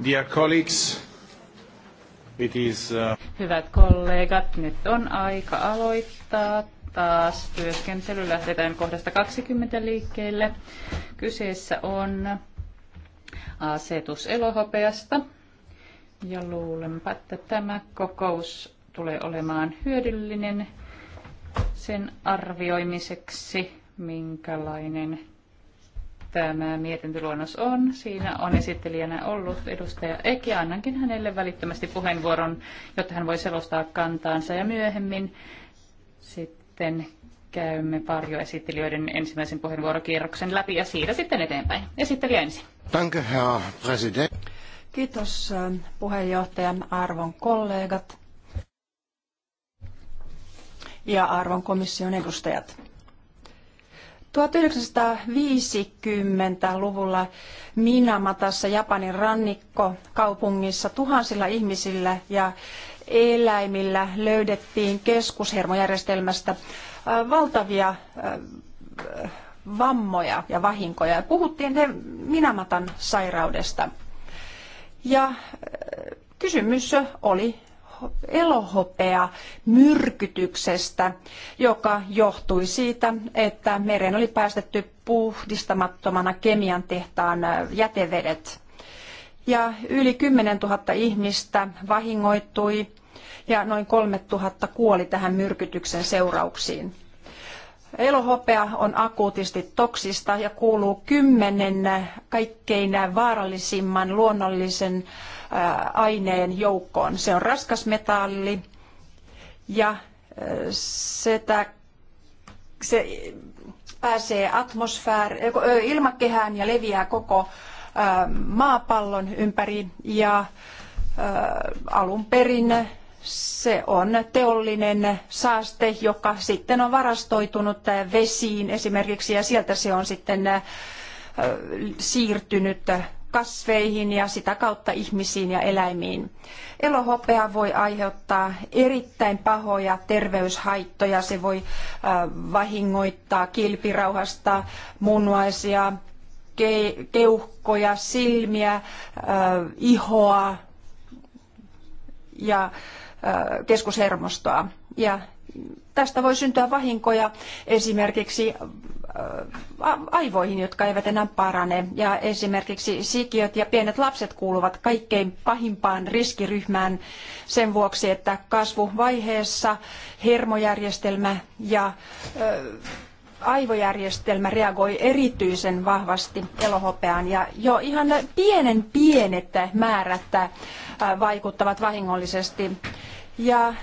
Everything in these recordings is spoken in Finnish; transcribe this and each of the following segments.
Uh, Hyvät kollegat, nyt on aika aloittaa taas työskentely. Lähdetään kohdasta 20 liikkeelle. Kyseessä on asetus elohopeasta. Ja luulenpa, että tämä kokous tulee olemaan hyödyllinen sen arvioimiseksi, minkälainen tämä mietintöluonnos on. Siinä on esittelijänä ollut edustaja Eki. Annankin hänelle välittömästi puheenvuoron, jotta hän voi selostaa kantaansa ja myöhemmin sitten käymme esittelijöiden ensimmäisen puheenvuorokierroksen läpi ja siitä sitten eteenpäin. Esittelijä ensin. Danke, herr president. Kiitos äh, puheenjohtajan arvon kollegat ja arvon komission edustajat. 1950-luvulla Minamatassa, Japanin rannikko kaupungissa tuhansilla ihmisillä ja eläimillä löydettiin keskushermojärjestelmästä valtavia vammoja ja vahinkoja. Puhuttiin Minamatan sairaudesta. Ja kysymys oli elohopea myrkytyksestä, joka johtui siitä, että mereen oli päästetty puhdistamattomana kemian tehtaan jätevedet. Ja yli 10 000 ihmistä vahingoittui ja noin 3 000 kuoli tähän myrkytyksen seurauksiin. Elohopea on akuutisti toksista ja kuuluu kymmenen kaikkein vaarallisimman luonnollisen äh, aineen joukkoon. Se on raskas metalli ja sitä, se pääsee atmosfäär, ilmakehään ja leviää koko maapallon ympäri ja alun perin se on teollinen saaste, joka sitten on varastoitunut vesiin esimerkiksi ja sieltä se on sitten siirtynyt kasveihin ja sitä kautta ihmisiin ja eläimiin. Elohopea voi aiheuttaa erittäin pahoja terveyshaittoja. Se voi vahingoittaa kilpirauhasta, munuaisia, keuhkoja, silmiä, ihoa ja keskushermostoa. Ja tästä voi syntyä vahinkoja esimerkiksi aivoihin, jotka eivät enää parane. Ja esimerkiksi sikiöt ja pienet lapset kuuluvat kaikkein pahimpaan riskiryhmään sen vuoksi, että kasvuvaiheessa hermojärjestelmä ja aivojärjestelmä reagoi erityisen vahvasti elohopeaan ja jo ihan pienen pienet määrät vaikuttavat vahingollisesti ja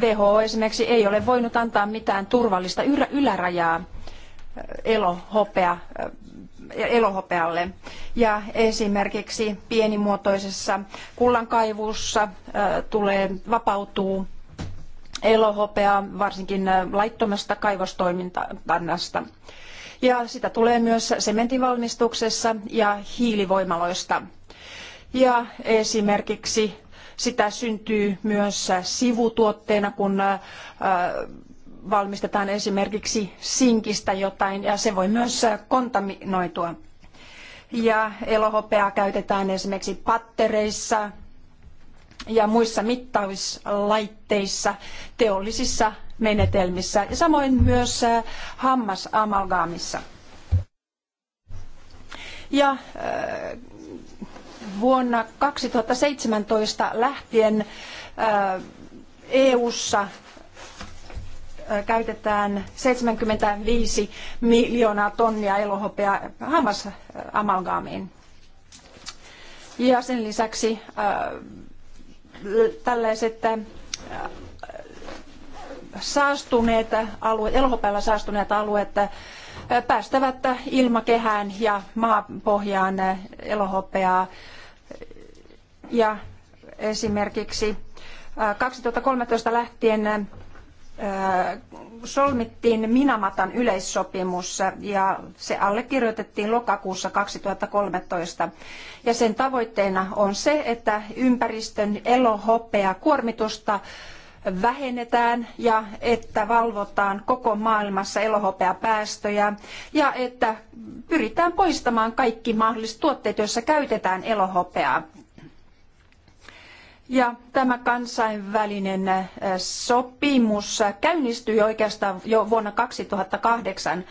WHO esimerkiksi ei ole voinut antaa mitään turvallista ylärajaa elohopea, elohopealle. Ja esimerkiksi pienimuotoisessa kullankaivussa tulee, vapautuu elohopea varsinkin laittomasta kaivostoiminnasta. Ja sitä tulee myös sementinvalmistuksessa ja hiilivoimaloista. Ja esimerkiksi sitä syntyy myös sivutuotteena, kun valmistetaan esimerkiksi sinkistä jotain ja se voi myös äh, kontaminoitua. Ja elohopeaa käytetään esimerkiksi pattereissa ja muissa mittauslaitteissa, teollisissa menetelmissä ja samoin myös äh, hammasamalgaamissa. Ja äh, vuonna 2017 lähtien EU-ssa käytetään 75 miljoonaa tonnia elohopeaa hammasamalgaamiin. Ja sen lisäksi tällaiset saastuneet alueet, elohopealla saastuneet alueet päästävät ilmakehään ja maapohjaan elohopeaa. Ja esimerkiksi 2013 lähtien solmittiin Minamatan yleissopimus ja se allekirjoitettiin lokakuussa 2013. Ja sen tavoitteena on se, että ympäristön elohopea kuormitusta vähennetään ja että valvotaan koko maailmassa elohopeapäästöjä ja että pyritään poistamaan kaikki mahdolliset tuotteet, joissa käytetään elohopeaa. Ja tämä kansainvälinen äh, sopimus käynnistyi oikeastaan jo vuonna 2008.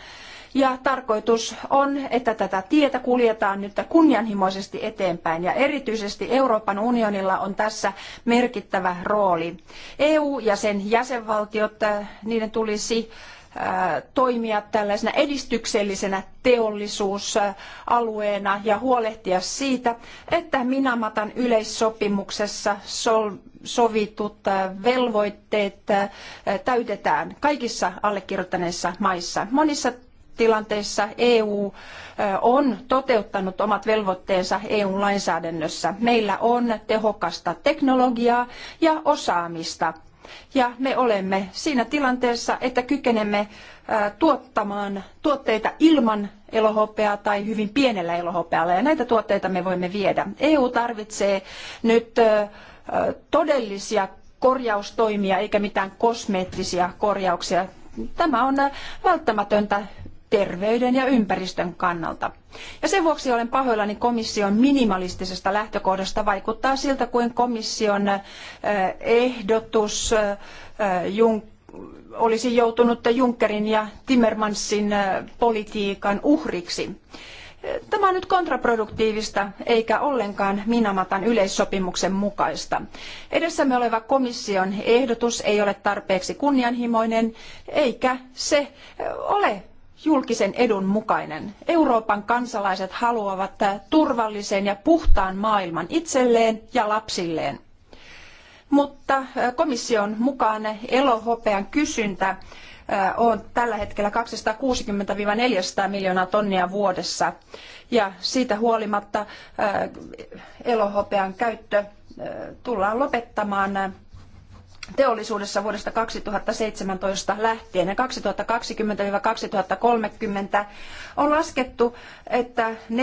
Ja tarkoitus on, että tätä tietä kuljetaan nyt kunnianhimoisesti eteenpäin ja erityisesti Euroopan unionilla on tässä merkittävä rooli. EU ja sen jäsenvaltiot, äh, niiden tulisi toimia tällaisena edistyksellisenä teollisuusalueena ja huolehtia siitä, että Minamatan yleissopimuksessa sovitut velvoitteet täytetään kaikissa allekirjoittaneissa maissa. Monissa tilanteissa EU on toteuttanut omat velvoitteensa EU-lainsäädännössä. Meillä on tehokasta teknologiaa ja osaamista ja me olemme siinä tilanteessa, että kykenemme tuottamaan tuotteita ilman elohopeaa tai hyvin pienellä elohopealla ja näitä tuotteita me voimme viedä. EU tarvitsee nyt todellisia korjaustoimia eikä mitään kosmeettisia korjauksia. Tämä on välttämätöntä terveyden ja ympäristön kannalta. Ja sen vuoksi olen pahoillani komission minimalistisesta lähtökohdasta. Vaikuttaa siltä kuin komission ehdotus olisi joutunut Junckerin ja Timmermansin politiikan uhriksi. Tämä on nyt kontraproduktiivista eikä ollenkaan Minamatan yleissopimuksen mukaista. Edessämme oleva komission ehdotus ei ole tarpeeksi kunnianhimoinen eikä se ole julkisen edun mukainen. Euroopan kansalaiset haluavat äh, turvallisen ja puhtaan maailman itselleen ja lapsilleen. Mutta äh, komission mukaan elohopean kysyntä äh, on tällä hetkellä 260-400 miljoonaa tonnia vuodessa. Ja siitä huolimatta elohopean käyttö tullaan lopettamaan teollisuudessa vuodesta 2017 lähtien ja 2020-2030 on laskettu, että 40-120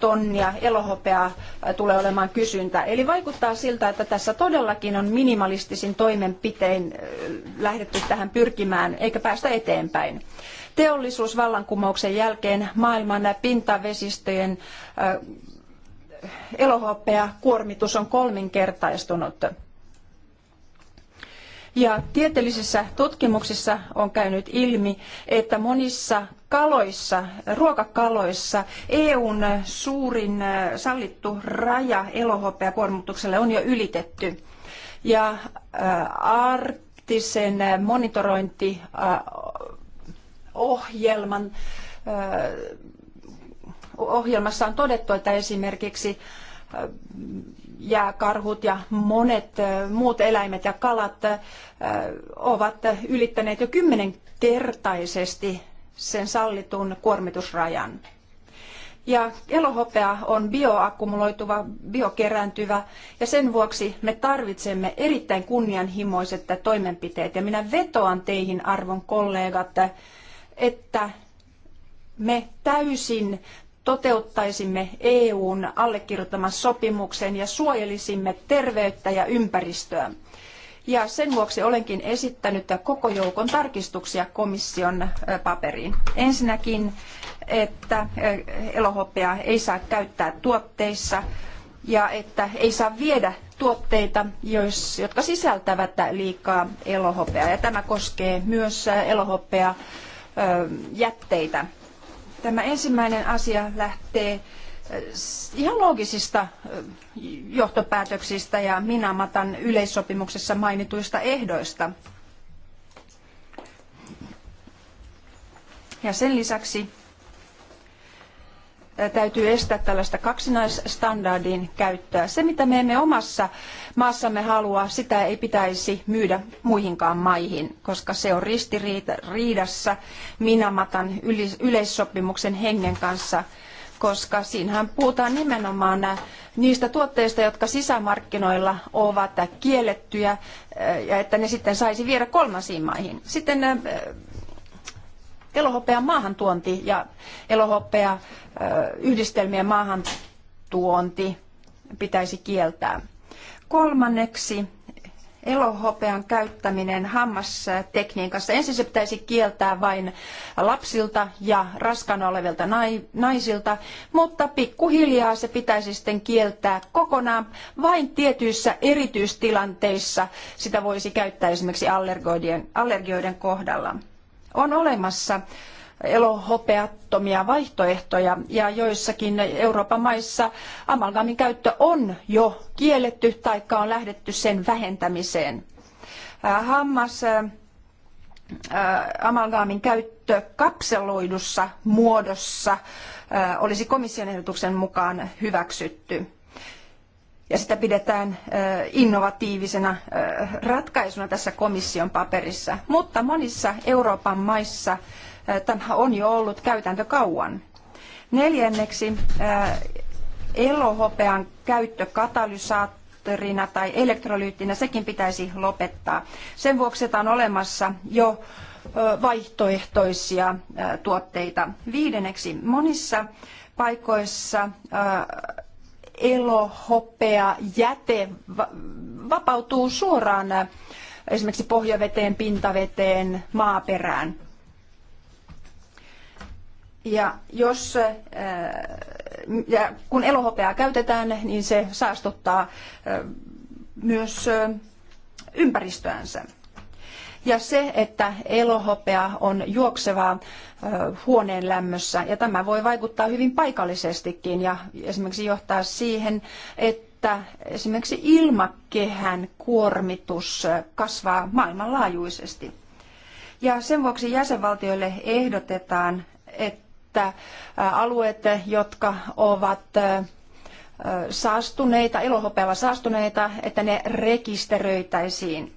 tonnia elohopeaa tulee olemaan kysyntä. Eli vaikuttaa siltä, että tässä todellakin on minimalistisin toimenpitein lähdetty tähän pyrkimään eikä päästä eteenpäin. Teollisuusvallankumouksen jälkeen maailman pintavesistöjen elohopea kuormitus on kolminkertaistunut. Ja tieteellisissä tutkimuksissa on käynyt ilmi, että monissa kaloissa, ruokakaloissa EUn suurin äh, sallittu raja elohopeakuormitukselle on jo ylitetty. Ja äh, arktisen äh, monitorointiohjelman ohjelmassa on todettu, että esimerkiksi äh, jääkarhut ja monet äh, muut eläimet ja kalat äh, ovat ylittäneet jo kymmenenkertaisesti sen sallitun kuormitusrajan. Ja elohopea on bioakkumuloituva, biokerääntyvä ja sen vuoksi me tarvitsemme erittäin kunnianhimoiset toimenpiteet. Ja minä vetoan teihin arvon kollegat, että me täysin toteuttaisimme EUn allekirjoittaman sopimuksen ja suojelisimme terveyttä ja ympäristöä. Ja sen vuoksi olenkin esittänyt koko joukon tarkistuksia komission paperiin. Ensinnäkin, että elohopeaa ei saa käyttää tuotteissa ja että ei saa viedä tuotteita, jotka sisältävät liikaa elohopeaa. Ja tämä koskee myös elohopeaa jätteitä. Tämä ensimmäinen asia lähtee eh, ihan loogisista eh, johtopäätöksistä ja Minamatan yleissopimuksessa mainituista ehdoista. Ja sen lisäksi täytyy estää tällaista kaksinaisstandardin käyttöä. Se, mitä me emme omassa maassamme halua, sitä ei pitäisi myydä muihinkaan maihin, koska se on ristiriidassa Minamatan yleissopimuksen hengen kanssa, koska siinähän puhutaan nimenomaan niistä tuotteista, jotka sisämarkkinoilla ovat kiellettyjä ja että ne sitten saisi viedä kolmansiin maihin. Sitten elohopean maahantuonti ja elohopea yhdistelmien maahantuonti pitäisi kieltää. Kolmanneksi elohopean käyttäminen hammastekniikassa. Ensin se pitäisi kieltää vain lapsilta ja raskaana olevilta naisilta, mutta pikkuhiljaa se pitäisi sitten kieltää kokonaan. Vain tietyissä erityistilanteissa sitä voisi käyttää esimerkiksi allergioiden kohdalla. On olemassa elohopeattomia vaihtoehtoja ja joissakin Euroopan maissa amalgamin käyttö on jo kielletty tai on lähdetty sen vähentämiseen. Hammas amalgaamin käyttö kapseloidussa muodossa olisi komission ehdotuksen mukaan hyväksytty ja sitä pidetään innovatiivisena ratkaisuna tässä komission paperissa. Mutta monissa Euroopan maissa tämä on jo ollut käytäntö kauan. Neljänneksi elohopean käyttö katalysaattorina tai elektrolyyttinä, sekin pitäisi lopettaa. Sen vuoksi, että on olemassa jo vaihtoehtoisia tuotteita. Viidenneksi monissa paikoissa elohopea jäte vapautuu suoraan äh, esimerkiksi pohjaveteen, pintaveteen, maaperään. Ja jos, äh, ja kun elohopeaa käytetään, niin se saastuttaa äh, myös ympäristöänsä ja se, että elohopea on juoksevaa huoneen lämmössä. Ja tämä voi vaikuttaa hyvin paikallisestikin ja esimerkiksi johtaa siihen, että esimerkiksi ilmakehän kuormitus kasvaa maailmanlaajuisesti. Ja sen vuoksi jäsenvaltioille ehdotetaan, että alueet, jotka ovat saastuneita, elohopealla saastuneita, että ne rekisteröitäisiin.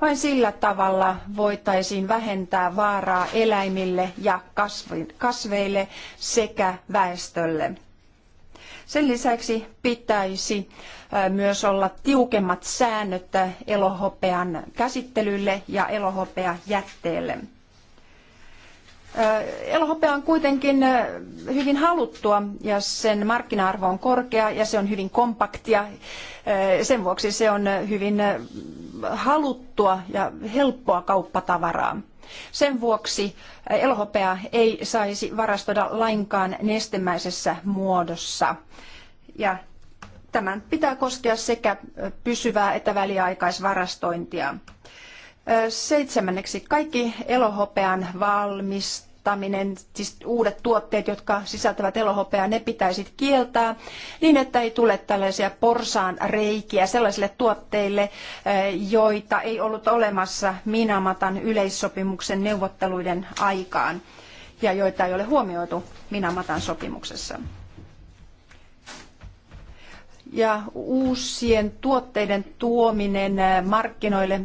Vain sillä tavalla voitaisiin vähentää vaaraa eläimille ja kasveille sekä väestölle. Sen lisäksi pitäisi myös olla tiukemmat säännöt elohopean käsittelylle ja elohopea jätteelle. Elohopea on kuitenkin hyvin haluttua ja sen markkina-arvo on korkea ja se on hyvin kompaktia. Sen vuoksi se on hyvin haluttua ja helppoa kauppatavaraa. Sen vuoksi elohopea ei saisi varastoida lainkaan nestemäisessä muodossa. Ja tämän pitää koskea sekä pysyvää että väliaikaisvarastointia. Seitsemänneksi kaikki elohopean valmistaminen, siis uudet tuotteet, jotka sisältävät elohopeaa, ne pitäisi kieltää niin, että ei tule tällaisia porsaan reikiä sellaisille tuotteille, joita ei ollut olemassa Minamatan yleissopimuksen neuvotteluiden aikaan ja joita ei ole huomioitu Minamatan sopimuksessa ja uusien tuotteiden tuominen äh, markkinoille, äh,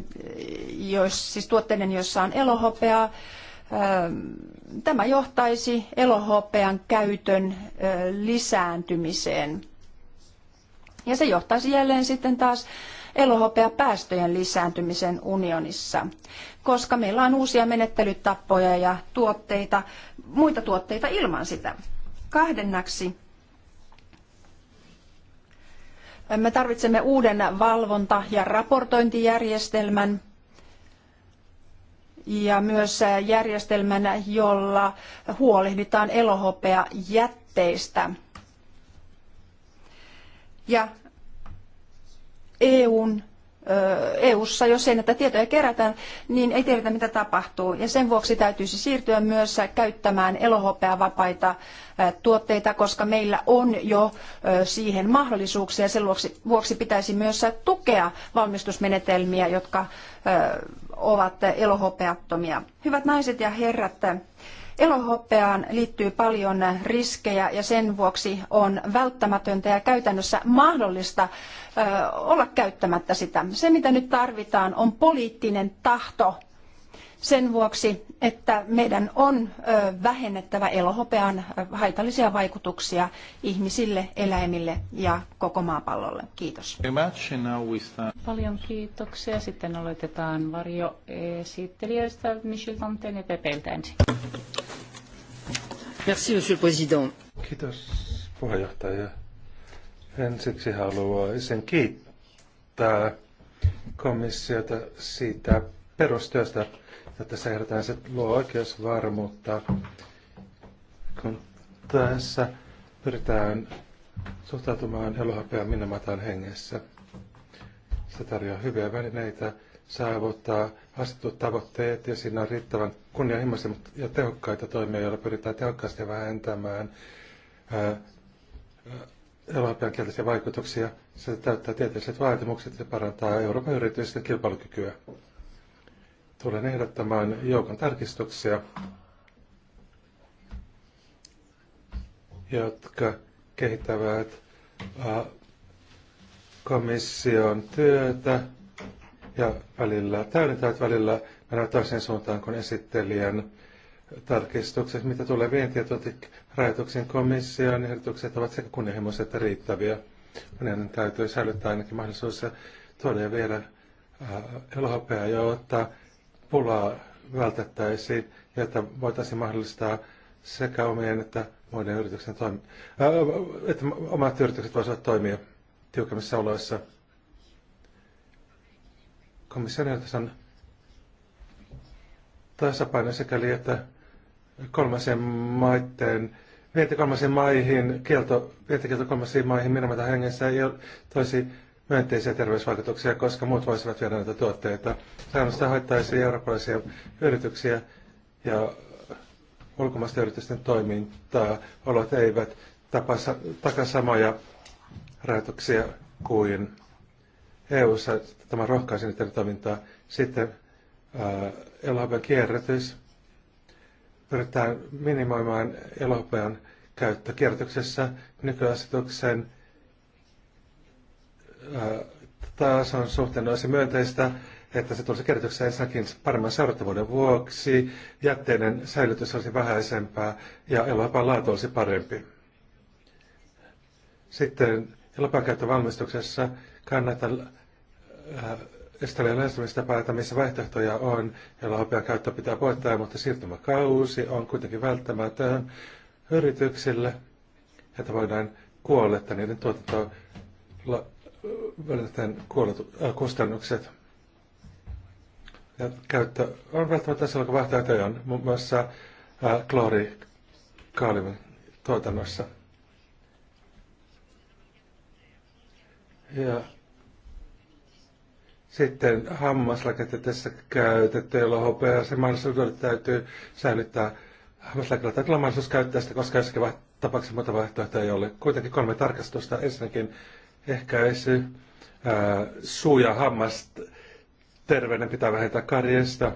jos, siis tuotteiden, joissa on elohopeaa, äh, tämä johtaisi elohopean käytön lisääntymiseen. Ja se johtaisi jälleen sitten taas elohopea päästöjen lisääntymisen unionissa, koska meillä on uusia menettelytapoja ja tuotteita, muita tuotteita ilman sitä. Kahdennaksi me tarvitsemme uuden valvonta- ja raportointijärjestelmän ja myös järjestelmän, jolla huolehditaan elohopea jätteistä. Ja EUn EU-ssa, jos sen että tietoja kerätään, niin ei tiedetä mitä tapahtuu. Ja sen vuoksi täytyisi siirtyä myös käyttämään elohopeavapaita tuotteita, koska meillä on jo siihen mahdollisuuksia. Sen vuoksi pitäisi myös tukea valmistusmenetelmiä, jotka ovat elohopeattomia. Hyvät naiset ja herrat, Elohopeaan liittyy paljon riskejä ja sen vuoksi on välttämätöntä ja käytännössä mahdollista olla käyttämättä sitä. Se, mitä nyt tarvitaan, on poliittinen tahto sen vuoksi, että meidän on vähennettävä elohopean haitallisia vaikutuksia ihmisille, eläimille ja koko maapallolle. Kiitos. Paljon kiitoksia. Sitten aloitetaan varjoesittelijöistä Michel Tanteen ja Pepeltä ensin. Merci, monsieur le président. Kiitos, puheenjohtaja. Ensiksi haluaisin kiittää komissiota siitä perustyöstä, että se ehdotetaan, se luo oikeusvarmuutta, kun tässä pyritään suhtautumaan elohapea minä matan hengessä. Se tarjoaa hyviä välineitä saavuttaa asetut tavoitteet ja siinä on riittävän kunnianhimoisia ja tehokkaita toimia, joilla pyritään tehokkaasti vähentämään Euroopan kielisiä vaikutuksia. Se täyttää tieteelliset vaatimukset ja parantaa Euroopan yritysten kilpailukykyä. Tulen ehdottamaan joukon tarkistuksia, jotka kehittävät komission työtä ja välillä täydentävät välillä menevät toiseen suuntaan kuin esittelijän tarkistukset, mitä tulee komissioon, niin ehdotukset ovat sekä kunnianhimoisia että riittäviä. Meidän täytyy säilyttää ainakin mahdollisuus tuoda ja viedä ja äh, jotta pulaa vältettäisiin jotta voitaisiin mahdollistaa sekä omien että muiden yrityksen toimi- äh, että omat yritykset voisivat toimia tiukemmissa oloissa – komission ehdotus on tasapaino sekäli, että kolmansien maiden, vienti kolmansien maihin, kielto, vientikielto kolmansiin maihin minimata hengessä ei ole toisi myönteisiä terveysvaikutuksia, koska muut voisivat viedä näitä tuotteita. Säännöstä haittaisi eurooppalaisia yrityksiä ja ulkomaisten yritysten toimintaa. Olot eivät tapa, takaa samoja rajoituksia kuin EU-ssa tämä rohkaisi niiden toimintaa. Sitten elohopean kierrätys. Pyritään minimoimaan elohopean käyttö kierrätyksessä nykyasetuksen on suhteen olisi myönteistä, että se tulisi kierrätyksessä ensinnäkin paremman seurattavuuden vuoksi, jätteiden säilytys olisi vähäisempää ja elohopean laatu olisi parempi. Sitten elohopean käyttö valmistuksessa kannatan äh, Estelian lähestymistapaa, että missä vaihtoehtoja on, joilla opea käyttö pitää voittaa, mutta siirtymäkausi on kuitenkin välttämätön yrityksille, että voidaan kuolletta niiden tuotanto vältetään äh, kustannukset. Ja käyttö on välttämättä silloin, kun vaihtoehtoja on muun muassa äh, kloorikaalimin tuotannossa. Ja sitten hammaslaketta tässä käytetty, jolloin se mahdollisuudet täytyy säilyttää. Hammaslakella Tai olla mahdollisuus käyttää sitä, koska jossakin tapauksessa muuta vaihtoehtoja ei ole. Kuitenkin kolme tarkastusta. Ensinnäkin ehkäisy, ää, suu ja hammas terveyden pitää vähentää karjesta,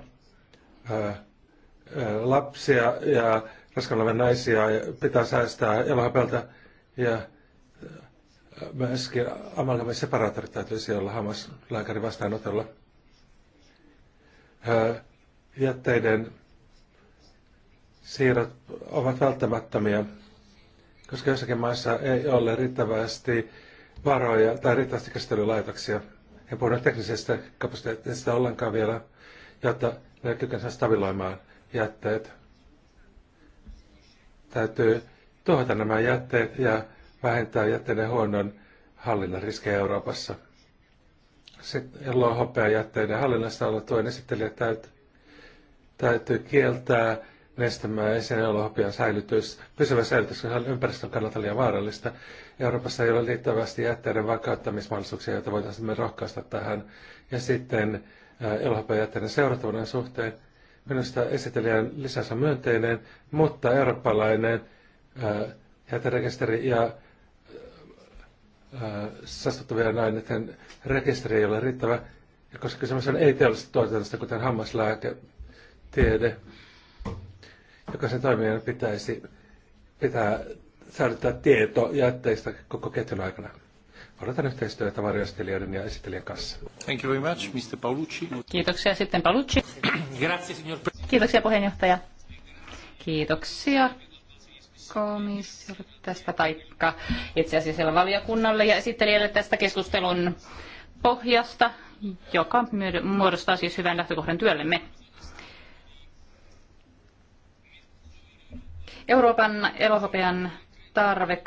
lapsia ja raskaana naisia pitää säästää elohapelta ja Myöskin amalgamin separaattorit täytyisi olla hammaslääkärin vastaanotolla. Jätteiden siirrot ovat välttämättömiä, koska jossakin maissa ei ole riittävästi varoja tai riittävästi käsittelylaitoksia. En puhu teknisestä kapasiteetista ollenkaan vielä, jotta ne kykenevät stabiloimaan jätteet. Täytyy tuhota nämä jätteet ja vähentää jätteiden huonon hallinnan riskejä Euroopassa. Sitten eloa hopea jätteiden hallinnasta on tuen esittelijä että täytyy kieltää nestemäisen elohopean säilytys, pysyvä säilytys, on ympäristön kannalta liian vaarallista. Euroopassa ei ole liittävästi jätteiden vakauttamismahdollisuuksia, joita voitaisiin me rohkaista tähän. Ja sitten äh, elohopean jätteiden seurattavuuden suhteen minusta esittelijän on myönteinen, mutta eurooppalainen äh, jäterekisteri ja Äh, näin, että rekisteri ei ole riittävä, koska kysymys on ei-teollisesta tuotannosta, kuten hammaslääke, tiede, joka sen toimijan pitäisi pitää säilyttää tieto jätteistä koko ketjun aikana. Odotan yhteistyötä varjostelijoiden ja esittelijän kanssa. Thank you very much, Mr. Paulucci. Kiitoksia sitten Paulucci. Grazie, signor Kiitoksia puheenjohtaja. Kiitoksia komissiolle tästä, taikka itse asiassa valiokunnalle ja esittelijälle tästä keskustelun pohjasta, joka muodostaa siis hyvän lähtökohdan työllemme. Euroopan elohopean tarve 2013-2020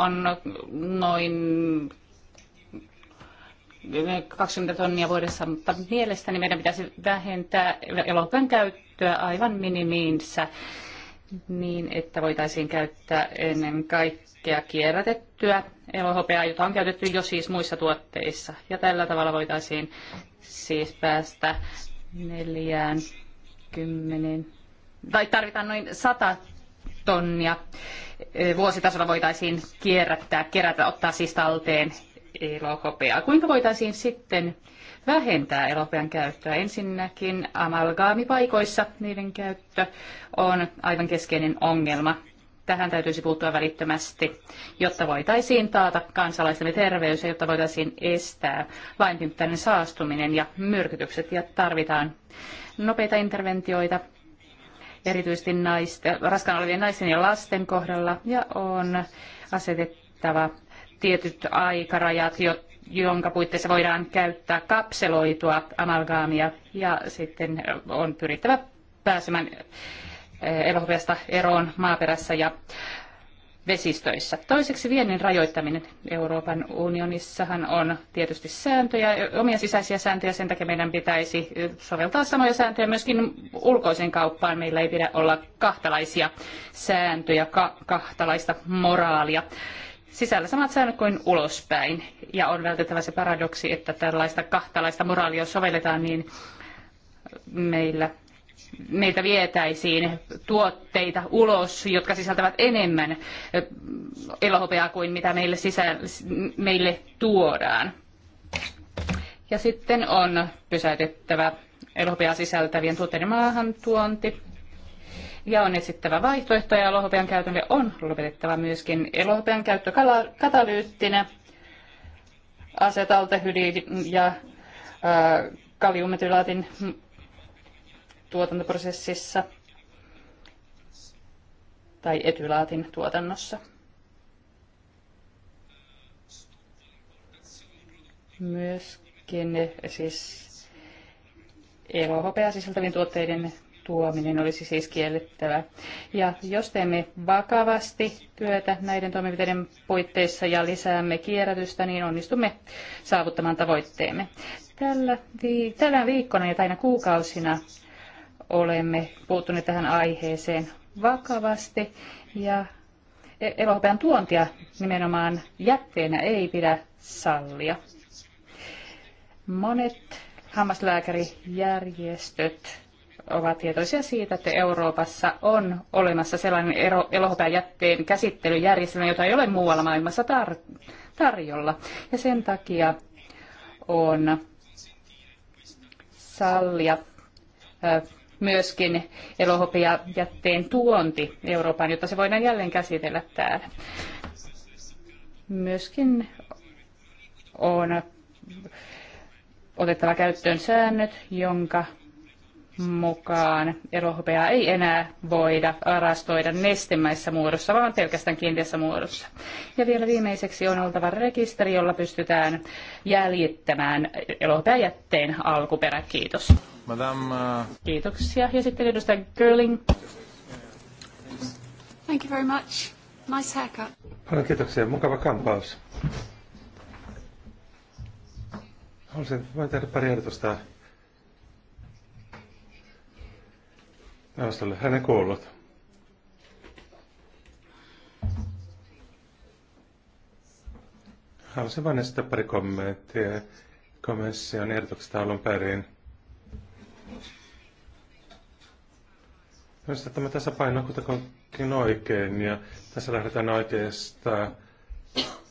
on noin 20 tonnia vuodessa, mutta mielestäni meidän pitäisi vähentää elohopean käyttöä aivan minimiinsä niin, että voitaisiin käyttää ennen kaikkea kierrätettyä elohopeaa, jota on käytetty jo siis muissa tuotteissa. Ja tällä tavalla voitaisiin siis päästä neljään kymmenen, tai tarvitaan noin sata tonnia vuositasolla voitaisiin kierrättää, kerätä, ottaa siis talteen elohopeaa. Kuinka voitaisiin sitten vähentää elopean käyttöä. Ensinnäkin amalgaamipaikoissa niiden käyttö on aivan keskeinen ongelma. Tähän täytyisi puuttua välittömästi, jotta voitaisiin taata kansalaisten terveys ja jotta voitaisiin estää laintimittainen saastuminen ja myrkytykset. Ja tarvitaan nopeita interventioita erityisesti naisten, raskaana olevien naisten ja lasten kohdalla ja on asetettava tietyt aikarajat, jonka puitteissa voidaan käyttää kapseloitua amalgaamia ja sitten on pyrittävä pääsemään eh, elohopeasta eroon maaperässä ja vesistöissä. Toiseksi viennin rajoittaminen. Euroopan unionissahan on tietysti sääntöjä, omia sisäisiä sääntöjä, sen takia meidän pitäisi soveltaa samoja sääntöjä myöskin ulkoiseen kauppaan. Meillä ei pidä olla kahtalaisia sääntöjä, ka- kahtalaista moraalia sisällä samat säännöt kuin ulospäin. Ja on vältettävä se paradoksi, että tällaista kahtalaista moraalia sovelletaan, niin meillä, meiltä vietäisiin tuotteita ulos, jotka sisältävät enemmän elohopeaa kuin mitä meille, meille tuodaan. Ja sitten on pysäytettävä elohopeaa sisältävien tuotteiden maahantuonti ja on etsittävä vaihtoehtoja elohopean lohopean käytölle on lopetettava myöskin lohopean käyttö katalyyttinä, asetaltehydin ja kaliumetylaatin tuotantoprosessissa tai etylaatin tuotannossa. Myöskin siis elohopea sisältävien tuotteiden tuominen olisi siis kiellettävä. Ja jos teemme vakavasti työtä näiden toimenpiteiden puitteissa ja lisäämme kierrätystä, niin onnistumme saavuttamaan tavoitteemme. Tällä, vi- tällä viikkona ja aina kuukausina olemme puuttuneet tähän aiheeseen vakavasti ja e, elohopean tuontia nimenomaan jätteenä ei pidä sallia. Monet hammaslääkärijärjestöt ovat tietoisia siitä, että Euroopassa on olemassa sellainen elohopeajätteen elohopääjätteen käsittelyjärjestelmä, jota ei ole muualla maailmassa tar- tarjolla. Ja sen takia on sallia myöskin elohopeajätteen tuonti Eurooppaan, jotta se voidaan jälleen käsitellä täällä. Myöskin on otettava käyttöön säännöt, jonka mukaan elohopeaa ei enää voida arastoida nestemäisessä muodossa, vaan pelkästään kiinteässä muodossa. Ja vielä viimeiseksi on oltava rekisteri, jolla pystytään jäljittämään elohopeajätteen alkuperä. Kiitos. Madame, äh, Kiitoksia. Ja sitten edustaja Girling. Thank you very much. Nice haircut. Paljon kiitoksia. Mukava kampaus. Haluaisin voin tehdä pari ehdotusta neuvostolle hänen kuollut. Haluaisin vain esittää pari kommenttia komission ehdotuksesta alun perin. Minusta tämä tasapaino on kuitenkin oikein ja tässä lähdetään oikeasta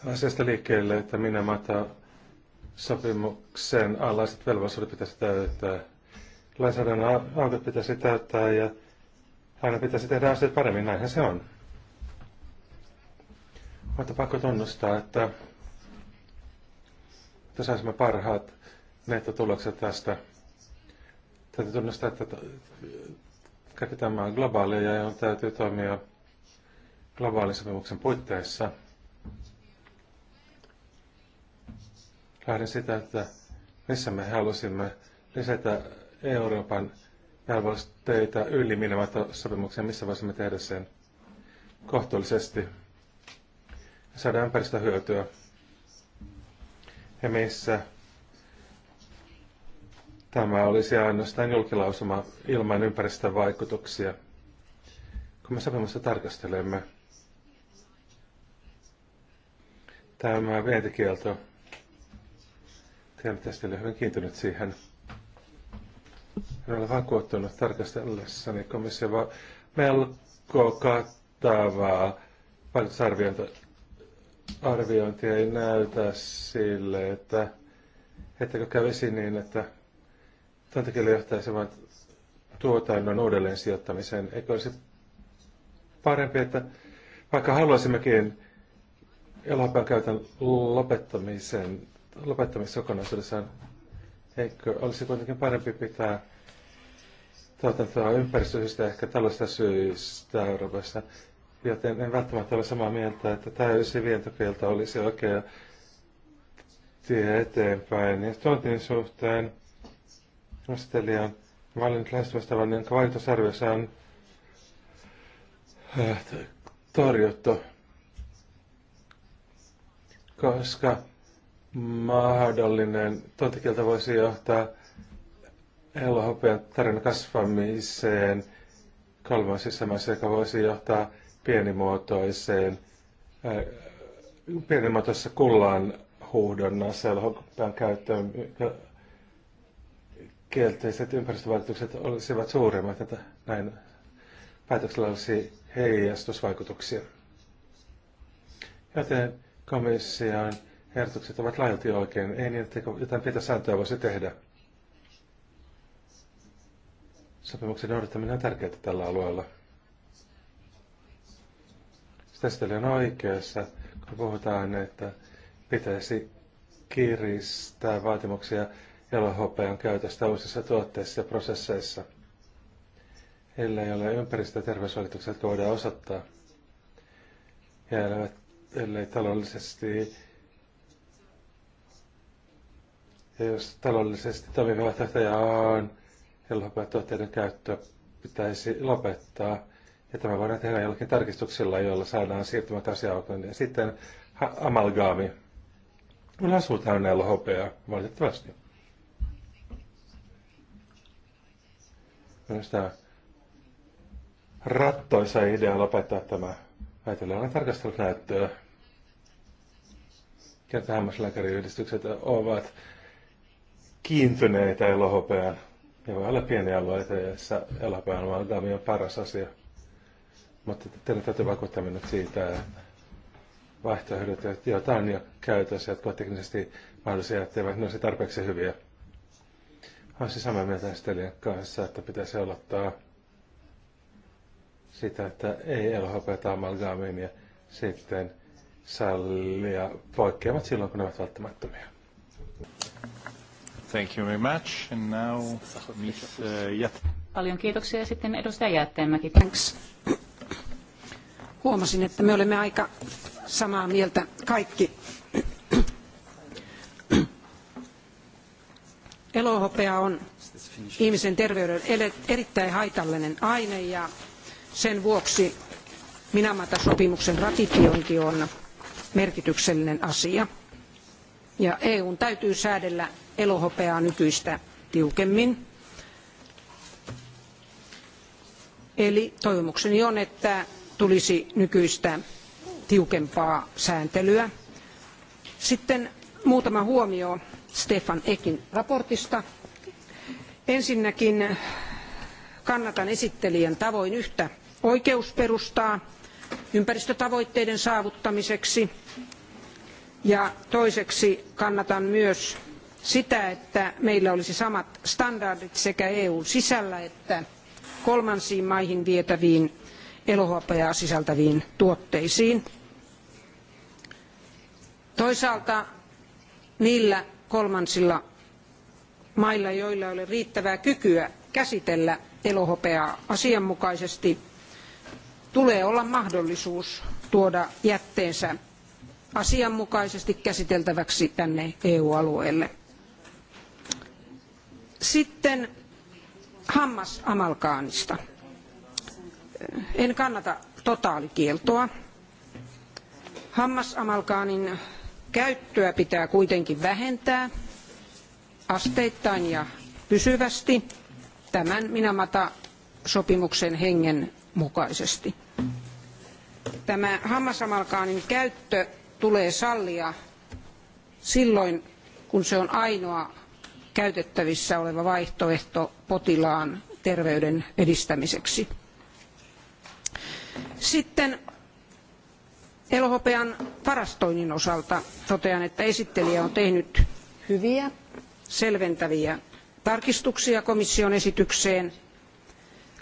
asiasta liikkeelle, että minä mata sopimuksen alaiset velvollisuudet pitäisi täyttää lainsäädännön aukot pitäisi täyttää ja aina pitäisi tehdä asiat paremmin, näinhän se on. Mutta pakko tunnustaa, että, että saisimme parhaat nettotulokset tästä. Täytyy tunnustaa, että kaikki tämä on globaalia ja on täytyy toimia globaalin sopimuksen puitteissa. Lähden sitä, että missä me halusimme lisätä Euroopan velvoitteita yli minimaalitosopimukseen, missä voisimme tehdä sen kohtuullisesti ja saada ympäristöhyötyä. Ja missä tämä olisi ainoastaan julkilausuma ilman ympäristövaikutuksia. Kun me sopimusta tarkastelemme, tämä vientikielto, tämä että hyvin kiintynyt siihen – minä olen vakuuttunut tarkastellessani komission melko kattavaa arviointi ei näytä sille, että ettäkö kävisi niin, että työntekijälle johtaisi vain tuotannon uudelleen sijoittamiseen. Eikö olisi parempi, että vaikka haluaisimmekin elokuvan käytön lopettamisen, kokonaisuudessaan, eikö olisi kuitenkin parempi pitää tuotantoa ympäristöistä ehkä tällaista syistä Euroopassa. Joten en välttämättä ole samaa mieltä, että täysi vientokielto olisi oikea tie eteenpäin. Ja tuotin suhteen nostelija on valinnut lähestymistavan, jonka vaikutusarviossa on äh, torjuttu, koska mahdollinen tuontikieltä voisi johtaa LHP tarina kasvamiseen kolmansissa maissa, joka voisi johtaa pienimuotoiseen, ää, äh, pienimuotoisessa kullan huuhdonnassa LHPn käyttöön kielteiset ympäristövaikutukset olisivat suuremmat, että näin päätöksellä olisi heijastusvaikutuksia. Joten komission ehdotukset ovat laajalti oikein. Ei niin, että jotain pientä sääntöä voisi tehdä sopimuksen noudattaminen on tärkeää tällä alueella. Tästä on oikeassa, kun puhutaan, että pitäisi kiristää vaatimuksia jalohopean käytöstä uusissa tuotteissa ja prosesseissa, ellei ole ympäristö- ja terveysvaikutukset voidaan osoittaa, ja ellei, taloudellisesti ja jos taloudellisesti toimiva tehtäjä on helpompaa käyttö pitäisi lopettaa. Ja tämä voidaan tehdä jollakin tarkistuksilla, joilla saadaan siirtymät asiaan. Ja sitten amalgaami. Meillä asuu täynnä hopeaa, valitettavasti. Minusta rattoisa idea lopettaa tämä. Äitillä on tarkastellut näyttöä. Kertahammaslääkäriyhdistykset ovat kiintyneitä elohopean ne voi olla pieniä alueita, joissa eläpäin tämä on paras asia. Mutta teidän täytyy vakuuttaa minut siitä, että vaihtoehdot, joita on jo käytössä, jotka ovat teknisesti mahdollisia, että ne olisi tarpeeksi hyviä. Olisin samaa mieltä Estelien kanssa, että pitäisi aloittaa sitä, että ei elohopeta amalgaamiin ja sitten sallia poikkeamat silloin, kun ne ovat välttämättömiä. Thank you very much. And now, Miss uh, Paljon kiitoksia. Sitten Jäätteenmäki. Thanks. Huomasin, että me olemme aika samaa mieltä kaikki. Elohopea on ihmisen terveyden erittäin haitallinen aine ja sen vuoksi Minamata-sopimuksen ratifiointi on merkityksellinen asia. Ja EUn täytyy säädellä elohopeaa nykyistä tiukemmin. Eli toivomukseni on, että tulisi nykyistä tiukempaa sääntelyä. Sitten muutama huomio Stefan Ekin raportista. Ensinnäkin kannatan esittelijän tavoin yhtä oikeusperustaa ympäristötavoitteiden saavuttamiseksi ja toiseksi kannatan myös sitä, että meillä olisi samat standardit sekä EUn sisällä että kolmansiin maihin vietäviin elohopeaa sisältäviin tuotteisiin. Toisaalta niillä kolmansilla mailla, joilla ei ole riittävää kykyä käsitellä elohopeaa asianmukaisesti, tulee olla mahdollisuus tuoda jätteensä asianmukaisesti käsiteltäväksi tänne EU-alueelle. Sitten hammasamalkaanista. En kannata totaalikieltoa. Hammasamalkaanin käyttöä pitää kuitenkin vähentää asteittain ja pysyvästi tämän Minamata-sopimuksen hengen mukaisesti. Tämä hammasamalkaanin käyttö tulee sallia silloin, kun se on ainoa käytettävissä oleva vaihtoehto potilaan terveyden edistämiseksi. Sitten elohopean varastoinnin osalta totean, että esittelijä on tehnyt hyviä, selventäviä tarkistuksia komission esitykseen.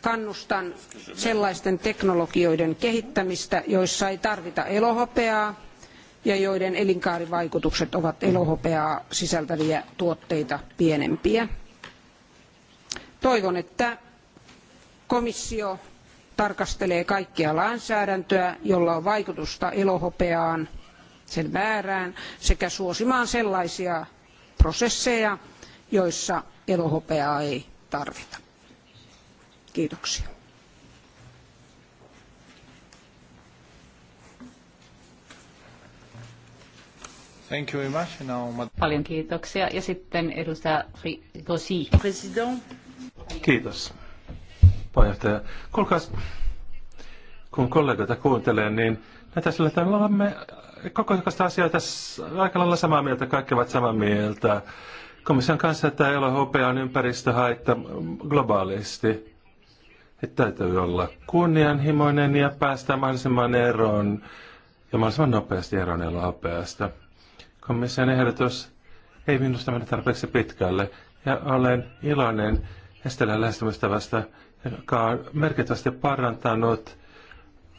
Kannustan sellaisten teknologioiden kehittämistä, joissa ei tarvita elohopeaa, ja joiden elinkaarivaikutukset ovat elohopeaa sisältäviä tuotteita pienempiä. Toivon, että komissio tarkastelee kaikkea lainsäädäntöä, jolla on vaikutusta elohopeaan, sen määrään sekä suosimaan sellaisia prosesseja, joissa elohopeaa ei tarvita. Kiitoksia. Thank you very much. Now, Paljon kiitoksia. Ja sitten edustaja Rosi. President. Kiitos, puheenjohtaja. Kuulkaas, kun kollegoita kuuntelee, niin näitä sillä että olemme koko jokaista asiaa tässä aika lailla samaa mieltä, kaikki ovat samaa mieltä. Komission kanssa, että ei ole on ympäristöhaitta globaalisti. Että täytyy olla kunnianhimoinen ja päästä mahdollisimman eroon ja mahdollisimman nopeasti eroon hopeasta. Komission ehdotus ei minusta mene tarpeeksi pitkälle ja olen iloinen Estelän lähestymistavasta, joka on merkittävästi parantanut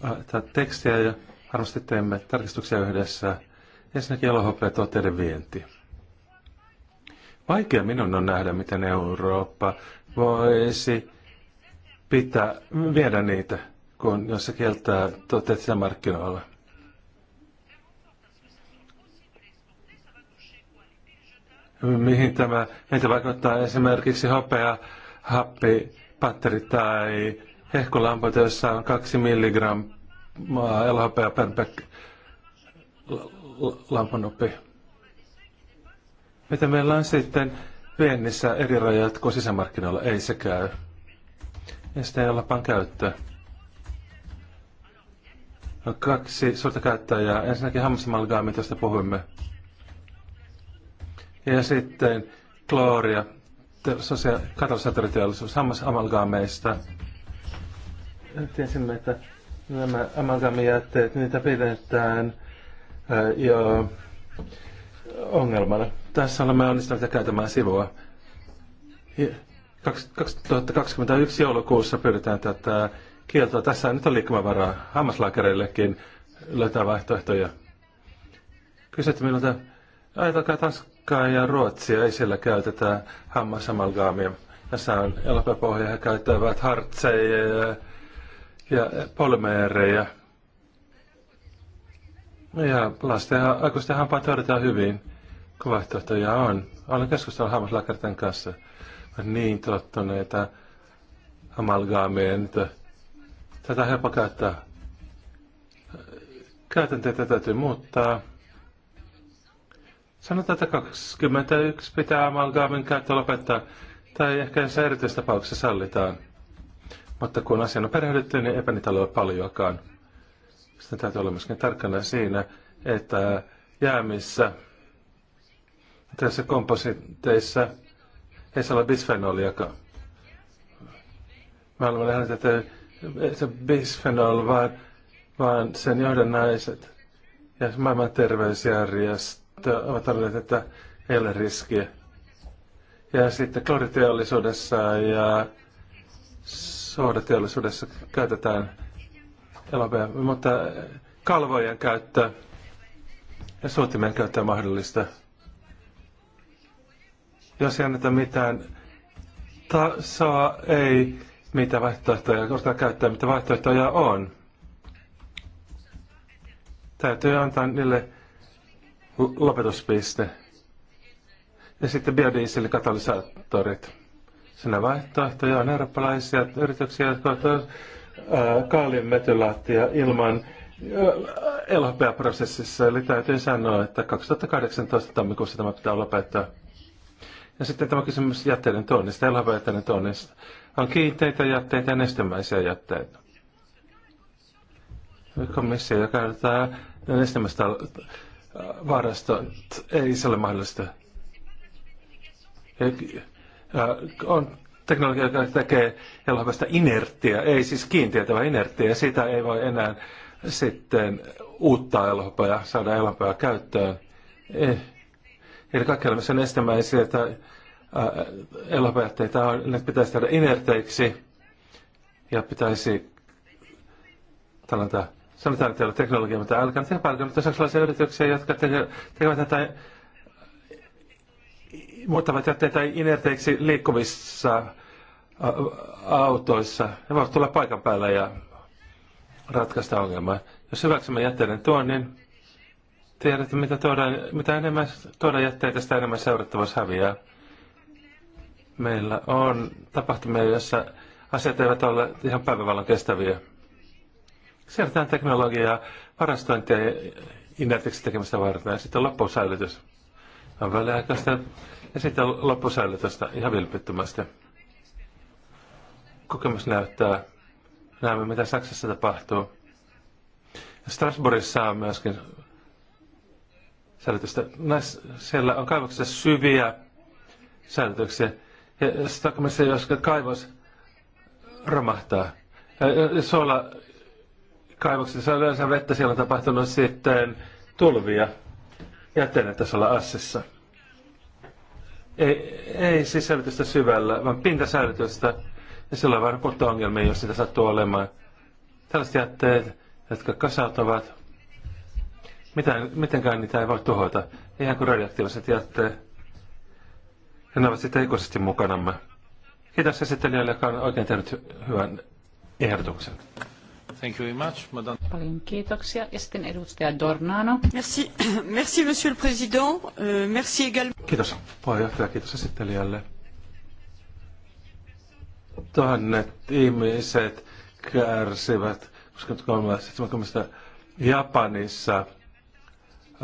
äh, tätä tekstiä ja varmasti teemme tarkistuksia yhdessä. Ensinnäkin elohopea tuotteiden vienti. Vaikea minun on nähdä, miten Eurooppa voisi pitää, viedä niitä, kun jos se kieltää tuotteet markkinoilla. mihin tämä, meitä vaikuttaa esimerkiksi hopea, happi, patteri tai hehkulampu, jossa on kaksi milligrammaa LHPa per bek, lampunuppi. Mitä meillä on sitten viennissä eri rajat kuin sisämarkkinoilla? Ei se käy. Ja sitä ei olla käyttöä. On kaksi suurta käyttäjää. Ensinnäkin hammasamalgaamit, josta puhuimme. Ja sitten klooria, katalysaattoriteollisuus, hammasamalgaameista. Tiesimme, että nämä amalgaamijätteet, niitä pidetään äh, jo ongelmana. Tässä olemme onnistuneet käytämään sivua. 2021 joulukuussa pyritään tätä kieltoa. Tässä nyt on liikkumavaraa hammaslääkäreillekin löytää vaihtoehtoja. Kysytte minulta, ajatelkaa Tanska Tanskaa ja Ruotsia ei siellä käytetä hammasamalgaamia. Tässä on elokapohja, he käyttävät hartseja ja, ja polmeereja. Ja lasten ja aikuisten hampaat hoidetaan hyvin, kun vaihtoehtoja on. Olen keskustellut hammaslääkärten kanssa. Olen niin tottuneita amalgaamien, että tätä on helppo käyttää. Käytänteitä täytyy muuttaa. Sanotaan, että 21 pitää amalgaamin käyttö lopettaa, tai ehkä jos erityistapauksessa sallitaan. Mutta kun asian on perehdytty, niin eipä niitä ole paljoakaan. Sitten täytyy olla myöskin tarkkana siinä, että jäämissä, tässä kompositeissa, ei saa olla bisfenoliakaan. Mä olemme nähneet, että se bisfenol, vaan, vaan sen johdannaiset ja maailman terveysjärjestö ovat todenneet, että ei ole riskiä. Ja sitten kloriteollisuudessa ja soodateollisuudessa käytetään elokuvia, mutta kalvojen käyttö ja suutimen käyttö on mahdollista. Jos ei anneta mitään tasoa, saa, ei mitä vaihtoehtoja, koska käyttää mitä vaihtoehtoja on. Täytyy antaa niille lopetuspiste. Ja sitten katalysaattorit. Sinä vaihtoehtoja on eurooppalaisia yrityksiä, jotka ovat kaaliometylaattia ilman LHP-prosessissa. Eli täytyy sanoa, että 2018 tammikuussa tämä pitää lopettaa. Ja sitten tämä kysymys jätteiden tuonnista, LHP-jätteiden tuonnista. On kiinteitä jätteitä ja nestemäisiä jätteitä. Komissio, joka käyttää nestemäistä Äh, varastot. Ei se ole mahdollista. Äh, on teknologia, joka tekee elohevasta inerttiä, ei siis vaan inerttiä. Sitä ei voi enää sitten uutta elohopeaa saada elohopeaa käyttöön. Eh, eli kaikki äh, elämässä on estämäisiä, että elohopeatteita pitäisi tehdä inerteiksi ja pitäisi tällainen Sanotaan, että teillä on teknologia, mutta älkää nyt epäilkää sellaisia yrityksiä, jotka tekevät tätä muuttavat jätteitä inerteiksi liikkuvissa autoissa. Ne voivat tulla paikan päällä ja ratkaista ongelmaa. Jos hyväksymme jätteiden niin tiedätte, mitä, tuodaan, mitä enemmän tuodaan jätteitä, sitä enemmän seurattavuus häviää. Meillä on tapahtumia, joissa asiat eivät ole ihan päivävallan kestäviä siirretään teknologiaa varastointia inertiksi tekemistä varten ja sitten loppusäilytys on väliaikaista ja sitten loppusäilytystä ihan vilpittömästi. Kokemus näyttää, näemme mitä Saksassa tapahtuu. Strasbourgissa on myöskin säilytystä. Näissä, siellä on kaivoksessa syviä säilytyksiä. Ja Stockholmissa, jos kaivos romahtaa, ja suola kaivoksessa on yleensä vettä, siellä on tapahtunut sitten tulvia jätteiden tasolla assessa. Ei, ei sisällytystä syvällä, vaan pintasäilytystä. Ja sillä on vähän puutteongelmia, jos sitä sattuu olemaan. Tällaiset jätteet, jotka kasautuvat, mitään, mitenkään niitä ei voi tuhota. Ihan kuin radioaktiiviset jätteet. Ja ne ovat sitten ikuisesti mukanamme. Kiitos esittelijälle, joka on oikein tehnyt hyvän ehdotuksen. Thank you very much, madame. Paljon kiitoksia. Ja sitten edustaja Dornano. Merci, merci monsieur le président. Euh, merci également. Kiitos puheenjohtaja, kiitos esittelijälle. Tuhannet ihmiset kärsivät 73. Japanissa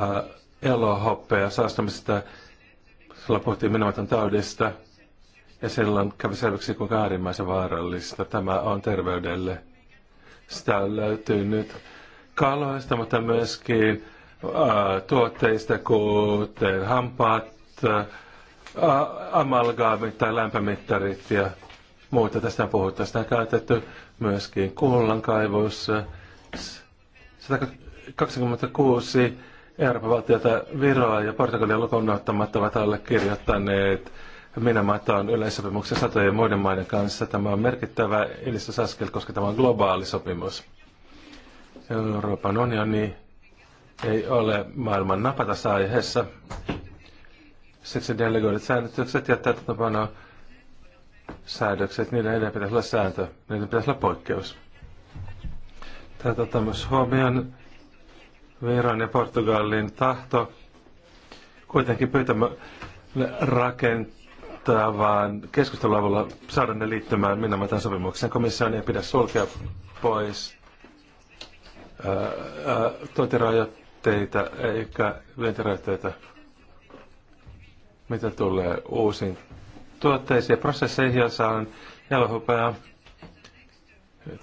äh, elohoppea saastamisesta. Sillä puhuttiin menematon taudista. Ja silloin kävi selväksi, kuinka äärimmäisen vaarallista tämä on terveydelle. Sitä löytyy nyt kaloista, mutta myöskin ää, tuotteista, kuten hampaat, ää, amalgaamit tai lämpömittarit ja muuta. Tästä on puhuttu. Tästä on käytetty myöskin kullankaivuus. 126 Euroopan valtiota Viroa ja Portugalia lukuun ottamatta ovat allekirjoittaneet Minamata on yleissopimuksen satojen muiden maiden kanssa. Tämä on merkittävä edistysaskel, koska tämä on globaali sopimus. Euroopan unioni ei ole maailman napatassa aiheessa. Siksi delegoidut säännökset ja täytäntöpano säädökset, niiden ei pitäisi olla sääntö, niiden pitäisi olla poikkeus. Tätä ottaa myös huomioon Viron ja Portugalin tahto kuitenkin pyytämään rakentaa rajoittaa, vaan keskustelun avulla saada ne liittymään minä tämän sopimuksen Komission ja pidä sulkea pois tuotirajoitteita eikä vientirajoitteita, mitä tulee uusiin tuotteisiin ja prosesseihin, joissa on jalohopeaa,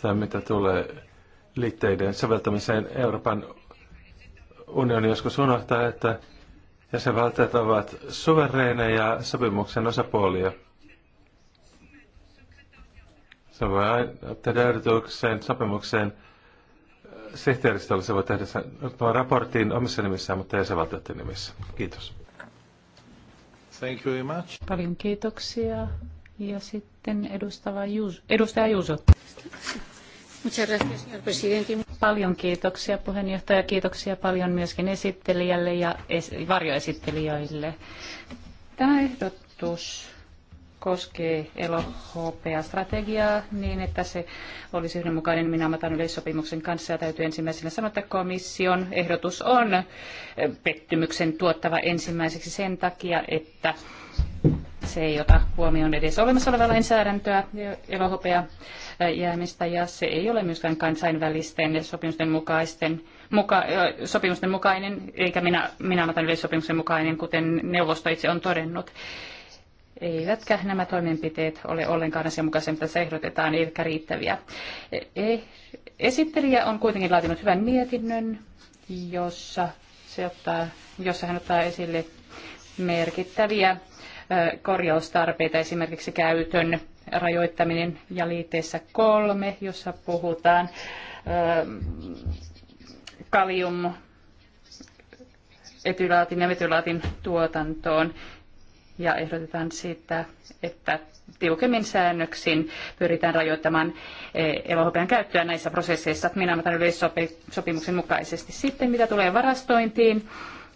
tai mitä tulee liitteiden soveltamiseen Euroopan unioni joskus unohtaa, että Jäsenvaltiot ovat suvereineja sopimuksen osapuolia. Se voi tehdä ehdotuksen sopimuksen sihteeristölle. se voi tehdä tuon raportin omissa nimissään, mutta jäsenvaltioiden nimissä. Kiitos. Thank you very much. Paljon kiitoksia. Ja sitten edustava Juus, edustaja Juuso. Paljon kiitoksia puheenjohtaja, kiitoksia paljon myöskin esittelijälle ja varjoesittelijöille. Tämä ehdotus koskee elohopea-strategiaa niin, että se olisi yhdenmukainen Minamatan yleissopimuksen kanssa. Ja täytyy ensimmäisenä sanoa, että komission ehdotus on pettymyksen tuottava ensimmäiseksi sen takia, että se ei ota huomioon edes olemassa olevaa lainsäädäntöä elohopea jäämistä ja se ei ole myöskään kansainvälisten sopimusten mukaisten muka, sopimusten mukainen, eikä minä, minä matan yleissopimuksen mukainen, kuten neuvosto itse on todennut. Eivätkä nämä toimenpiteet ole ollenkaan asianmukaisia, mitä se ehdotetaan, eivätkä riittäviä. E, esittelijä on kuitenkin laatinut hyvän mietinnön, jossa, se ottaa, jossa hän ottaa esille merkittäviä korjaustarpeita, esimerkiksi käytön rajoittaminen ja liitteessä kolme, jossa puhutaan kalium etylaatin ja metylaatin tuotantoon ja ehdotetaan siitä, että tiukemmin säännöksin pyritään rajoittamaan elohopean käyttöä näissä prosesseissa Minamatan yleissopimuksen mukaisesti. Sitten mitä tulee varastointiin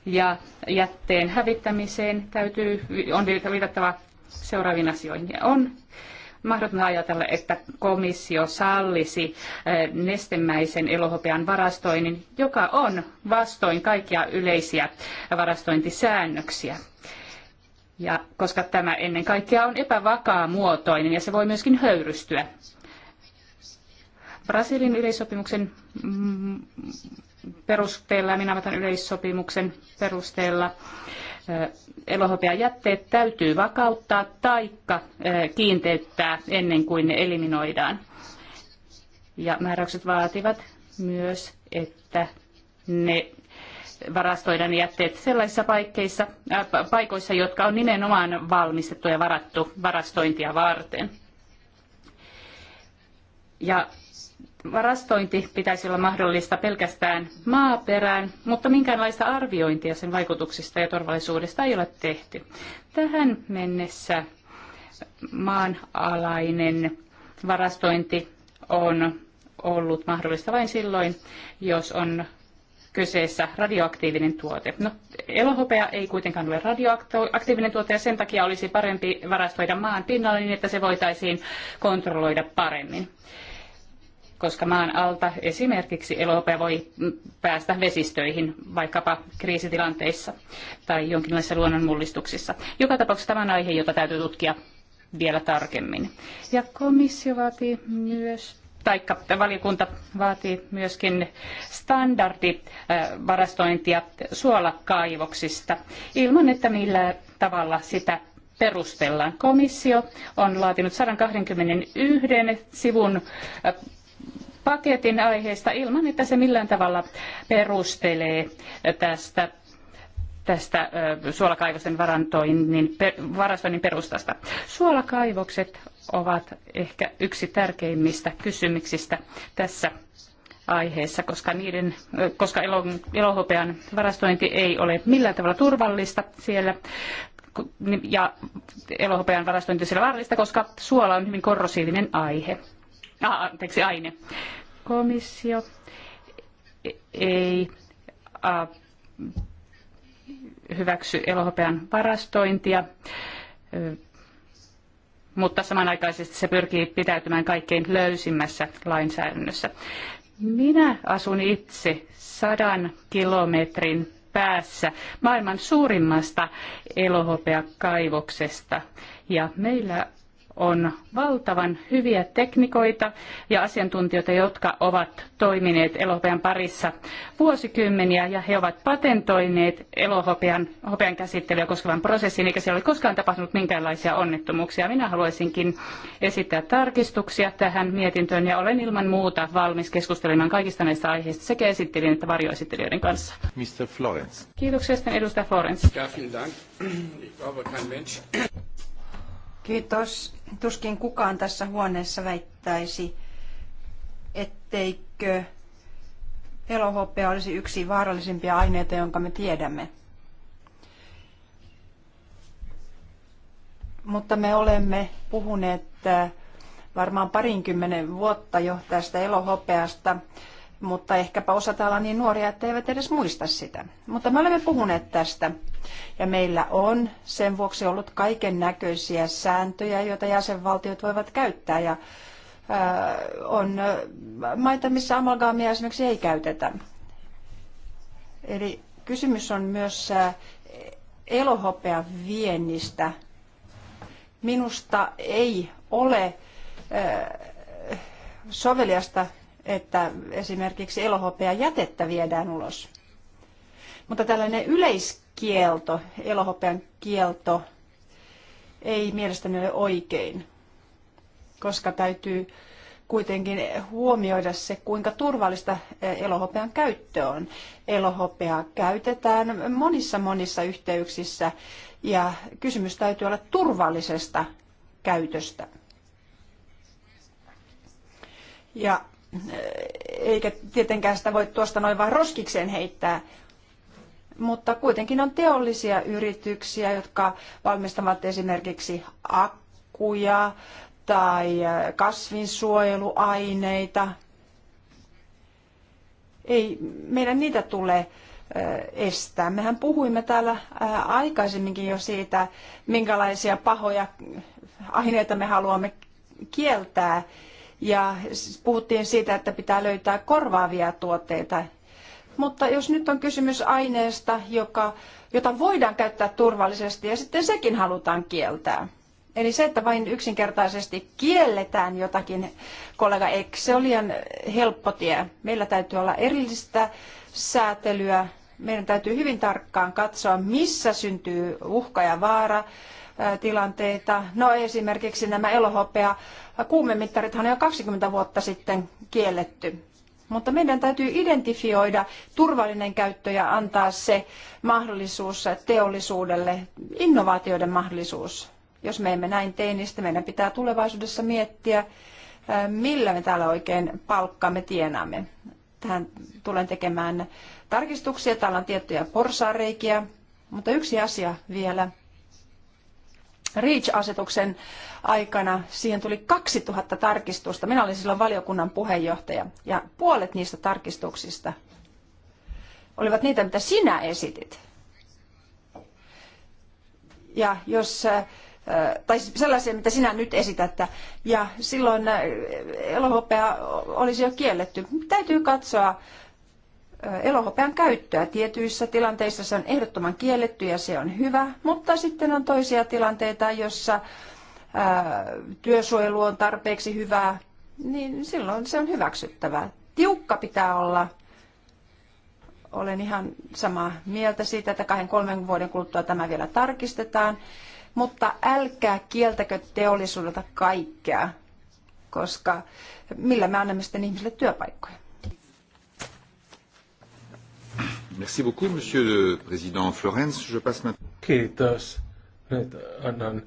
ja jätteen hävittämiseen, täytyy, on viitattava seuraaviin asioihin. Ja on mahdotonta ajatella, että komissio sallisi eh, nestemäisen elohopean varastoinnin, joka on vastoin kaikkia yleisiä varastointisäännöksiä. Ja koska tämä ennen kaikkea on epävakaa muotoinen ja se voi myöskin höyrystyä. Brasilin yleissopimuksen mm, perusteella ja minä otan yleissopimuksen perusteella jätteet täytyy vakauttaa taikka kiinteyttää ennen kuin ne eliminoidaan. Ja määräykset vaativat myös, että ne varastoidaan jätteet sellaisissa paikkeissa, äh, paikoissa, jotka on nimenomaan valmistettu ja varattu varastointia varten. Ja varastointi pitäisi olla mahdollista pelkästään maaperään, mutta minkäänlaista arviointia sen vaikutuksista ja turvallisuudesta ei ole tehty. Tähän mennessä maanalainen varastointi on ollut mahdollista vain silloin, jos on kyseessä radioaktiivinen tuote. No, elohopea ei kuitenkaan ole radioaktiivinen tuote ja sen takia olisi parempi varastoida maan pinnalla niin, että se voitaisiin kontrolloida paremmin koska maan alta esimerkiksi elopea voi päästä vesistöihin vaikkapa kriisitilanteissa tai jonkinlaisissa luonnonmullistuksissa. Joka tapauksessa tämä on aihe, jota täytyy tutkia vielä tarkemmin. Ja komissio vaatii myös taikka valiokunta vaatii myöskin standardivarastointia suolakaivoksista ilman, että millä tavalla sitä perustellaan. Komissio on laatinut 121 sivun paketin aiheesta ilman, että se millään tavalla perustelee tästä tästä suolakaivosten varastoinnin perustasta. Suolakaivokset ovat ehkä yksi tärkeimmistä kysymyksistä tässä aiheessa, koska, niiden, koska elohopean varastointi ei ole millään tavalla turvallista siellä ja elohopean varastointi on siellä vaarallista, koska suola on hyvin korrosiivinen aihe ah, anteeksi, aine. Komissio ei hyväksy elohopean varastointia, mutta samanaikaisesti se pyrkii pitäytymään kaikkein löysimmässä lainsäädännössä. Minä asun itse sadan kilometrin päässä maailman suurimmasta elohopeakaivoksesta. Ja meillä on valtavan hyviä teknikoita ja asiantuntijoita, jotka ovat toimineet elohopean parissa vuosikymmeniä ja he ovat patentoineet elohopean hopean käsittelyä koskevan prosessin, eikä siellä ole koskaan tapahtunut minkäänlaisia onnettomuuksia. Minä haluaisinkin esittää tarkistuksia tähän mietintöön ja olen ilman muuta valmis keskustelemaan kaikista näistä aiheista sekä esittelijän että varjoesittelijöiden kanssa. Mr. Florence. Kiitoksia sitten edustaja Florence. Ja, Kiitos. Tuskin kukaan tässä huoneessa väittäisi, etteikö elohopea olisi yksi vaarallisimpia aineita, jonka me tiedämme. Mutta me olemme puhuneet äh, varmaan parinkymmenen vuotta jo tästä elohopeasta mutta ehkäpä osa täällä on niin nuoria, että eivät edes muista sitä. Mutta me olemme puhuneet tästä ja meillä on sen vuoksi ollut kaiken näköisiä sääntöjä, joita jäsenvaltiot voivat käyttää ja äh, on äh, maita, missä amalgaamia esimerkiksi ei käytetä. Eli kysymys on myös äh, elohopean viennistä. Minusta ei ole soveliasta että esimerkiksi elohopea jätettä viedään ulos. Mutta tällainen yleiskielto, elohopean kielto, ei mielestäni ole oikein, koska täytyy kuitenkin huomioida se, kuinka turvallista e, elohopean käyttö on. Elohopeaa käytetään monissa monissa yhteyksissä ja kysymys täytyy olla turvallisesta käytöstä. Ja eikä tietenkään sitä voi tuosta noin vain roskikseen heittää. Mutta kuitenkin on teollisia yrityksiä, jotka valmistavat esimerkiksi akkuja tai kasvinsuojeluaineita. Ei meidän niitä tule estää. Mehän puhuimme täällä aikaisemminkin jo siitä, minkälaisia pahoja aineita me haluamme kieltää ja puhuttiin siitä, että pitää löytää korvaavia tuotteita. Mutta jos nyt on kysymys aineesta, joka, jota voidaan käyttää turvallisesti ja sitten sekin halutaan kieltää. Eli se, että vain yksinkertaisesti kielletään jotakin, kollega Ek, se on liian helppo tie. Meillä täytyy olla erillistä säätelyä. Meidän täytyy hyvin tarkkaan katsoa, missä syntyy uhka ja vaara tilanteita. No esimerkiksi nämä elohopea kuumemittarit on jo 20 vuotta sitten kielletty. Mutta meidän täytyy identifioida turvallinen käyttö ja antaa se mahdollisuus teollisuudelle, innovaatioiden mahdollisuus. Jos me emme näin tee, niin meidän pitää tulevaisuudessa miettiä, millä me täällä oikein palkkaamme tienaamme. Tähän tulen tekemään tarkistuksia. Täällä on tiettyjä porsareikiä, mutta yksi asia vielä – REACH-asetuksen aikana siihen tuli 2000 tarkistusta. Minä olin silloin valiokunnan puheenjohtaja ja puolet niistä tarkistuksista olivat niitä, mitä sinä esitit. Ja jos äh, tai siis sellaisia, mitä sinä nyt esität. Ja silloin äh, elohopea olisi jo kielletty. Täytyy katsoa elohopean käyttöä. Tietyissä tilanteissa se on ehdottoman kielletty ja se on hyvä, mutta sitten on toisia tilanteita, jossa työsuojelu on tarpeeksi hyvää, niin silloin se on hyväksyttävää. Tiukka pitää olla. Olen ihan samaa mieltä siitä, että kahden kolmen vuoden kuluttua tämä vielä tarkistetaan. Mutta älkää kieltäkö teollisuudelta kaikkea, koska millä me annamme sitten ihmisille työpaikkoja. Merci beaucoup, monsieur le président Florence. Je passe maintenant. Kiitos. Nyt annan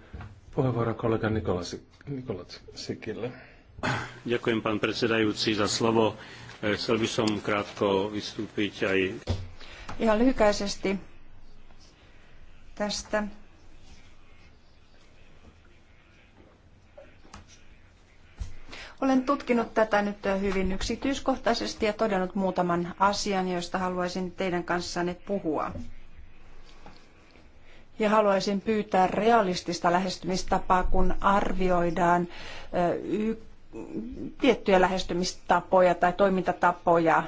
puheenvuoron kollega Nikolasi, Nikolasikille. Ďakujem, pán predsedajúci, za slovo. E, chcel by som krátko vystúpiť aj... Ihan lyhykäisesti tästä Olen tutkinut tätä nyt hyvin yksityiskohtaisesti ja todennut muutaman asian, joista haluaisin teidän kanssanne puhua. Ja haluaisin pyytää realistista lähestymistapaa, kun arvioidaan tiettyjä lähestymistapoja tai toimintatapoja.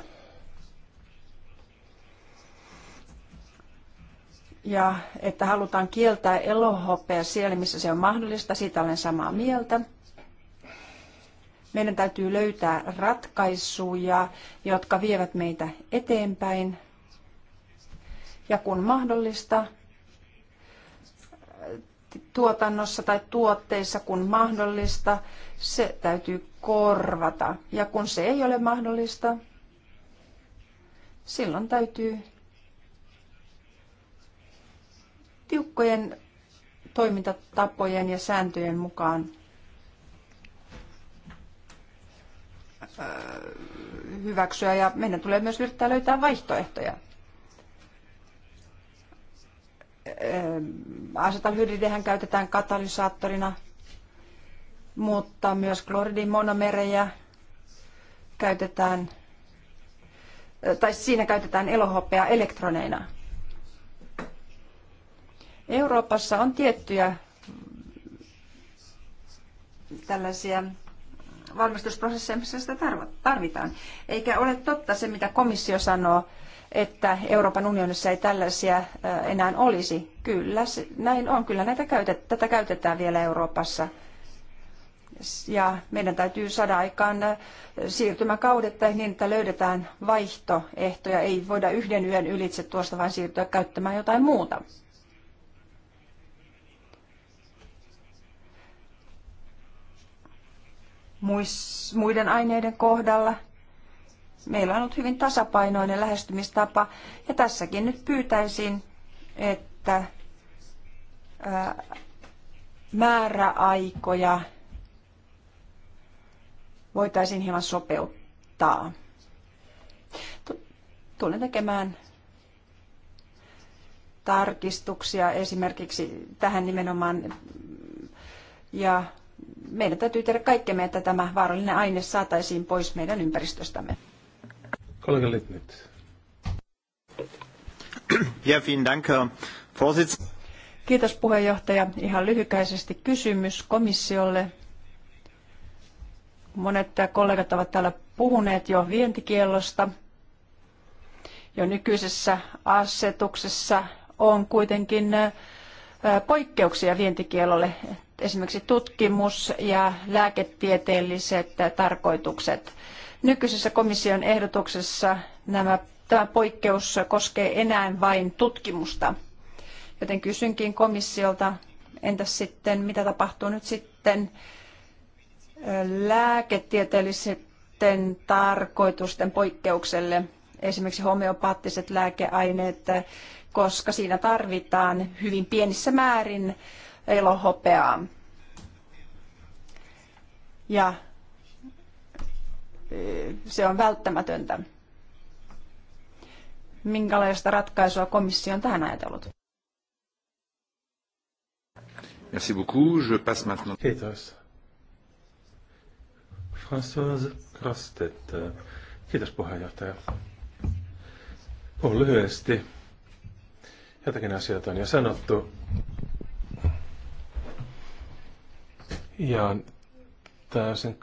Ja että halutaan kieltää elohopea siellä, missä se on mahdollista, siitä olen samaa mieltä. Meidän täytyy löytää ratkaisuja, jotka vievät meitä eteenpäin. Ja kun mahdollista, tuotannossa tai tuotteissa, kun mahdollista, se täytyy korvata. Ja kun se ei ole mahdollista, silloin täytyy tiukkojen toimintatapojen ja sääntöjen mukaan Äh, hyväksyä ja meidän tulee myös yrittää löytää vaihtoehtoja. Äh, Asetalhydridehän käytetään katalysaattorina, mutta myös kloridin monomerejä käytetään, äh, tai siinä käytetään elohopea elektroneina. Euroopassa on tiettyjä tällaisia valmistusprosesseissa sitä tarvitaan. Eikä ole totta se, mitä komissio sanoo, että Euroopan unionissa ei tällaisia enää olisi. Kyllä, näin on. Kyllä näitä käytet, tätä käytetään vielä Euroopassa. Ja meidän täytyy saada aikaan siirtymäkaudet niin, että löydetään vaihtoehtoja. Ei voida yhden yön ylitse tuosta vain siirtyä käyttämään jotain muuta. muiden aineiden kohdalla. Meillä on ollut hyvin tasapainoinen lähestymistapa ja tässäkin nyt pyytäisin, että määräaikoja voitaisiin hieman sopeuttaa. Tulen tekemään tarkistuksia esimerkiksi tähän nimenomaan ja meidän täytyy tehdä kaikkemme, että tämä vaarallinen aine saataisiin pois meidän ympäristöstämme. Kollega Littnit. Ja, vielen dank, Kiitos puheenjohtaja. Ihan lyhykäisesti kysymys komissiolle. Monet kollegat ovat täällä puhuneet jo vientikiellosta. Jo nykyisessä asetuksessa on kuitenkin poikkeuksia vientikielolle esimerkiksi tutkimus ja lääketieteelliset tarkoitukset. Nykyisessä komission ehdotuksessa nämä, tämä poikkeus koskee enää vain tutkimusta. Joten kysynkin komissiolta, entäs sitten, mitä tapahtuu nyt sitten lääketieteellisten tarkoitusten poikkeukselle, esimerkiksi homeopaattiset lääkeaineet, koska siinä tarvitaan hyvin pienissä määrin ei ole hopeaa. Ja se on välttämätöntä. Minkälaista ratkaisua komissio on tähän ajatellut? Merci beaucoup. Je passe maintenant. Kiitos. Françoise Rastet. Kiitos puheenjohtaja. Puhun lyhyesti. Jotakin asioita on jo sanottu. Jaan täysin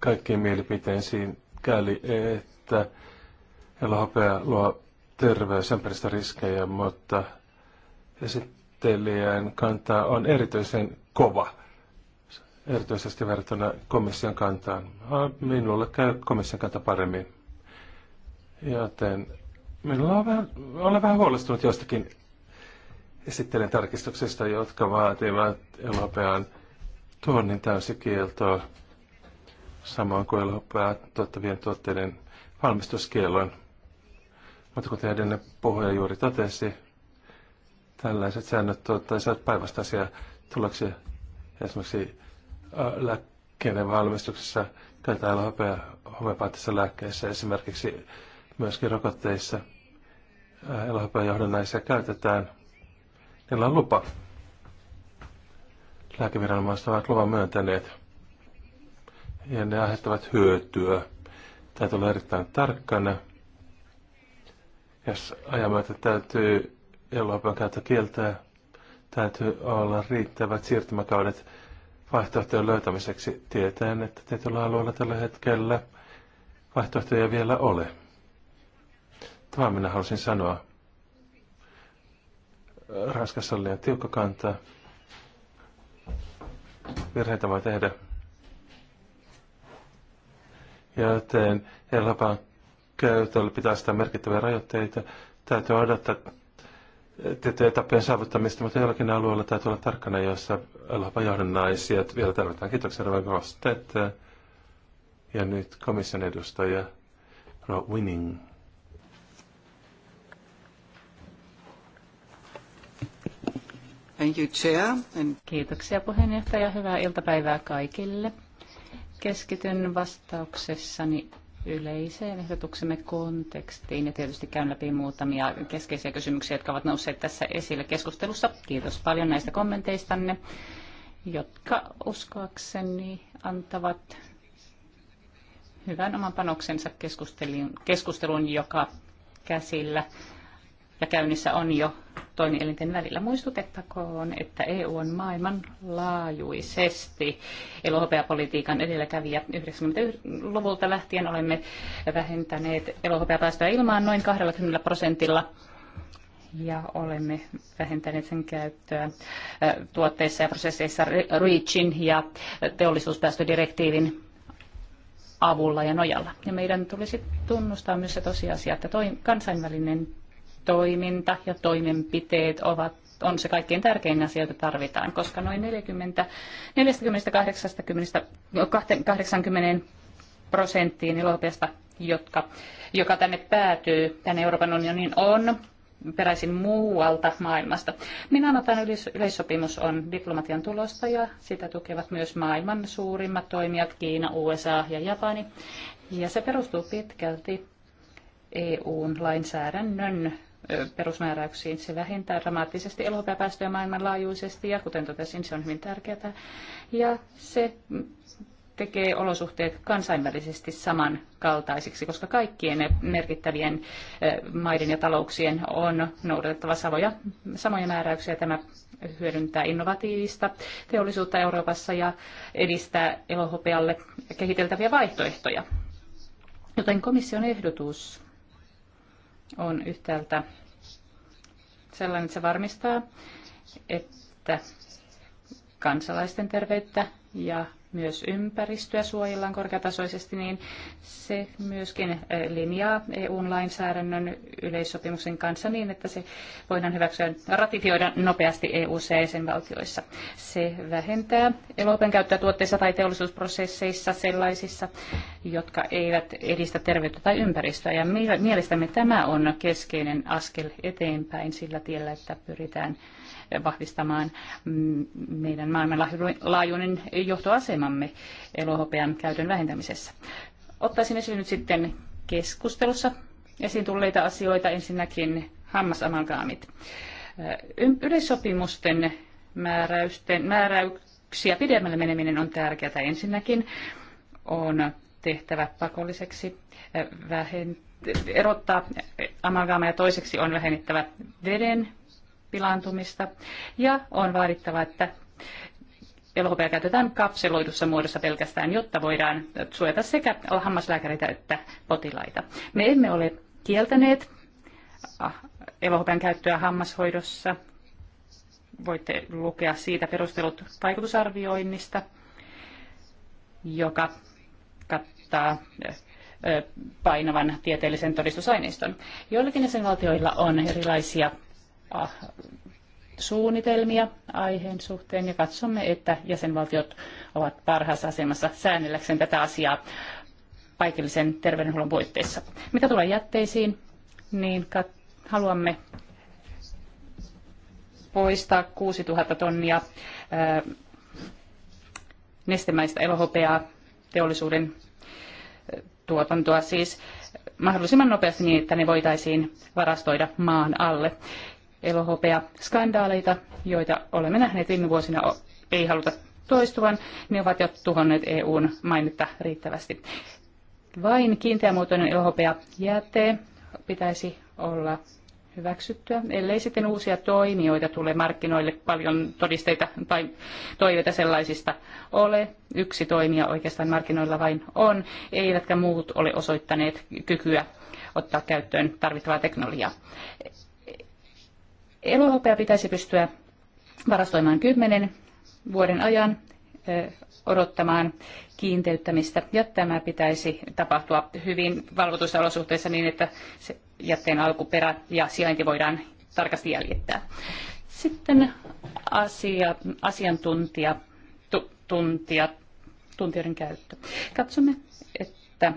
kaikkien mielipiteisiin käli, että elohopea luo terveysympäristöriskejä, mutta esittelijän kantaa on erityisen kova, erityisesti verrattuna komission kantaan. Minulle käy komission kanta paremmin, joten minulla on vähän, olen vähän huolestunut jostakin esittelen tarkistuksista, jotka vaativat elopean tuonnin täysikieltoa, samoin kuin LHPA tuottavien tuotteiden valmistuskielon. Mutta kuten edellinen puhuja juuri totesi, tällaiset säännöt tuottaisivat päinvastaisia tuloksia. Esimerkiksi lääkkeiden valmistuksessa käytetään hopea, homeopaattisissa lääkkeissä, esimerkiksi myöskin rokotteissa elohopeajohdonnaisia käytetään. Niillä on lupa lääkeviranomaiset ovat luvan myöntäneet. Ja ne aiheuttavat hyötyä. Täytyy olla erittäin tarkkana. Jos ajamäätä täytyy Euroopan käyttö kieltää, täytyy olla riittävät siirtymäkaudet vaihtoehtojen löytämiseksi tietäen, että tietyllä alueella tällä hetkellä vaihtoehtoja vielä ole. Tämä minä halusin sanoa. Ranskassa on liian tiukka kantaa. Virheitä voi tehdä. Joten Euroopan käytöllä pitää sitä merkittäviä rajoitteita. Täytyy odottaa tiettyjen etappien saavuttamista, mutta jollakin alueella täytyy olla tarkkana, jossa Euroopan johdannaisia vielä tarvitaan. Kiitoksia, Rava Grostet. Ja nyt komission edustaja Rob Winning. Thank you, Chair. And... Kiitoksia puheenjohtaja. Hyvää iltapäivää kaikille. Keskityn vastauksessani yleiseen ehdotuksemme kontekstiin ja tietysti käyn läpi muutamia keskeisiä kysymyksiä, jotka ovat nousseet tässä esille keskustelussa. Kiitos paljon näistä kommenteistanne, jotka uskoakseni antavat hyvän oman panoksensa keskusteluun, joka käsillä ja käynnissä on jo toimielinten välillä. Muistutettakoon, että EU on maailmanlaajuisesti elohopeapolitiikan edelläkävijä. 90-luvulta lähtien olemme vähentäneet elohopeapäästöä ilmaan noin 20 prosentilla ja olemme vähentäneet sen käyttöä tuotteissa ja prosesseissa REACHin ja teollisuuspäästödirektiivin avulla ja nojalla. Ja meidän tulisi tunnustaa myös se tosiasia, että toi kansainvälinen toiminta ja toimenpiteet ovat on se kaikkein tärkein asia, jota tarvitaan, koska noin 40, 40-80 prosenttiin Ilopiasta, jotka, joka tänne päätyy, tänne Euroopan unionin on peräisin muualta maailmasta. Minanotan yleissopimus on diplomatian tulosta ja sitä tukevat myös maailman suurimmat toimijat Kiina, USA ja Japani. Ja se perustuu pitkälti EUn lainsäädännön perusmääräyksiin. Se vähentää dramaattisesti elokapäästöjä maailmanlaajuisesti ja kuten totesin, se on hyvin tärkeää. Ja se tekee olosuhteet kansainvälisesti samankaltaisiksi, koska kaikkien merkittävien maiden ja talouksien on noudatettava samoja, samoja määräyksiä. Tämä hyödyntää innovatiivista teollisuutta Euroopassa ja edistää elohopealle kehiteltäviä vaihtoehtoja. Joten komission ehdotus on yhtäältä sellainen, että se varmistaa, että kansalaisten terveyttä ja myös ympäristöä suojellaan korkeatasoisesti, niin se myöskin eh, linjaa eu lainsäädännön yleissopimuksen kanssa niin, että se voidaan hyväksyä ratifioida nopeasti EU-ssa valtioissa Se vähentää elopen käyttöä tuotteissa tai teollisuusprosesseissa sellaisissa, jotka eivät edistä terveyttä tai ympäristöä. Ja mielestämme tämä on keskeinen askel eteenpäin sillä tiellä, että pyritään vahvistamaan meidän maailmanlaajuinen johtoasemamme elohopean käytön vähentämisessä. Ottaisin esille nyt sitten keskustelussa esiin tulleita asioita, ensinnäkin hammasamalgaamit. Yleissopimusten määräysten, määräyksiä pidemmälle meneminen on tärkeää. Ensinnäkin on tehtävä pakolliseksi vähentää erottaa amalgaamia toiseksi on vähennettävä veden pilaantumista ja on vaadittava, että elohopea käytetään kapseloidussa muodossa pelkästään, jotta voidaan suojata sekä hammaslääkäreitä että potilaita. Me emme ole kieltäneet ah, elohopean käyttöä hammashoidossa. Voitte lukea siitä perustelut vaikutusarvioinnista, joka kattaa eh, eh, painavan tieteellisen todistusaineiston. Joillakin jäsenvaltioilla on erilaisia Ah, suunnitelmia aiheen suhteen ja katsomme, että jäsenvaltiot ovat parhaassa asemassa säännelläkseen tätä asiaa paikallisen terveydenhuollon puitteissa. Mitä tulee jätteisiin, niin haluamme poistaa 6000 tonnia ää, äh, nestemäistä elohopeaa teollisuuden äh, tuotantoa siis mahdollisimman nopeasti niin, että ne voitaisiin varastoida maan alle elohopea-skandaaleita, joita olemme nähneet viime vuosina, ei haluta toistuvan, ne ovat jo tuhonneet EUn mainetta riittävästi. Vain kiinteämuotoinen elohopea jäte pitäisi olla hyväksyttyä, ellei sitten uusia toimijoita tule markkinoille paljon todisteita tai toiveita sellaisista ole. Yksi toimija oikeastaan markkinoilla vain on, eivätkä muut ole osoittaneet kykyä ottaa käyttöön tarvittavaa teknologiaa. Elohopea pitäisi pystyä varastoimaan kymmenen vuoden ajan odottamaan kiinteyttämistä. Ja tämä pitäisi tapahtua hyvin valvotuissa olosuhteissa niin, että se jätteen alkuperä ja sijainti voidaan tarkasti jäljittää. Sitten asia, asiantuntija, tu, tuntia, tuntijoiden käyttö. Katsomme, että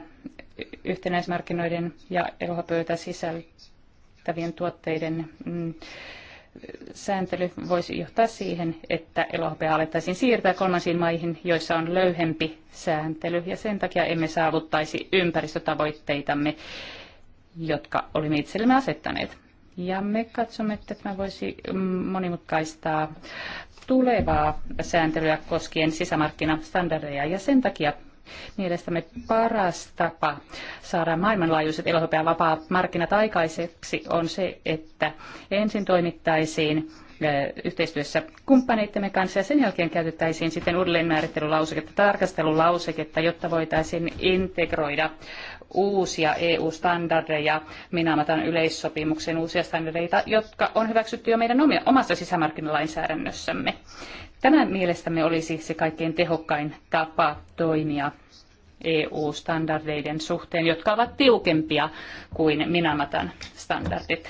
yhtenäismarkkinoiden ja elohopöytä sisältö tuotettavien tuotteiden mm, sääntely voisi johtaa siihen, että elohopea alettaisiin siirtää kolmansiin maihin, joissa on löyhempi sääntely, ja sen takia emme saavuttaisi ympäristötavoitteitamme, jotka olimme itsellemme asettaneet. Ja me katsomme, että tämä voisi mm, monimutkaistaa tulevaa sääntelyä koskien sisämarkkinastandardeja, ja sen takia Mielestämme paras tapa saada maailmanlaajuiset elohopean vapaa markkinat aikaiseksi on se, että ensin toimittaisiin yhteistyössä kumppaneittemme kanssa ja sen jälkeen käytettäisiin sitten uudelleenmäärittelylauseketta, tarkastelulauseketta, jotta voitaisiin integroida uusia EU-standardeja Minamatan yleissopimuksen uusia standardeita, jotka on hyväksytty jo meidän omassa sisämarkkinalainsäädännössämme. Tämä mielestämme olisi se kaikkein tehokkain tapa toimia EU-standardeiden suhteen, jotka ovat tiukempia kuin Minamatan standardit.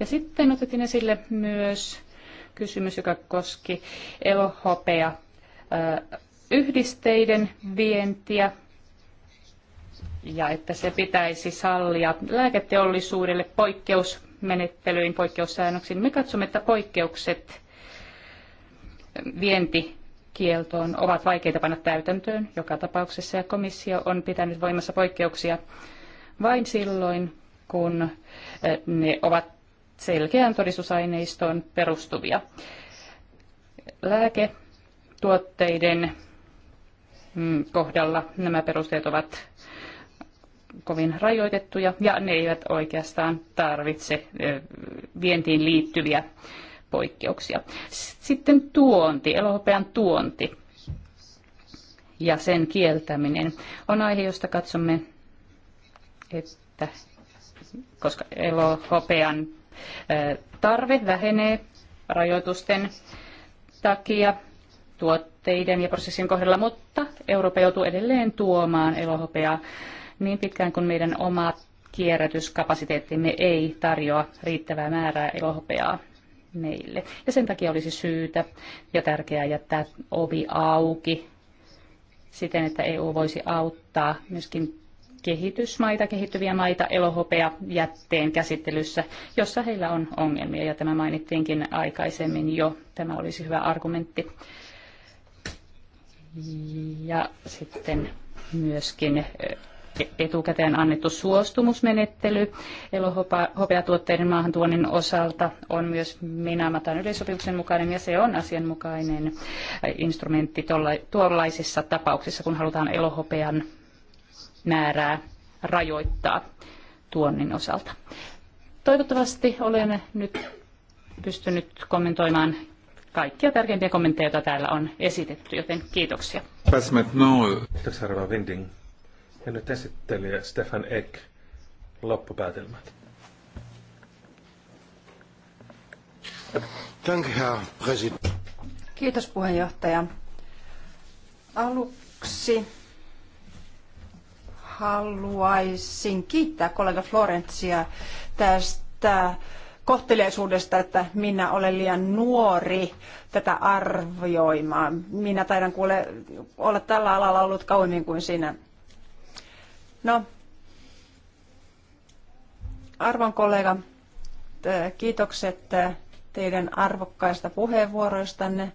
Ja sitten otettiin esille myös kysymys, joka koski elohopea yhdisteiden vientiä ja että se pitäisi sallia lääketeollisuudelle poikkeusmenettelyin, poikkeussäännöksiin. Me katsomme, että poikkeukset vientikieltoon ovat vaikeita panna täytäntöön joka tapauksessa ja komissio on pitänyt voimassa poikkeuksia vain silloin, kun eh, ne ovat selkeään todistusaineistoon perustuvia. Lääketuotteiden mm, kohdalla nämä perusteet ovat kovin rajoitettuja ja ne eivät oikeastaan tarvitse eh, vientiin liittyviä poikkeuksia. Sitten tuonti, elohopean tuonti ja sen kieltäminen on aihe, josta katsomme, että koska elohopean tarve vähenee rajoitusten takia tuotteiden ja prosessin kohdalla, mutta Eurooppa joutuu edelleen tuomaan elohopeaa niin pitkään kuin meidän oma kierrätyskapasiteettimme ei tarjoa riittävää määrää elohopeaa meille. Ja sen takia olisi syytä ja tärkeää jättää ovi auki siten, että EU voisi auttaa myöskin kehitysmaita, kehittyviä maita elohopea jätteen käsittelyssä, jossa heillä on ongelmia. Ja tämä mainittiinkin aikaisemmin jo. Tämä olisi hyvä argumentti. Ja sitten myöskin etukäteen annettu suostumusmenettely elohopeatuotteiden maahantuonnin osalta on myös Minamatan yleissopimuksen mukainen ja se on asianmukainen instrumentti tuollaisissa tapauksissa, kun halutaan elohopean määrää rajoittaa tuonnin osalta. Toivottavasti olen nyt pystynyt kommentoimaan kaikkia tärkeimpiä kommentteja, joita täällä on esitetty, joten kiitoksia. Kiitoksia ja nyt esittelijä Stefan Eck, loppupäätelmät. Kiitos puheenjohtaja. Aluksi haluaisin kiittää kollega Florentsia tästä kohteliaisuudesta, että minä olen liian nuori tätä arvioimaan. Minä taidan kuule olla tällä alalla ollut kauemmin kuin sinä. No, arvon kollega, kiitokset eh, teidän arvokkaista puheenvuoroistanne.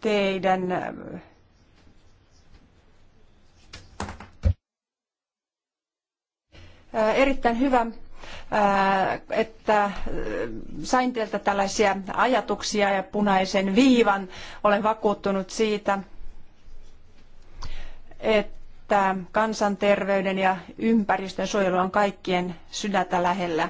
Teidän eh, erittäin hyvä, eh, että sain teiltä tällaisia ajatuksia ja punaisen viivan. Olen vakuuttunut siitä, että kansanterveyden ja ympäristön suojelu on kaikkien sydäntä lähellä.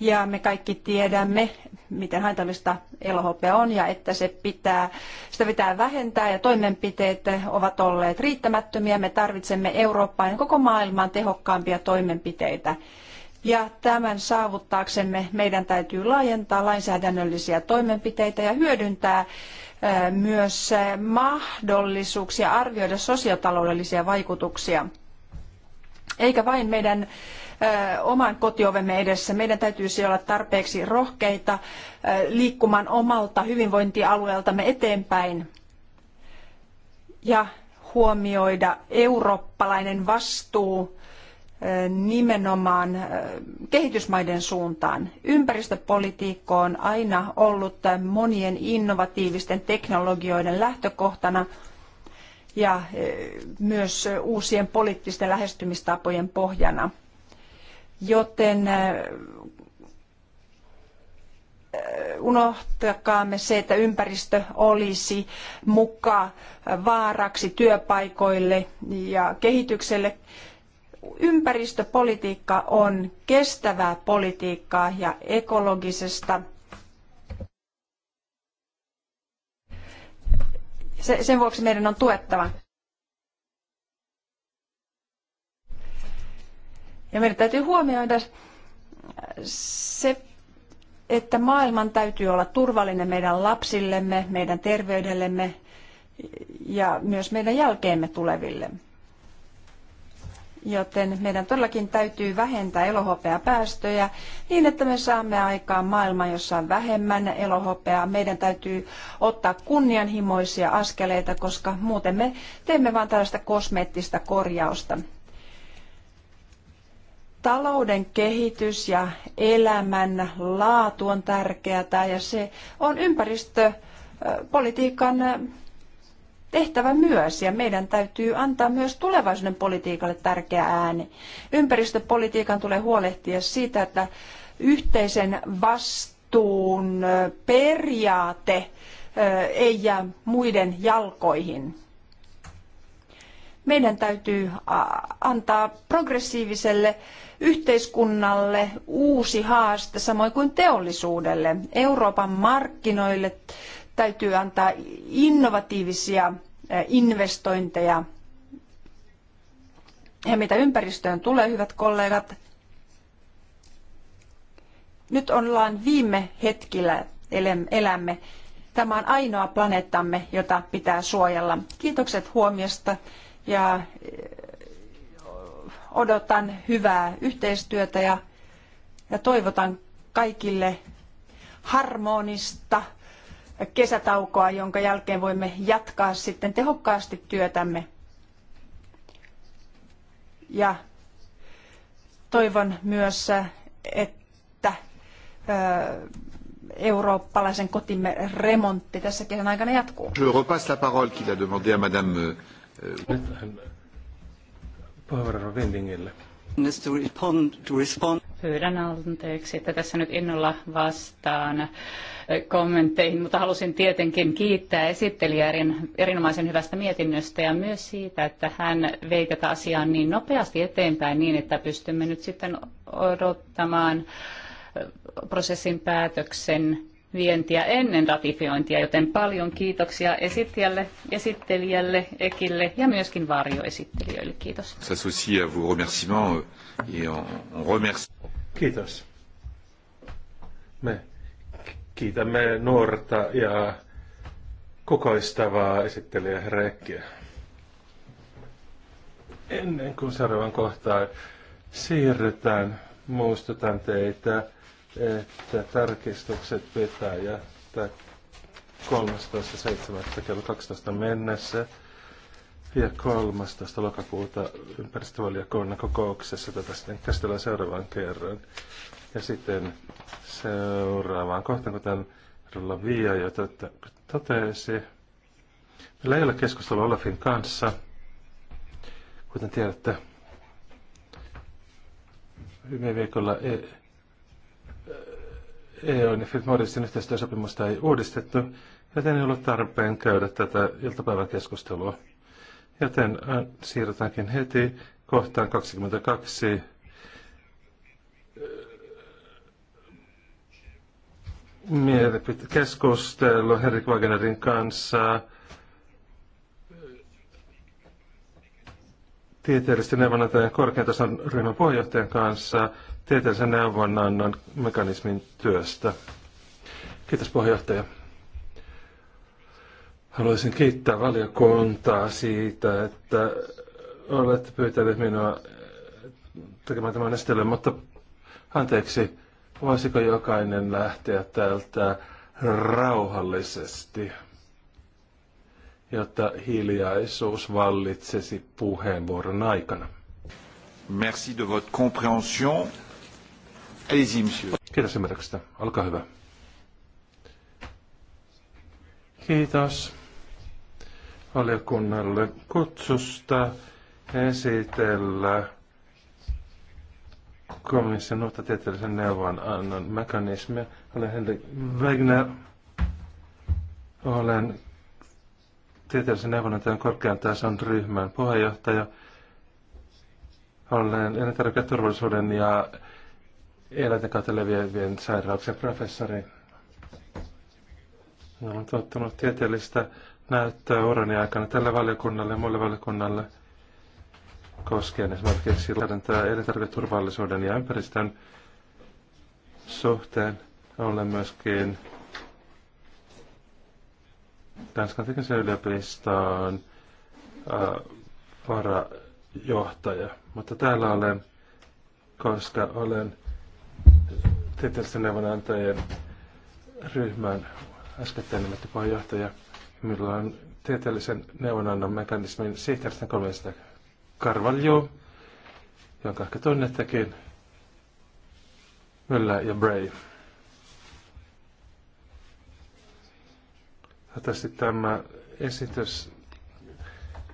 Ja me kaikki tiedämme, miten haitallista LHP on ja että se pitää, sitä pitää vähentää ja toimenpiteet ovat olleet riittämättömiä. Me tarvitsemme Eurooppaan ja koko maailmaan tehokkaampia toimenpiteitä. Ja tämän saavuttaaksemme meidän täytyy laajentaa lainsäädännöllisiä toimenpiteitä ja hyödyntää myös mahdollisuuksia arvioida sosiotaloudellisia vaikutuksia. Eikä vain meidän oman kotiovemme edessä. Meidän täytyisi olla tarpeeksi rohkeita liikkumaan omalta hyvinvointialueeltamme eteenpäin ja huomioida eurooppalainen vastuu nimenomaan kehitysmaiden suuntaan. Ympäristöpolitiikka on aina ollut monien innovatiivisten teknologioiden lähtökohtana ja myös uusien poliittisten lähestymistapojen pohjana. Joten unohtakaamme se, että ympäristö olisi muka vaaraksi työpaikoille ja kehitykselle ympäristöpolitiikka on kestävää politiikkaa ja ekologisesta sen vuoksi meidän on tuettava. Ja meidän täytyy huomioida se, että maailman täytyy olla turvallinen meidän lapsillemme, meidän terveydellemme ja myös meidän jälkeemme tuleville joten meidän todellakin täytyy vähentää elohopeapäästöjä niin, että me saamme aikaan maailman, jossa on vähemmän elohopeaa. Meidän täytyy ottaa kunnianhimoisia askeleita, koska muuten me teemme vain tällaista kosmeettista korjausta. Talouden kehitys ja elämän laatu on tärkeää ja se on ympäristöpolitiikan tehtävä myös ja meidän täytyy antaa myös tulevaisuuden politiikalle tärkeä ääni. Ympäristöpolitiikan tulee huolehtia siitä, että yhteisen vastuun periaate ei jää muiden jalkoihin. Meidän täytyy antaa progressiiviselle yhteiskunnalle uusi haaste, samoin kuin teollisuudelle, Euroopan markkinoille, täytyy antaa innovatiivisia investointeja. Ja mitä ympäristöön tulee, hyvät kollegat, nyt ollaan viime hetkillä elämme. Tämä on ainoa planeettamme, jota pitää suojella. Kiitokset huomiosta ja odotan hyvää yhteistyötä ja, ja toivotan kaikille harmonista kesätaukoa, jonka jälkeen voimme jatkaa sitten tehokkaasti työtämme. Ja toivon myös, että eurooppalaisen kotimme remontti tässä kesän aikana jatkuu. Je repasse la parole qu'il a demandé à madame euh, euh, respond, to respond. Pyydän anteeksi, että tässä nyt innolla vastaan kommentteihin, mutta halusin tietenkin kiittää esittelijää erinomaisen hyvästä mietinnöstä ja myös siitä, että hän vei tätä asiaa niin nopeasti eteenpäin niin, että pystymme nyt sitten odottamaan prosessin päätöksen vientiä ennen ratifiointia, joten paljon kiitoksia esittäjälle, esittelijälle, Ekille ja myöskin varjoesittelijöille. Kiitos. Et on, on remercie. Kiitos. Me kiitämme nuorta ja kokoistavaa esittelijä Rekkiä. Ennen kuin seuraavan kohtaan siirrytään, muistutan teitä, että tarkistukset pitää jättää 13.7. kello 12 mennessä. Ja 13. lokakuuta ympäristövaliokunnan kokouksessa tätä sitten käsitellään seuraavan kerran. Ja sitten seuraavaan kohtaan, kuten Rulla Via jo tota- totesi. Meillä ei ole keskustelu Olafin kanssa. Kuten tiedätte, viime viikolla EU e ja Philip Morrisin yhteistyösopimusta ei uudistettu, joten ei ollut tarpeen käydä tätä iltapäivän keskustelua. Joten äh, siirrytäänkin heti kohtaan 22. Mielipitekeskustelu keskustelu Henrik Wagnerin kanssa tieteellisten neuvonantajan korkean tason ryhmän puheenjohtajan kanssa tieteellisen neuvonannan mekanismin työstä. Kiitos puheenjohtaja. Haluaisin kiittää valiokuntaa siitä, että olette pyytäneet minua tekemään tämän esittelyn, mutta anteeksi, voisiko jokainen lähteä täältä rauhallisesti, jotta hiljaisuus vallitsisi puheenvuoron aikana. Merci de votre compréhension. Allez-y, monsieur. Kiitos ymmärryksestä. Olkaa hyvä. Kiitos valiokunnalle kutsusta esitellä komission uutta tieteellisen neuvonannon mekanismi. Olen Henrik Wegner. Olen tieteellisen neuvonantajan korkean tason ryhmän puheenjohtaja. Olen elintarviketurvallisuuden ja eläinten kautta leviävien sairauksien professori. Olen tuottanut tieteellistä näyttää urani aikana tälle valiokunnalle ja muille valiokunnalle koskien esimerkiksi lähdentää elintarviketurvallisuuden ja ympäristön suhteen. Olen myöskin Tanskan teknisen yliopiston varajohtaja, mutta täällä olen, koska olen tieteellisten neuvonantajien ryhmän äskettäin nimetty puheenjohtaja – Minulla on tieteellisen neuvonannon mekanismin sihteeristä kolmesta Karvaljo, jonka ehkä tunnettekin, Myllä ja Brave. Toivottavasti tämä esitys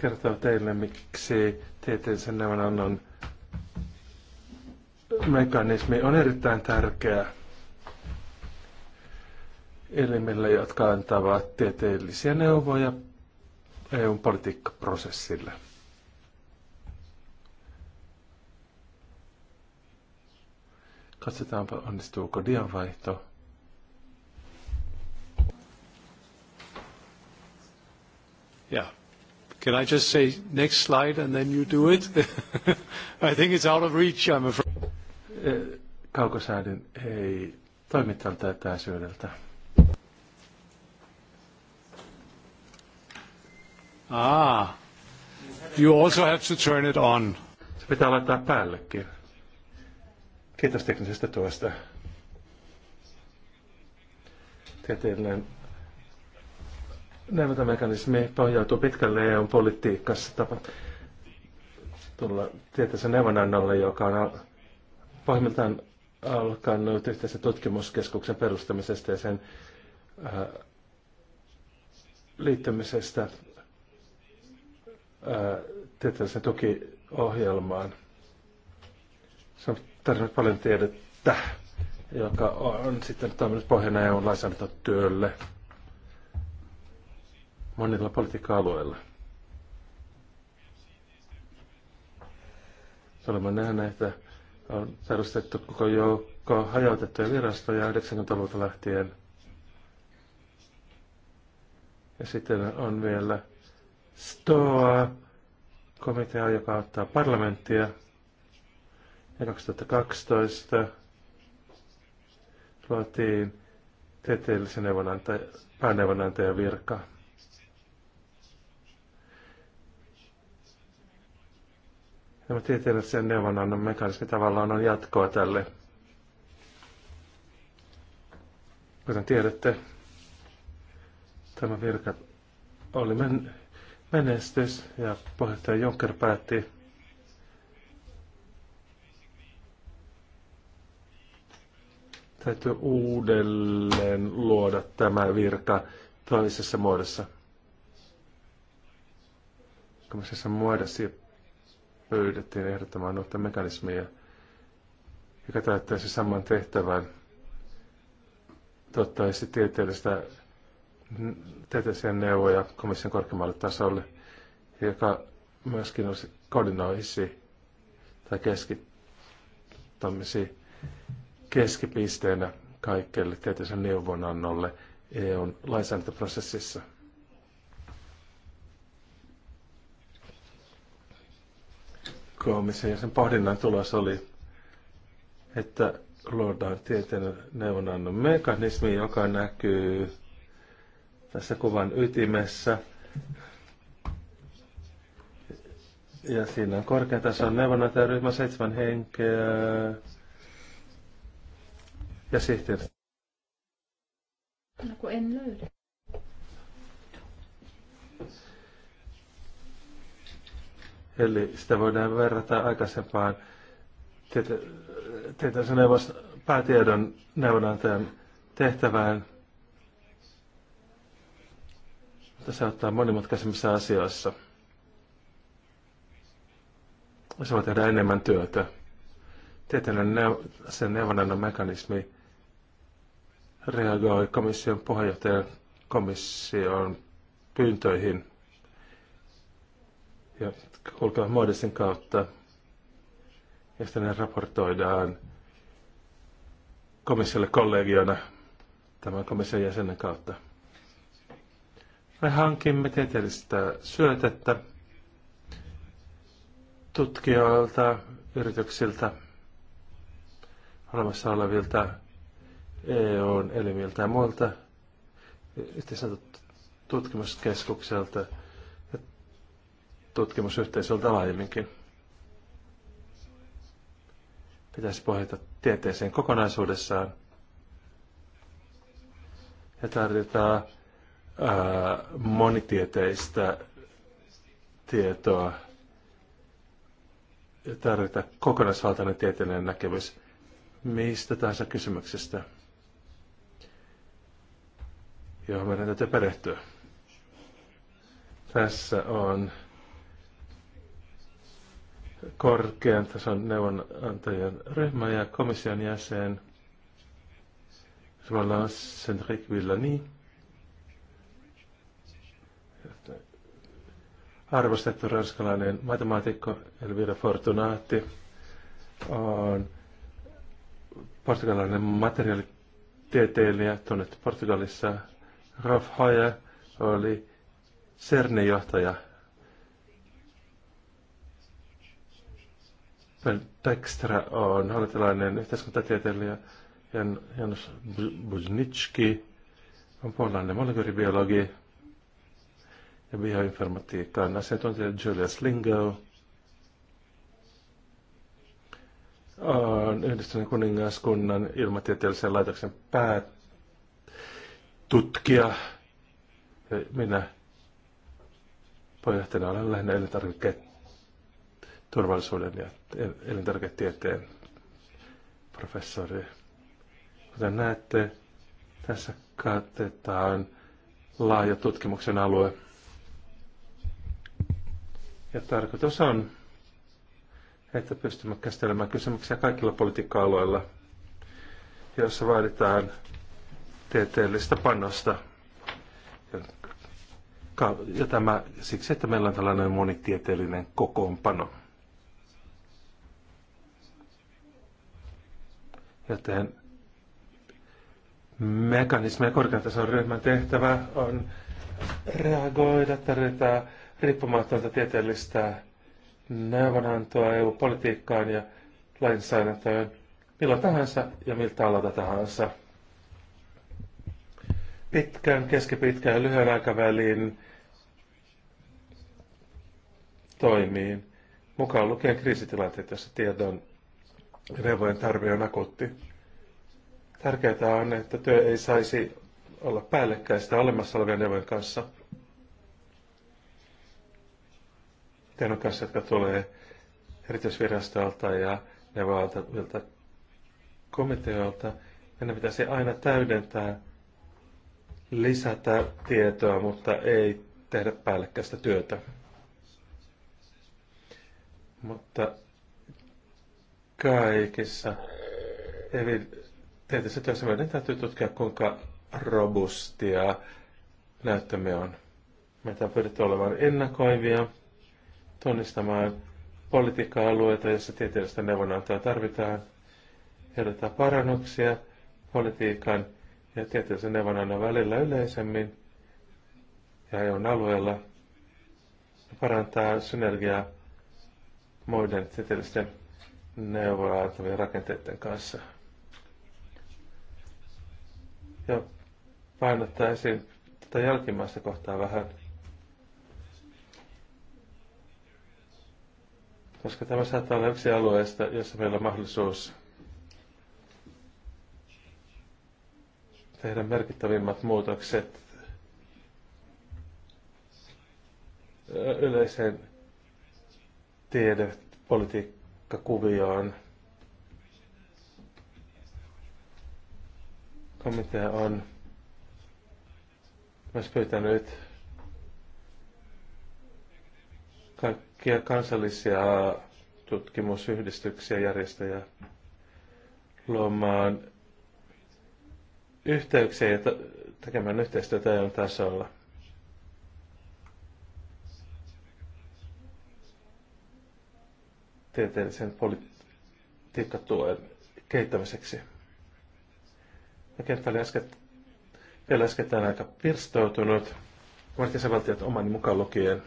kertoo teille, miksi tieteellisen neuvonannon mekanismi on erittäin tärkeä – elimillä, jotka antavat tieteellisiä neuvoja eu politiikkaprosessille. Katsotaanpa, onnistuuko dianvaihto. Yeah. Can I just say next slide and then you do it? I think it's out of reach, I'm afraid. Eh, Kaukosäädin ei toimi tältä etäisyydeltä. Ah, you also have to turn it on. Se pitää laittaa päällekin. Kiitos teknisestä tuosta. Tieteellinen neuvontamekanismi pohjautuu pitkälle EUn politiikassa tapa tulla tieteellisen neuvonannolle, joka on pohjimmiltaan alkanut yhteisen tutkimuskeskuksen perustamisesta ja sen äh, liittymisestä tieteellisen tukiohjelmaan. Se on tarvinnut paljon tiedettä, joka on sitten toiminut pohjana EUn lainsäädäntötyölle monilla politiikka-alueilla. Olemme nähneet, että on perustettu koko joukko hajautettuja virastoja 90-luvulta lähtien. Ja sitten on vielä STOA-komitea, joka auttaa parlamenttia. Ja 2012 luotiin tieteellisen pääneuvonantajan virka. Tämä tieteellisen neuvonannon mekanismi tavallaan on jatkoa tälle. Kuten tiedätte, tämä virka oli men- menestys ja puheenjohtaja Juncker päätti täytyy uudelleen luoda tämä virka toisessa muodossa. Tämmöisessä muodossa pyydettiin ehdottamaan uutta mekanismia, joka täyttäisi saman tehtävän, tuottaisi tieteellistä tieteellisiä neuvoja komission korkeammalle tasolle, joka myöskin olisi, koordinoisi tai keskittämisi keskipisteenä kaikkelle tieteellisen neuvonannolle EUn lainsäädäntöprosessissa. Komission ja sen pohdinnan tulos oli, että luodaan tieteen neuvonannon mekanismi, joka näkyy tässä kuvan ytimessä. Ja siinä on korkean tason neuvonantajaryhmä, seitsemän henkeä ja sihteeri. No kun en löydä. Eli sitä voidaan verrata aikaisempaan tietoisen neuvos, päätiedon neuvonantajan tehtävään. Tässä auttaa monimutkaisemmissa asioissa. Se voi tehdä enemmän työtä. Tieteellinen sen neuvonannon mekanismi reagoi komission puheenjohtajan komission pyyntöihin ja kulkevat Modesin kautta. Ja sitten ne raportoidaan komissiolle kollegiona tämän komission jäsenen kautta. Me hankimme tieteellistä syötettä tutkijoilta, yrityksiltä, olemassa olevilta EUn elimiltä ja muilta yhteiseltä tutkimuskeskukselta ja tutkimusyhteisöltä laajemminkin. Pitäisi pohjata tieteeseen kokonaisuudessaan ja tarvitaan monitieteistä tietoa ja tarvita kokonaisvaltainen tieteellinen näkemys mistä tahansa kysymyksestä, johon meidän täytyy perehtyä. Tässä on korkean tason neuvonantajan ryhmä ja komission jäsen. Samalla on Villani arvostettu ranskalainen matemaatikko Elvira Fortunati on portugalainen materiaalitieteilijä tunnettu Portugalissa. Rolf Hoyer oli CERNin johtaja. Ben Dijkstra on hollantilainen yhteiskuntatieteilijä. Jan, Janusz Buznitski on puolalainen molekyylibiologi ja bioinformatiikan asiantuntija Julius Lingo on yhdistyneen kuningaskunnan ilmatieteellisen laitoksen päätutkija. Ja minä pohjohtajana olen lähinnä elintarviketurvallisuuden ja elintarviketieteen professori. Kuten näette, tässä katsotaan laaja tutkimuksen alue. Ja tarkoitus on, että pystymme käsittelemään kysymyksiä kaikilla politiikka-alueilla, joissa vaaditaan tieteellistä panosta. Ja, tämä siksi, että meillä on tällainen monitieteellinen kokoonpano. Joten mekanismi ja korkeatason ryhmän tehtävä on reagoida, tarjota riippumatonta tieteellistä neuvonantoa EU-politiikkaan ja lainsäädäntöön milloin tahansa ja miltä alalta tahansa. Pitkän, keskipitkän ja lyhyen aikavälin toimiin, mukaan lukien kriisitilanteet, joissa tiedon neuvojen tarve on akuutti. Tärkeää on, että työ ei saisi olla päällekkäistä olemassa olevien neuvojen kanssa – teidän kanssa, jotka tulee erityisvirastolta ja neuvoilta komiteoilta. Meidän pitäisi aina täydentää, lisätä tietoa, mutta ei tehdä päällekkäistä työtä. Mutta kaikissa evidentissä työssä meidän täytyy tutkia, kuinka robustia näyttämme on. Meitä on pyritty olemaan ennakoivia tunnistamaan politiikka-alueita, joissa tieteellistä neuvonantoa tarvitaan, ehdottaa parannuksia politiikan ja tieteellisen neuvonannon välillä yleisemmin ja EUn alueella parantaa synergiaa muiden tieteellisten neuvoa rakenteiden kanssa. Ja painottaisin tätä jälkimmäistä kohtaa vähän – koska tämä saattaa olla yksi alueesta, jossa meillä on mahdollisuus tehdä merkittävimmät muutokset yleiseen tiedepolitiikkakuvioon. Komitea on myös pyytänyt kaikki kaikkia kansallisia tutkimusyhdistyksiä järjestäjä luomaan yhteyksiä ja tekemään yhteistyötä EUn tasolla. Tieteellisen politiikkatuen kehittämiseksi. Ja kenttä oli äsken, vielä äskettäin aika pirstoutunut, vaikka se valtiot oman mukaan lukien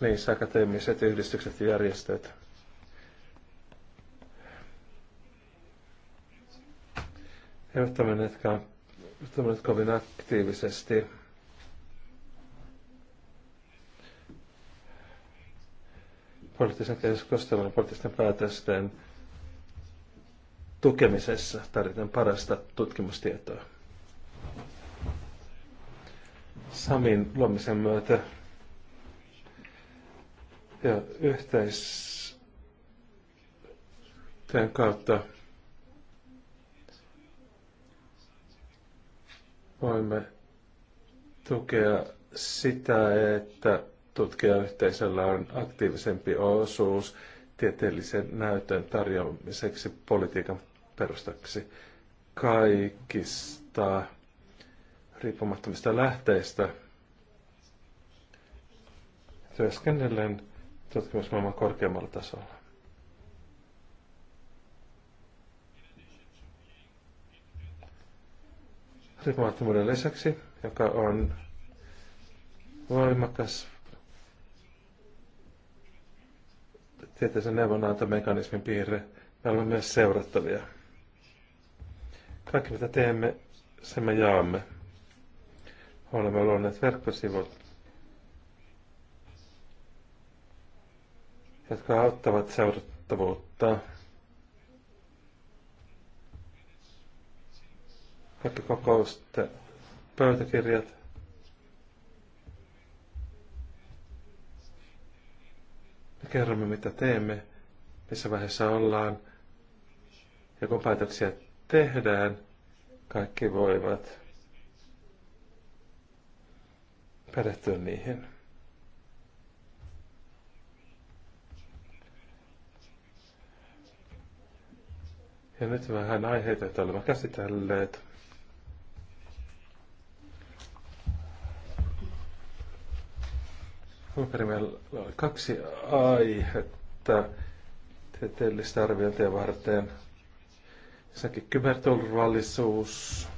niissä akateemiset yhdistykset ja järjestöt. He eivät toimineet kovin aktiivisesti. poliittisen keskustelun ja poliittisten päätösten tukemisessa tarvitaan parasta tutkimustietoa. Samin luomisen myötä ja tämän kautta voimme tukea sitä, että tutkijayhteisöllä on aktiivisempi osuus tieteellisen näytön tarjoamiseksi politiikan perustaksi kaikista riippumattomista lähteistä työskennellen maailman korkeammalla tasolla. Riippumattomuuden lisäksi, joka on voimakas tieteisen neuvonantomekanismin piirre, me olemme myös seurattavia. Kaikki mitä teemme, sen me jaamme. Olemme luoneet verkkosivut, jotka auttavat seurattavuutta. Kaikki kokousten pöytäkirjat. Me kerromme, mitä teemme, missä vaiheessa ollaan. Ja kun päätöksiä tehdään, kaikki voivat perehtyä niihin. Ja nyt vähän aiheita, että olemme käsitelleet. Alunperin meillä oli kaksi aihetta tieteellistä arviointia varten. Ensinnäkin kyberturvallisuus.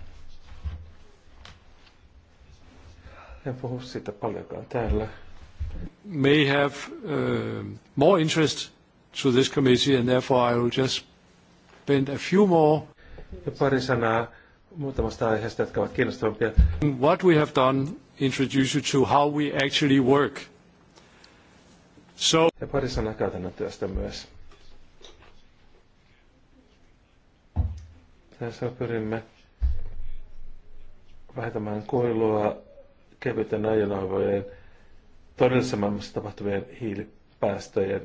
En puhu siitä paljonkaan täällä. May have uh, more interest to this committee and therefore I will just spend a few more ja pari sanaa muutamasta aiheesta, jotka ovat kiinnostavampia. What we have done introduce you to how we actually work. So, ja pari sanaa käytännön työstä myös. Tässä pyrimme vähentämään kuilua kevyten ajonaivojen todellisessa maailmassa tapahtuvien hiilipäästöjen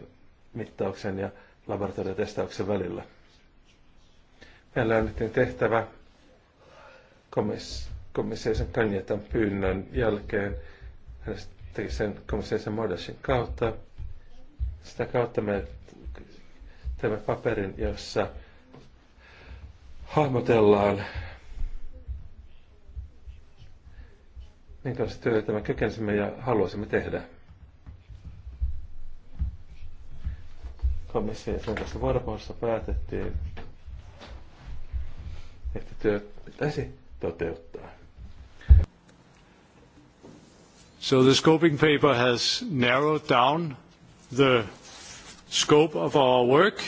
mittauksen ja laboratoriotestauksen välillä – hänelle annettiin tehtävä komiss- komisseisen Kanjetan pyynnön jälkeen. Hän teki sen komisseisen Mordashin kautta. Sitä kautta me teemme paperin, jossa hahmotellaan, minkälaista työtä me kykensimme ja haluaisimme tehdä. Komission tässä vuoropuhelussa päätettiin, että työt pitäisi toteuttaa. So the scoping paper has narrowed down the scope of our work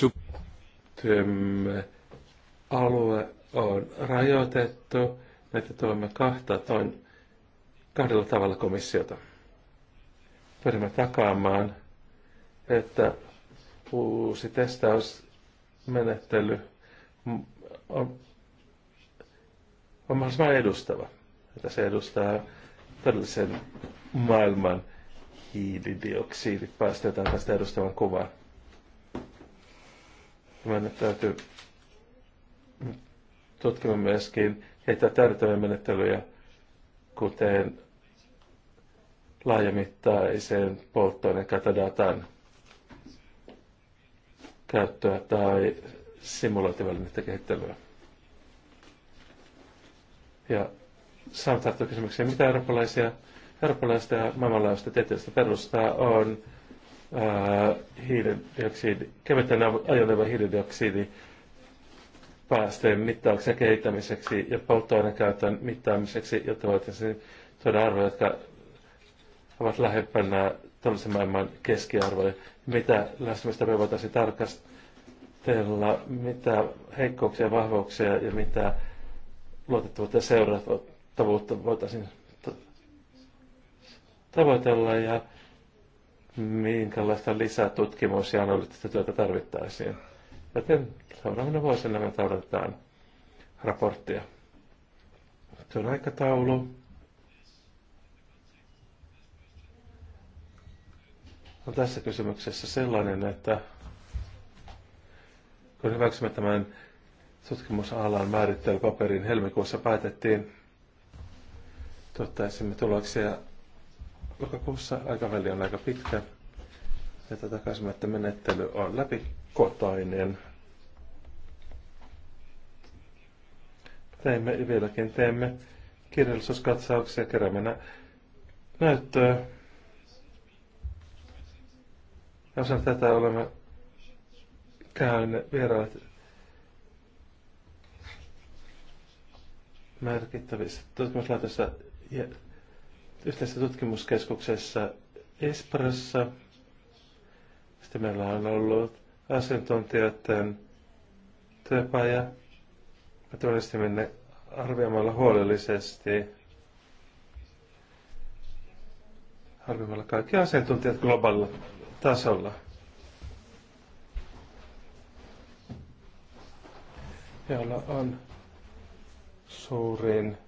to Työmme alue on rajoitettu. Me tuomme kahta toin, kahdella tavalla komissiota. Pyrimme takaamaan, että uusi testausmenettely – on, on mahdollisimman edustava. Että se edustaa todellisen maailman hiilidioksidipäästöjä tai tästä edustavan kuvan. Meidän täytyy tutkimaan myöskin heitä täydettäviä menettelyjä, kuten laajamittaisen polttoaineen katadatan käyttöä tai simulointivälineiden kehittelyä. Ja saan tarttua kysymykseen, mitä eurooppalaisia, eurooppalaista ja maailmanlaajuista tieteellistä perustaa on hiilidioksidi, kevyten ajoneuvon hiilidioksidi päästöjen mittauksen kehittämiseksi ja polttoainekäytön mittaamiseksi, jotta voitaisiin tuoda arvoja, jotka ovat lähempänä tällaisen maailman keskiarvoja. Mitä lähestymistä me voitaisiin tarkast- perusteella, mitä heikkouksia ja vahvuuksia ja mitä luotettavuutta ja seurattavuutta voitaisiin tavoitella ja minkälaista lisätutkimus- ja analyyttista työtä tarvittaisiin. Joten seuraavana vuosina me tarvitaan raporttia. Se on aikataulu. On tässä kysymyksessä sellainen, että kun hyväksymme tämän tutkimusalan määrittelypaperin helmikuussa päätettiin, tuottaisimme tuloksia lokakuussa. Aikaväli on aika pitkä. Ja tätä että menettely on läpikotainen. Teimme vieläkin teemme kirjallisuuskatsauksia keräämänä. näyttöä. Ja osana tätä olemme käyn vieraat merkittävissä tutkimuslaitossa ja yhteisessä tutkimuskeskuksessa Espressa. Sitten meillä on ollut asiantuntijoiden työpaja. Me tunnistimme ne arvioimalla huolellisesti, arvioimalla kaikki asiantuntijat globaalilla tasolla. jolla on suurin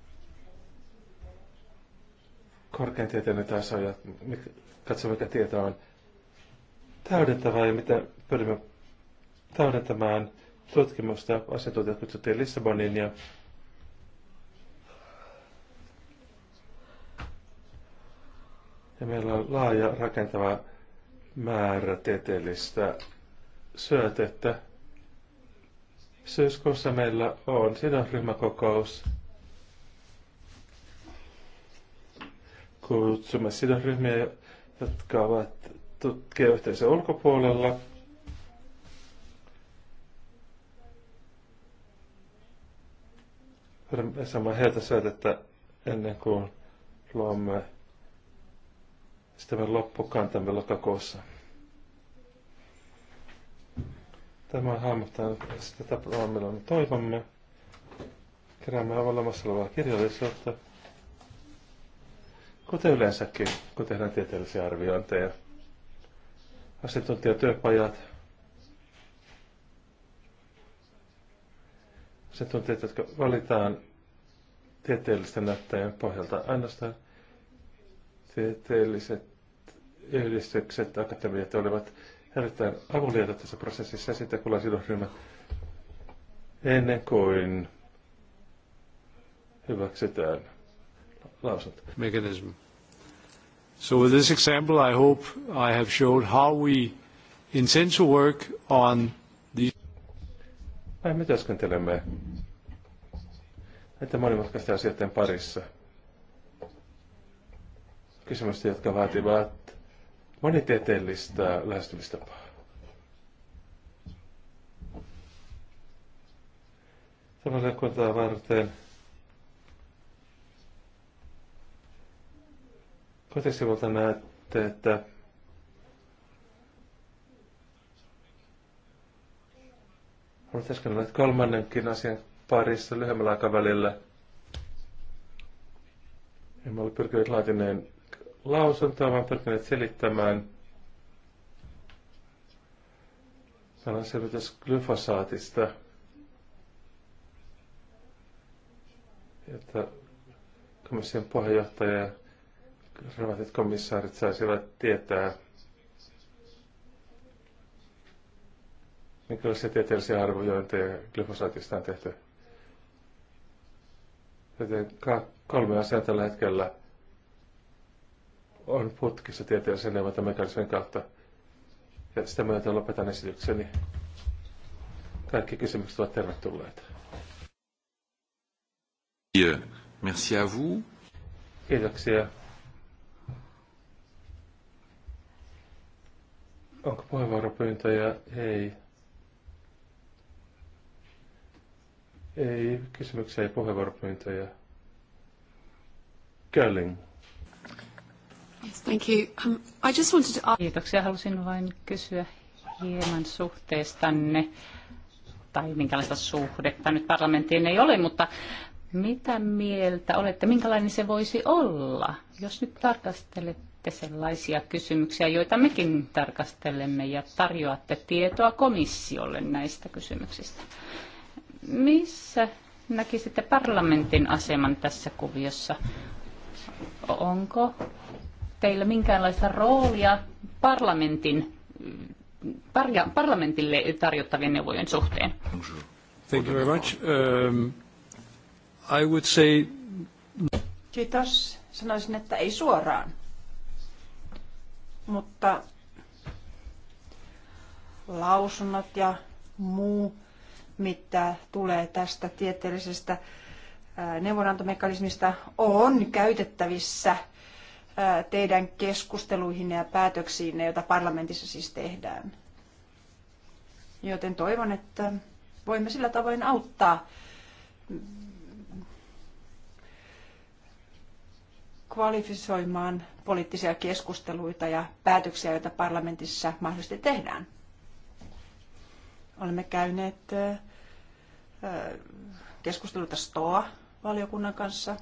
korkean tieteellinen taso ja katsomme, mikä tieto on täydentävää ja mitä pyrimme täydentämään tutkimusta. Asiantuntijat kutsuttiin Lissaboniin ja Ja meillä on laaja rakentava määrä tieteellistä syötettä. Syyskuussa meillä on sidosryhmäkokous. Kutsumme sidosryhmiä, jotka ovat tutkijayhteisön ulkopuolella. Pyydämme saamaan heiltä syötettä ennen kuin luomme sitten loppukantamme lokakuussa. Tämä hahmottaa sitä tapaa, millä me toivomme. Keräämme avallamassa olevaa kirjallisuutta. Kuten yleensäkin, kun tehdään tieteellisiä arviointeja. Asiantuntijatyöpajat. Asiantuntijat, jotka valitaan tieteellisten näyttäjien pohjalta. Ainoastaan tieteelliset yhdistykset, akatemiat olivat erittäin avuliaita tässä prosessissa ja sitten kuulla sidosryhmä ennen kuin hyväksytään lausunto. Mechanism. So with this example, I hope I have showed how we intend to work on these. Ai, me työskentelemme näiden monimutkaisten asioiden parissa. Kysymystä, jotka vaativat monitieteellistä lähestymistapaa. Tavallikuntaa varten kotisivulta näette, että olen työskennellyt kolmannenkin asian parissa lyhyemmällä aikavälillä. Emme ole pyrkineet laatineen lausuntoa, vaan pyrkineet selittämään Täällä on selvitys glyfosaatista, jotta komission puheenjohtaja ja relevantit komissaarit saisivat tietää, minkälaisia tieteellisiä arviointeja glyfosaatista on tehty. Joten kolme asiaa tällä hetkellä – on putkissa tieteellisen neuvontamekanismin kautta. Ja sitä myötä lopetan esitykseni. Kaikki kysymykset ovat tervetulleita. Merci à vous. Kiitoksia. Onko puheenvuoropyyntöjä? Ei. Ei kysymyksiä, ei puheenvuoropyyntöjä. Kölling. Yes, thank you. Um, I just wanted to... Kiitoksia. Halusin vain kysyä hieman suhteestanne tai minkälaista suhdetta nyt parlamenttiin ei ole, mutta mitä mieltä olette, minkälainen se voisi olla, jos nyt tarkastelette sellaisia kysymyksiä, joita mekin tarkastelemme ja tarjoatte tietoa komissiolle näistä kysymyksistä? Missä näkisitte parlamentin aseman tässä kuviossa? Onko teillä minkäänlaista roolia parlamentin, parja, parlamentille tarjottavien neuvojen suhteen? Thank you very much. Um, I would say... Kiitos. Sanoisin, että ei suoraan. Mutta lausunnot ja muu, mitä tulee tästä tieteellisestä neuvonantomekanismista, on käytettävissä – teidän keskusteluihin ja päätöksiinne, joita parlamentissa siis tehdään. Joten toivon, että voimme sillä tavoin auttaa kvalifisoimaan poliittisia keskusteluita ja päätöksiä, joita parlamentissa mahdollisesti tehdään. Olemme käyneet keskusteluita STOA-valiokunnan kanssa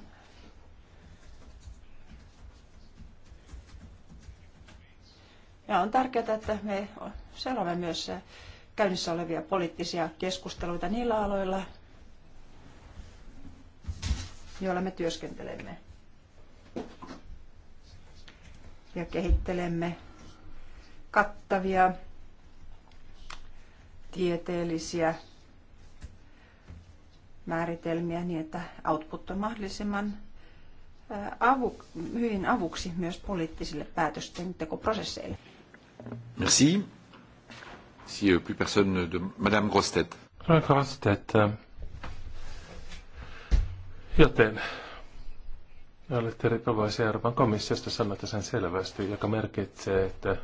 Ja on tärkeää, että me seuraamme myös käynnissä olevia poliittisia keskusteluita niillä aloilla, joilla me työskentelemme ja kehittelemme kattavia tieteellisiä määritelmiä niin, että output on mahdollisimman avu, hyvin avuksi myös poliittisille päätöstentekoprosesseille. Merci. Si euh, plus personne de Madame Grostet. Grostet. Euh, joten olette riippuvaisia Euroopan komissiosta, sanotte sen selvästi, joka merkitsee, että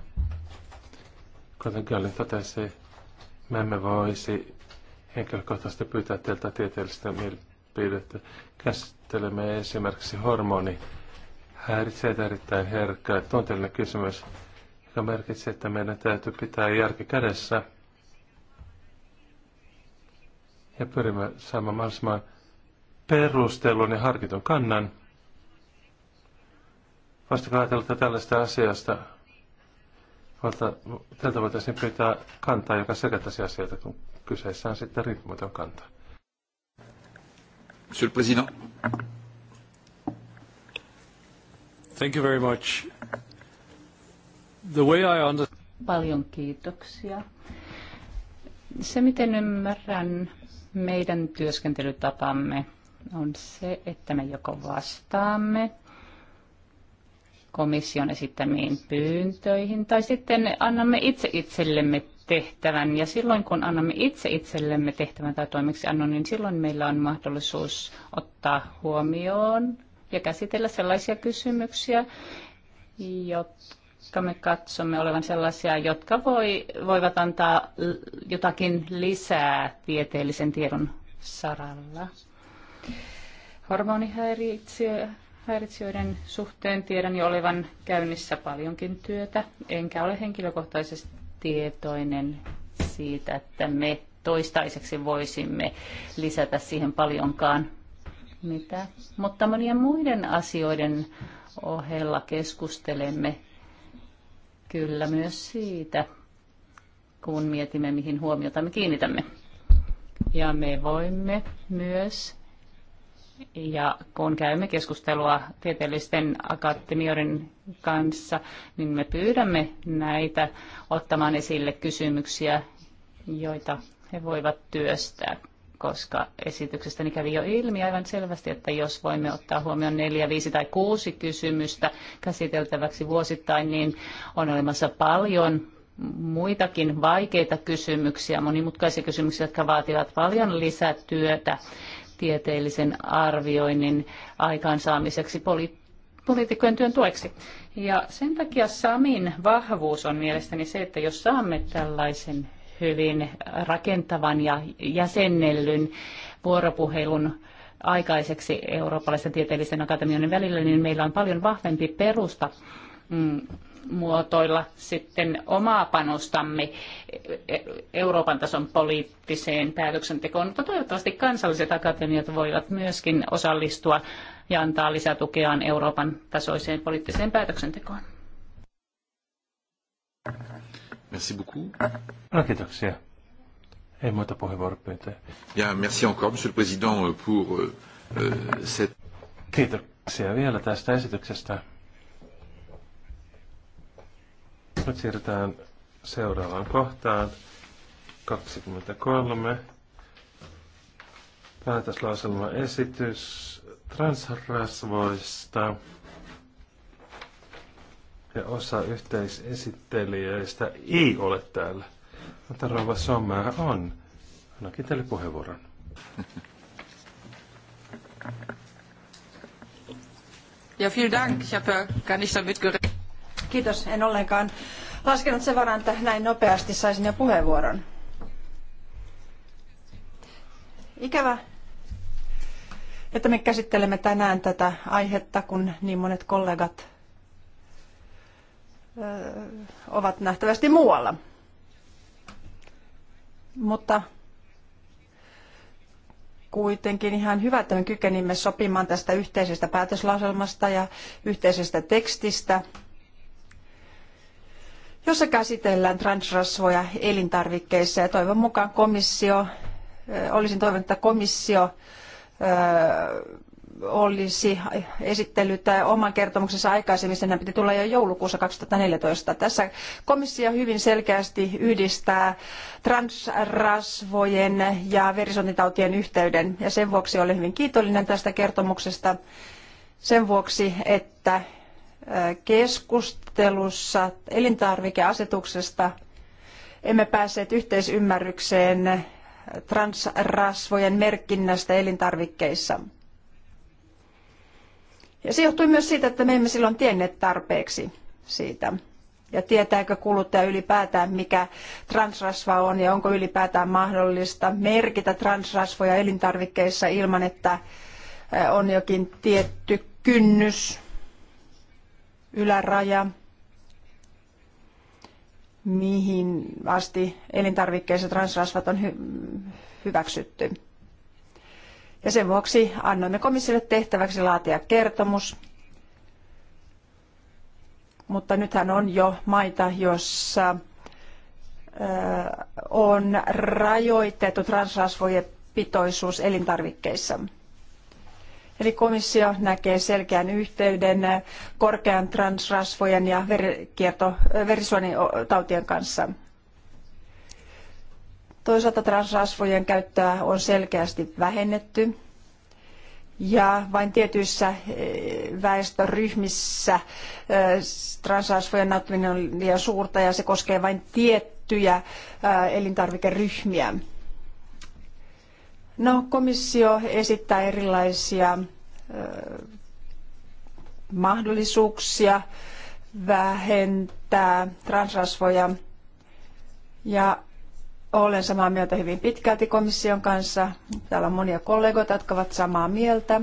kuten Gallin totesi, me emme voisi henkilökohtaisesti pyytää teiltä tieteellistä mielipidettä. Käsittelemme esimerkiksi hormoni häiritsee erittäin herkkä tunteellinen kysymys joka merkitsee, että meidän täytyy pitää järki kädessä ja pyrimme saamaan mahdollisimman perustelun ja harkitun kannan. Vasta kun ajatellaan tällaista asiasta, tältä voitaisiin pyytää kantaa, joka selittäisi asioita, kun kyseessä on sitten riippumaton kanta. Monsieur le Président. Thank you very much. The way I under... Paljon kiitoksia. Se, miten ymmärrän meidän työskentelytapamme, on se, että me joko vastaamme komission esittämiin pyyntöihin, tai sitten annamme itse itsellemme tehtävän. Ja silloin kun annamme itse itsellemme tehtävän tai toimeksiannon, niin silloin meillä on mahdollisuus ottaa huomioon ja käsitellä sellaisia kysymyksiä, jotka koska me katsomme olevan sellaisia, jotka voi, voivat antaa jotakin lisää tieteellisen tiedon saralla. Hormonihäiritsijöiden suhteen tiedän jo olevan käynnissä paljonkin työtä, enkä ole henkilökohtaisesti tietoinen siitä, että me toistaiseksi voisimme lisätä siihen paljonkaan mitä. Mutta monien muiden asioiden ohella keskustelemme kyllä myös siitä, kun mietimme, mihin huomiota me kiinnitämme. Ja me voimme myös, ja kun käymme keskustelua tieteellisten akatemioiden kanssa, niin me pyydämme näitä ottamaan esille kysymyksiä, joita he voivat työstää koska esityksestäni kävi jo ilmi aivan selvästi, että jos voimme ottaa huomioon neljä, viisi tai kuusi kysymystä käsiteltäväksi vuosittain, niin on olemassa paljon muitakin vaikeita kysymyksiä, monimutkaisia kysymyksiä, jotka vaativat paljon lisätyötä tieteellisen arvioinnin aikaansaamiseksi poli- poliitikkojen työn tueksi. Ja sen takia Samin vahvuus on mielestäni se, että jos saamme tällaisen hyvin rakentavan ja jäsennellyn vuoropuhelun aikaiseksi Eurooppalaisen tieteellisen akatemian välillä, niin meillä on paljon vahvempi perusta mm, muotoilla sitten omaa panostamme Euroopan tason poliittiseen päätöksentekoon, mutta toivottavasti kansalliset akatemiat voivat myöskin osallistua ja antaa lisätukeaan Euroopan tasoiseen poliittiseen päätöksentekoon. Merci beaucoup. No, kiitoksia. Ei muuta puheenvuoropyyntöjä. Ja merci encore, monsieur le président, euh, pour euh, euh, cette... Kiitoksia vielä tästä esityksestä. Nyt siirrytään seuraavaan kohtaan. 23. Päätöslauselma esitys transrasvoista ja osa yhteisesittelijöistä ei ole täällä. Mutta Rova Sommer on. Annakin teille puheenvuoron. Ja vielen Dank. Ich habe gar nicht damit gerechnet. Kiitos. En ollenkaan laskenut sen varan, että näin nopeasti saisin jo puheenvuoron. Ikävä, että me käsittelemme tänään tätä aihetta, kun niin monet kollegat ovat nähtävästi muualla. Mutta kuitenkin ihan hyvä, että me kykenimme sopimaan tästä yhteisestä päätöslauselmasta ja yhteisestä tekstistä, jossa käsitellään transrasvoja elintarvikkeissa. Ja toivon mukaan komissio, olisin toivonut, että komissio olisi esittellyt oman kertomuksensa aikaisemmin, sen piti tulla jo joulukuussa 2014. Tässä komissio hyvin selkeästi yhdistää transrasvojen ja verisuonitautien yhteyden, ja sen vuoksi olen hyvin kiitollinen tästä kertomuksesta sen vuoksi, että keskustelussa elintarvikeasetuksesta emme päässeet yhteisymmärrykseen transrasvojen merkinnästä elintarvikkeissa. Ja se johtui myös siitä, että me emme silloin tienneet tarpeeksi siitä. Ja tietääkö kuluttaja ylipäätään, mikä transrasva on ja onko ylipäätään mahdollista merkitä transrasvoja elintarvikkeissa ilman, että eh, on jokin tietty kynnys, yläraja, mihin asti elintarvikkeissa transrasvat on hy hyväksytty. Ja sen vuoksi annoimme komissiolle tehtäväksi laatia kertomus. Mutta nythän on jo maita, joissa on rajoitettu transrasvojen pitoisuus elintarvikkeissa. Eli komissio näkee selkeän yhteyden korkean transrasvojen ja verisuonitautien kanssa. Toisaalta transrasvojen käyttöä on selkeästi vähennetty ja vain tietyissä eh, väestöryhmissä eh, transrasvojen nauttiminen on liian suurta ja se koskee vain tiettyjä eh, elintarvikeryhmiä. No, komissio esittää erilaisia mahdollisuuksia vähentää transrasvoja ja olen samaa mieltä hyvin pitkälti komission kanssa. Täällä on monia kollegoita, jotka ovat samaa mieltä.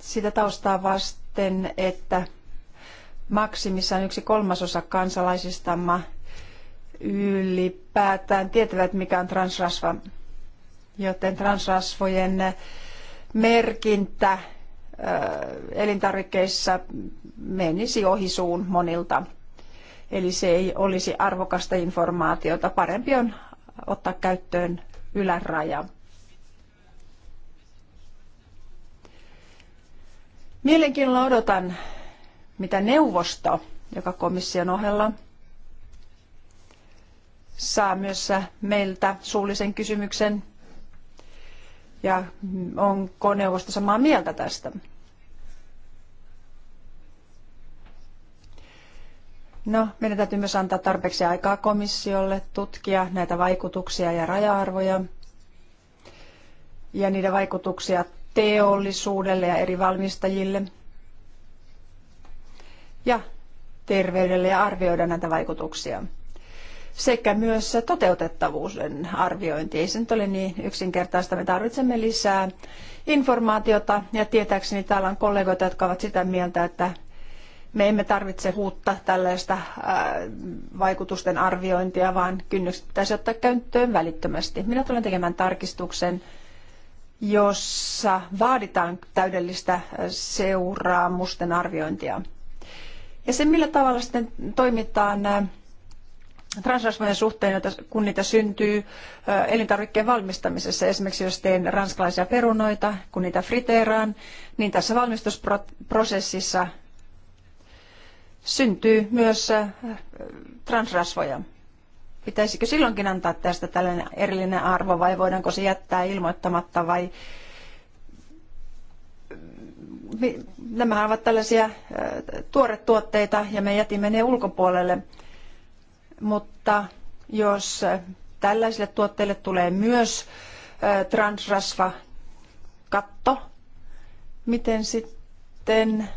Sitä taustaa vasten, että maksimissaan yksi kolmasosa kansalaisistamme ylipäätään tietävät, mikä on transrasva. Joten transrasvojen merkintä elintarvikkeissa menisi ohisuun monilta. Eli se ei olisi arvokasta informaatiota. Parempi on ottaa käyttöön yläraja. Mielenkiinnolla odotan, mitä neuvosto, joka komission ohella saa myös meiltä suullisen kysymyksen ja onko neuvosto samaa mieltä tästä? No, meidän täytyy myös antaa tarpeeksi aikaa komissiolle tutkia näitä vaikutuksia ja raja-arvoja ja niiden vaikutuksia teollisuudelle ja eri valmistajille ja terveydelle ja arvioida näitä vaikutuksia sekä myös toteutettavuuden arviointi. Ei se nyt ole niin yksinkertaista. Me tarvitsemme lisää informaatiota ja tietääkseni täällä on kollegoita, jotka ovat sitä mieltä, että me emme tarvitse uutta tällaista äh, vaikutusten arviointia, vaan kynnykset pitäisi ottaa käyttöön välittömästi. Minä tulen tekemään tarkistuksen, jossa vaaditaan täydellistä äh, seuraamusten arviointia. Ja se, millä tavalla sitten toimitaan äh, transrasvojen suhteen, joita, kun niitä syntyy elintarvikkeen valmistamisessa. Esimerkiksi jos teen ranskalaisia perunoita, kun niitä friteeraan, niin tässä valmistusprosessissa syntyy myös transrasvoja. Pitäisikö silloinkin antaa tästä tällainen erillinen arvo vai voidaanko se jättää ilmoittamatta vai nämä ovat tällaisia tuoretuotteita ja me jätimme ne ulkopuolelle mutta jos tällaisille tuotteille tulee myös transrasva katto, miten sitten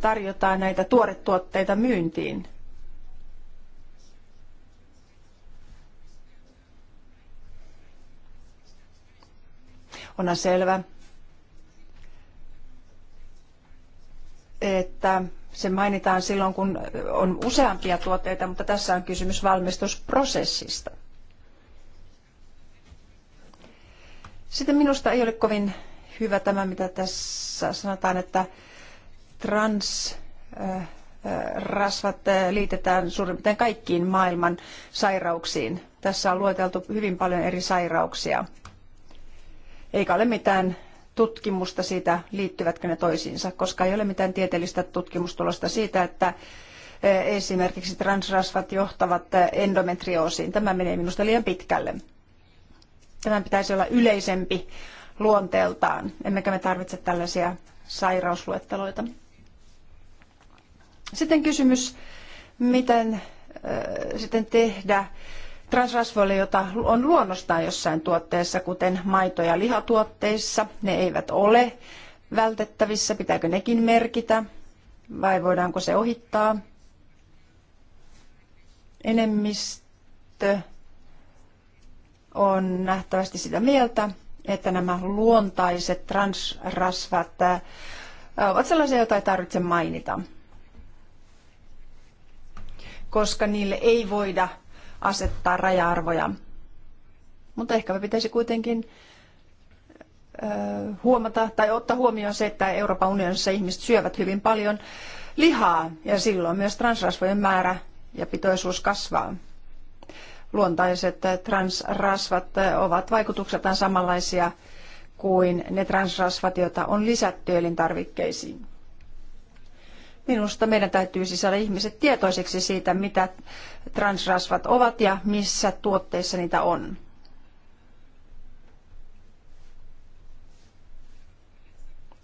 tarjotaan näitä tuoretuotteita myyntiin? Ona selvä, että se mainitaan silloin, kun on useampia tuotteita, mutta tässä on kysymys valmistusprosessista. Sitten minusta ei ole kovin hyvä tämä, mitä tässä sanotaan, että transrasvat äh, äh, äh, liitetään suurin piirtein kaikkiin maailman sairauksiin. Tässä on lueteltu hyvin paljon eri sairauksia, eikä ole mitään tutkimusta siitä, liittyvätkö ne toisiinsa, koska ei ole mitään tieteellistä tutkimustulosta siitä, että e, esimerkiksi transrasvat johtavat e, endometrioosiin. Tämä menee minusta liian pitkälle. Tämän pitäisi olla yleisempi luonteeltaan, emmekä me tarvitse tällaisia sairausluetteloita. Sitten kysymys, miten e, sitten tehdä transrasvoille, jota on luonnostaan jossain tuotteessa, kuten maito- ja lihatuotteissa. Ne eivät ole vältettävissä. Pitääkö nekin merkitä vai voidaanko se ohittaa? Enemmistö on nähtävästi sitä mieltä, että nämä luontaiset transrasvat äh, ovat sellaisia, joita ei tarvitse mainita, koska niille ei voida asettaa raja-arvoja. Mutta ehkä me pitäisi kuitenkin huomata tai ottaa huomioon se, että Euroopan unionissa ihmiset syövät hyvin paljon lihaa ja silloin myös transrasvojen määrä ja pitoisuus kasvaa. Luontaiset transrasvat ovat vaikutukseltaan samanlaisia kuin ne transrasvat, joita on lisätty elintarvikkeisiin. Minusta meidän täytyy saada ihmiset tietoiseksi siitä, mitä transrasvat ovat ja missä tuotteissa niitä on.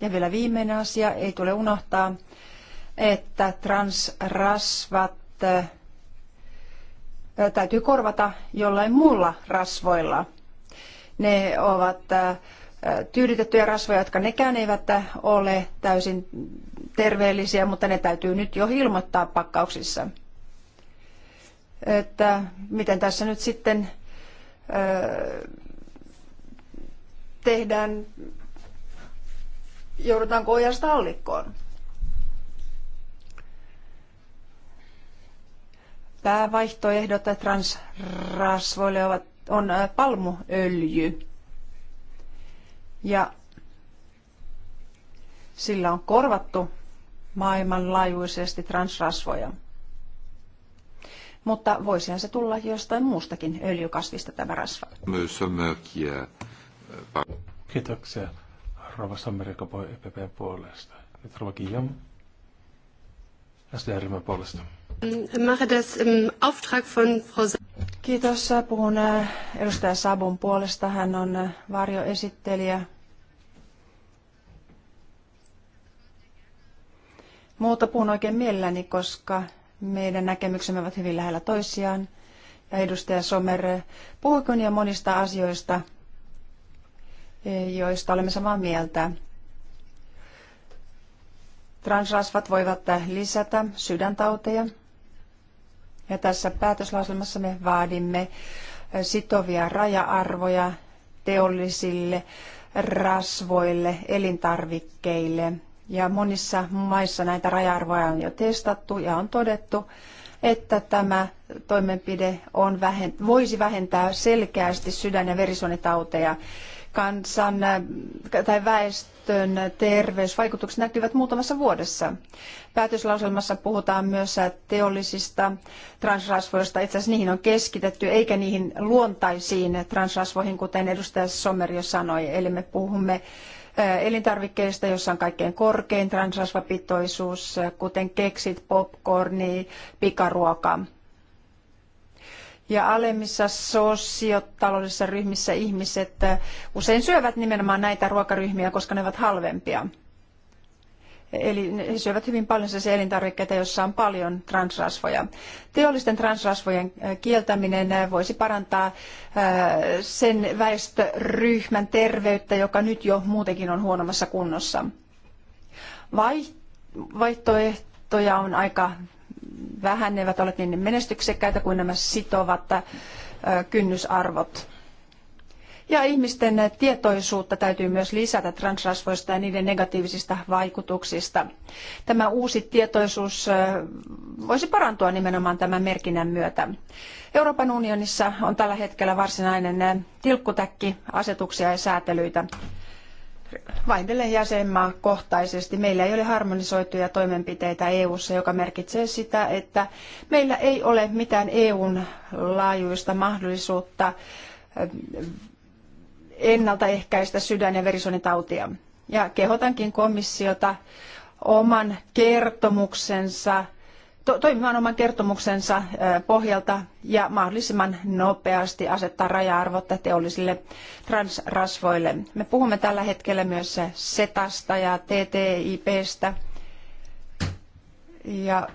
Ja vielä viimeinen asia, ei tule unohtaa, että transrasvat täytyy korvata jollain muulla rasvoilla. Ne ovat tyydytettyjä rasvoja, jotka nekään eivät ole täysin terveellisiä, mutta ne täytyy nyt jo ilmoittaa pakkauksissa. Että miten tässä nyt sitten tehdään, joudutaanko ojasta allikkoon? Päävaihtoehdot transrasvoille ovat, on palmuöljy ja sillä on korvattu maailmanlaajuisesti transrasvoja. Mutta voisihan se tulla jostain muustakin öljykasvista tämä rasva. Euh, Kiitoksia Rova Sammerikopoi EPPn puolesta. Nyt Rova Kiijam, SDR-ryhmän puolesta. Mä ähm, das Auftrag von Frau Kiitos. Puhun äh, edustaja Sabun puolesta. Hän on äh, varjoesittelijä. Muuta puhun oikein mielelläni, koska meidän näkemyksemme ovat hyvin lähellä toisiaan. Ja edustaja Sommer äh, puhuikin jo monista asioista, e, joista olemme samaa mieltä. Transrasvat voivat lisätä sydäntauteja – ja tässä päätöslauselmassa me vaadimme sitovia raja-arvoja teollisille rasvoille, elintarvikkeille. Ja monissa maissa näitä raja-arvoja on jo testattu ja on todettu, että tämä toimenpide on vähent- voisi vähentää selkeästi sydän- ja verisuonitauteja kansan tai väestön terveysvaikutukset näkyvät muutamassa vuodessa. Päätöslauselmassa puhutaan myös teollisista transrasvoista. Itse asiassa niihin on keskitetty, eikä niihin luontaisiin transrasvoihin, kuten edustaja Sommer jo sanoi. Eli me puhumme elintarvikkeista, jossa on kaikkein korkein transrasvapitoisuus, kuten keksit, popcorni, pikaruoka – ja alemmissa sosiotaloudellisissa ryhmissä ihmiset eh, usein syövät nimenomaan näitä ruokaryhmiä, koska ne ovat halvempia. Eli he syövät hyvin paljon sellaisia elintarvikkeita, joissa on paljon transrasvoja. Teollisten transrasvojen eh, kieltäminen eh, voisi parantaa sen väestöryhmän terveyttä, joka nyt jo muutenkin on huonommassa kunnossa. Vaihtoehtoja on aika vähän, ne eivät ole niin menestyksekkäitä kuin nämä sitovat äh, kynnysarvot. Ja ihmisten tietoisuutta täytyy myös lisätä transrasvoista ja niiden negatiivisista vaikutuksista. Tämä uusi tietoisuus äh, voisi parantua nimenomaan tämän merkinnän myötä. Euroopan unionissa on tällä hetkellä varsinainen äh, tilkkutäkki asetuksia ja säätelyitä jäsenmaa kohtaisesti Meillä ei ole harmonisoituja toimenpiteitä EU:ssa, joka merkitsee sitä, että meillä ei ole mitään EUn laajuista mahdollisuutta eh, ennaltaehkäistä sydän- ja verisuonitautia. Ja kehotankin komissiota oman kertomuksensa to- toimimaan oman kertomuksensa pohjalta ja mahdollisimman nopeasti asettaa raja-arvot teollisille transrasvoille. Me puhumme tällä hetkellä myös SETasta ja TTIPstä ja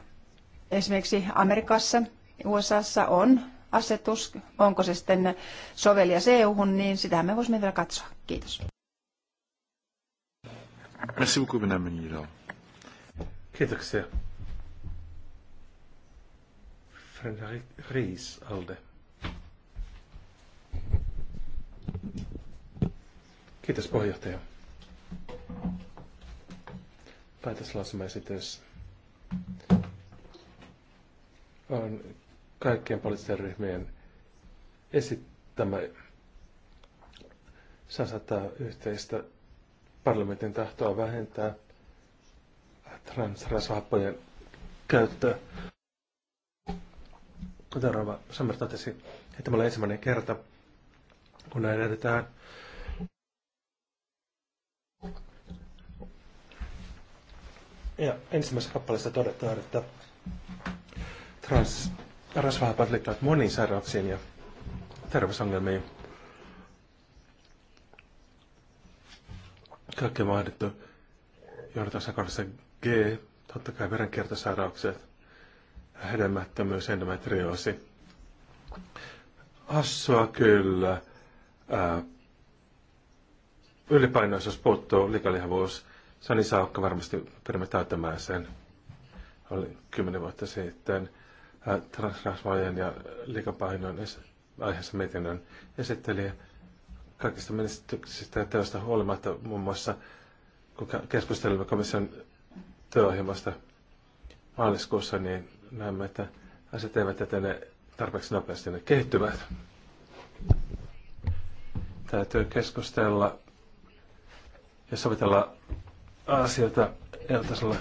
esimerkiksi Amerikassa, USAssa on asetus, onko se sitten sovelias EU-hun, niin sitä me voisimme vielä katsoa. Kiitos. Merci beaucoup, Kiitoksia. Fredrik Riis, Alde. Kiitos puheenjohtaja. esitys on kaikkien poliittisten ryhmien esittämä sasata yhteistä parlamentin tahtoa vähentää transrasvahappojen käyttöä. Kuten Rova Sammer totesi, että tämä oli ensimmäinen kerta, kun näin edetään. Ja ensimmäisessä kappaleessa todetaan, että transrasvahapat liittyvät moniin sairauksiin ja terveysongelmiin. Kaikki mainittu johdataan kohdassa G, totta kai verenkiertosairaukset – hedelmättömyys, endometrioosi. Hassua kyllä. Ää, ylipainoisuus puuttuu, likalihavuus. Sani Saukka varmasti pyrimme täyttämään sen. Oli kymmenen vuotta sitten transrasvojen ja likapainon aiheessa mietinnön esitteli Kaikista menestyksistä ja teosta huolimatta muun muassa, kun keskustelimme komission työohjelmasta maaliskuussa, niin näemme, että asiat eivät etene tarpeeksi nopeasti, ne kehittyvät. Täytyy keskustella ja sovitella asioita eltasolla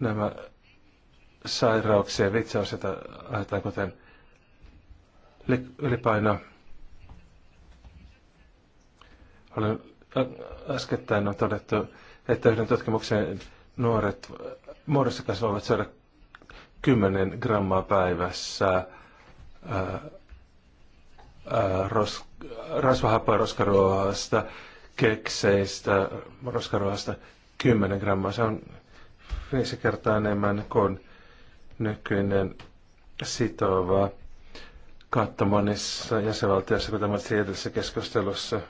nämä sairauksien vitsausia, jota ajetaan kuten ylipaino. Olen äskettäin on todettu, että yhden tutkimuksen nuoret muodossa kasvavat syödä 10 grammaa päivässä ää, ää, ros, rasvahappoa roskaruoasta, kekseistä roskaruoasta 10 grammaa. Se on viisi kertaa enemmän kuin nykyinen sitova katto monissa jäsenvaltioissa, kuten mainitsin edellisessä keskustelussa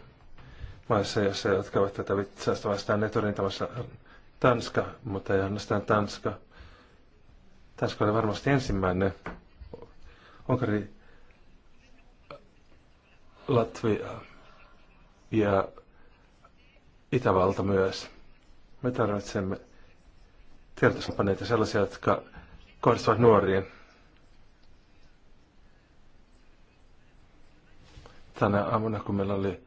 maissa, jossa, jotka ovat tätä vitsausta vastaan eturintamassa Tanska, mutta ei ainoastaan Tanska – tässä oli varmasti ensimmäinen. Unkari, Latvia ja Itävalta myös. Me tarvitsemme tiedotuskampanjoita sellaisia, jotka kohdistuvat nuoriin. Tänä aamuna, kun meillä oli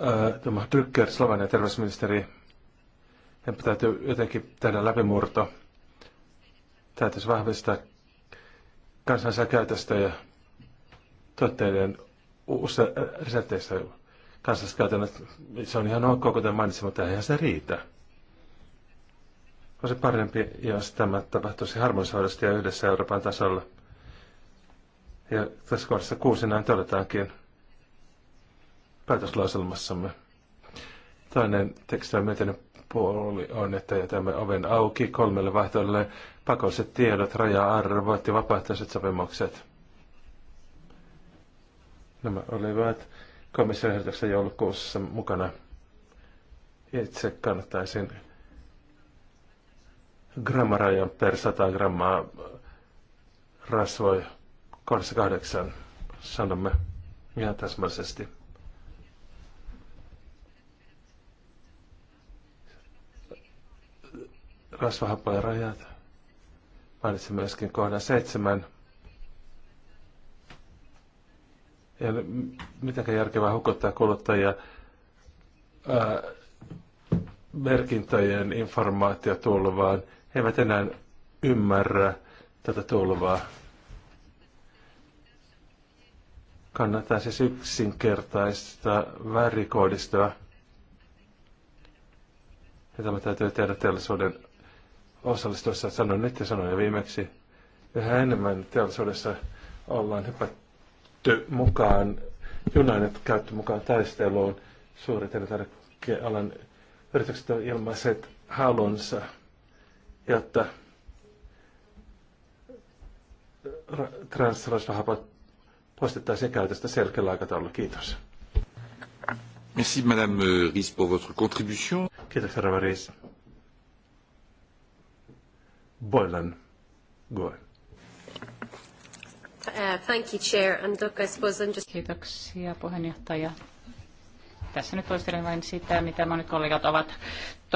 ää, tämä Slovenian terveysministeri, hän täytyy jotenkin tehdä läpimurto täytyisi vahvistaa kansansa käytöstä ja tuotteiden uusissa äh, resepteissä kansallista käytännössä. Se on ihan ok, kuten mainitsin, mutta eihän se riitä. Olisi parempi, jos tämä tapahtuisi harmonisoidusti ja yhdessä Euroopan tasolla. Ja tässä kohdassa kuusi näin todetaankin päätöslauselmassamme. Toinen teksti on mietinnön puoli on, että jätämme oven auki kolmelle vaihtoehdolle pakolliset tiedot, raja-arvot ja vapaaehtoiset sopimukset. Nämä olivat komission ehdotuksessa joulukuussa mukana. Itse kannattaisin grammarajan per 100 grammaa rasvoja. Kohdassa sanomme ihan täsmällisesti. rasvahappojen rajat. Mainitsin myöskin kohdan seitsemän. Ja mitenkä järkevää hukottaa kuluttajia ää, merkintöjen tulvaan. He eivät enää ymmärrä tätä tulvaa. Kannattaa siis yksinkertaista värikoodistoa. Ja tämä täytyy tehdä teollisuuden osallistuessa sanoin nyt ja sanoin jo viimeksi, yhä enemmän teollisuudessa ollaan hypätty mukaan, junainet käytty mukaan taisteluun. Suuret alan yritykset on ilmaiset halunsa, jotta transrasvahapot poistettaisiin käytöstä selkeällä aikataululla. Kiitos. Merci Madame Ries pour votre contribution. Kiitos Rava Ries Boylan Goen. Uh, thank you, Chair. And look, I suppose I'm just... Kiitoksia, puheenjohtaja. Tässä nyt toistelen vain sitä, mitä monet kollegat ovat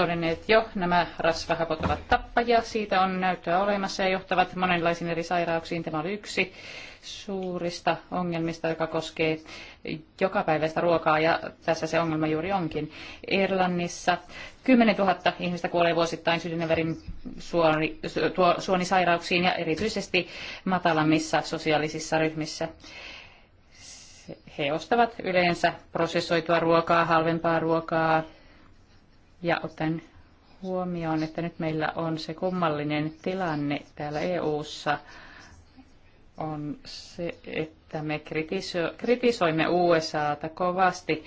todenneet jo, nämä rasvahapot ovat tappajia, siitä on näyttöä olemassa ja johtavat monenlaisiin eri sairauksiin. Tämä oli yksi suurista ongelmista, joka koskee jokapäiväistä ruokaa ja tässä se ongelma juuri onkin. Irlannissa 10 000 ihmistä kuolee vuosittain sydänverin suoni, suonisairauksiin ja erityisesti matalammissa sosiaalisissa ryhmissä he ostavat yleensä prosessoitua ruokaa, halvempaa ruokaa, ja otan huomioon, että nyt meillä on se kummallinen tilanne täällä EU:ssa on se, että me kritisoimme USAta kovasti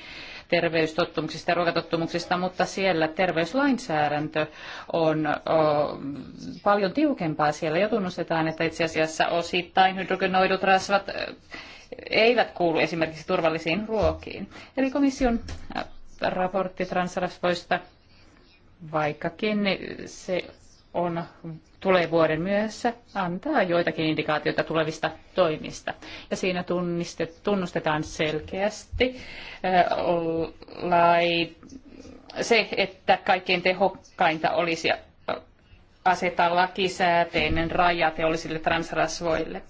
terveystottumuksista ja ruokatottumuksista, mutta siellä terveyslainsäädäntö on paljon tiukempaa. Siellä jo tunnustetaan, että itse asiassa osittain hydrogenoidut rasvat eivät kuulu esimerkiksi turvallisiin ruokiin. Eli komission raportti transrasvoista vaikkakin se on tulee vuoden myöhässä, antaa joitakin indikaatioita tulevista toimista. Ja siinä tunnustetaan selkeästi se, että kaikkein tehokkainta olisi asettaa lakisääteinen raja teollisille transrasvoille.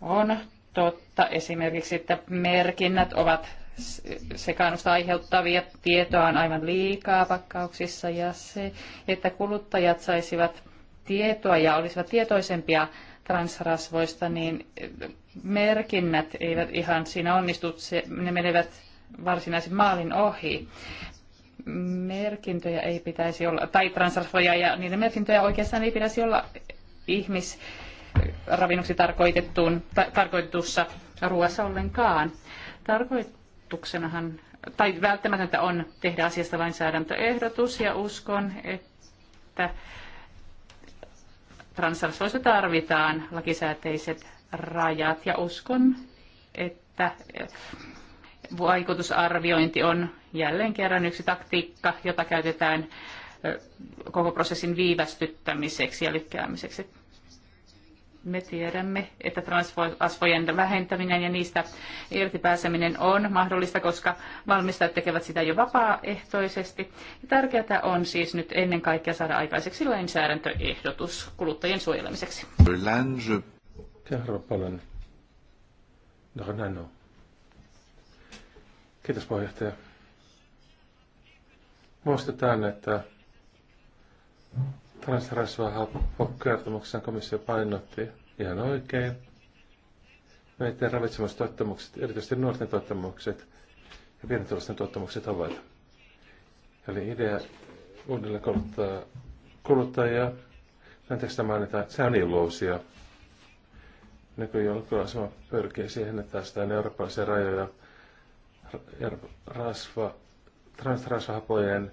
On totta esimerkiksi, että merkinnät ovat sekaannusta aiheuttavia tietoa on aivan liikaa pakkauksissa ja se, että kuluttajat saisivat tietoa ja olisivat tietoisempia transrasvoista, niin merkinnät eivät ihan siinä onnistu, se, ne menevät varsinaisen maalin ohi. Merkintöjä ei pitäisi olla, tai transrasvoja ja niiden merkintöjä oikeastaan ei pitäisi olla ihmisravinnoksi tarkoitettuun, ta, tarkoitetussa ruoassa ollenkaan. Tarkoit, tarkoituksenahan, tai välttämätöntä on tehdä asiasta lainsäädäntöehdotus ja uskon, että transseksuaalissa tarvitaan lakisääteiset rajat ja uskon, että eh, vaikutusarviointi on jälleen kerran yksi taktiikka, jota käytetään eh, koko prosessin viivästyttämiseksi ja lykkäämiseksi. Me tiedämme, että transasvojen vähentäminen ja niistä irtipääseminen on mahdollista, koska valmistajat tekevät sitä jo vapaaehtoisesti. Ja tärkeää on siis nyt ennen kaikkea saada aikaiseksi lainsäädäntöehdotus kuluttajien suojelemiseksi. No, Kiitos puheenjohtaja. Muistetaan, että transrasvahapokkertomuksen komissio painotti ihan oikein. Meidän ravitsemustuottamukset, erityisesti nuorten tuottamukset ja pienituloisten tuottamukset ovat. Eli idea uudelleen kouluttaa kuluttajia. Anteeksi, tämä mainitaan, se on niin illuusio. Nykyjulkaisema pyrkii siihen, että päästään eurooppalaisia rajoja rasva, transrasvahapojen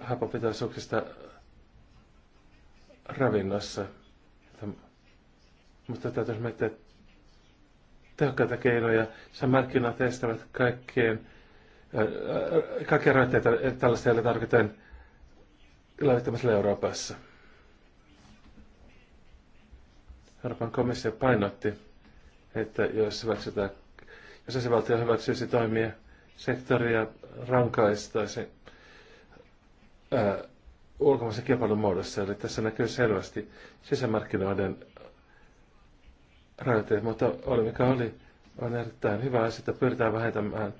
hapopitoisuuksista ravinnossa. Mutta täytyy miettiä tehokkaita keinoja. Se markkinat estävät kaikkien, äh, kaikkien rajoitteita tällaista elintarvikkeiden lävittämisellä Euroopassa. Euroopan komissio painotti, että jos hyväksytään, jos esivaltio hyväksyisi toimia, sektoria rankaistaisi ää, äh, ulkomaisen kilpailun muodossa. Eli tässä näkyy selvästi sisämarkkinoiden rajoitteet, mutta oli mikä oli, on erittäin hyvä asia, että pyritään vähentämään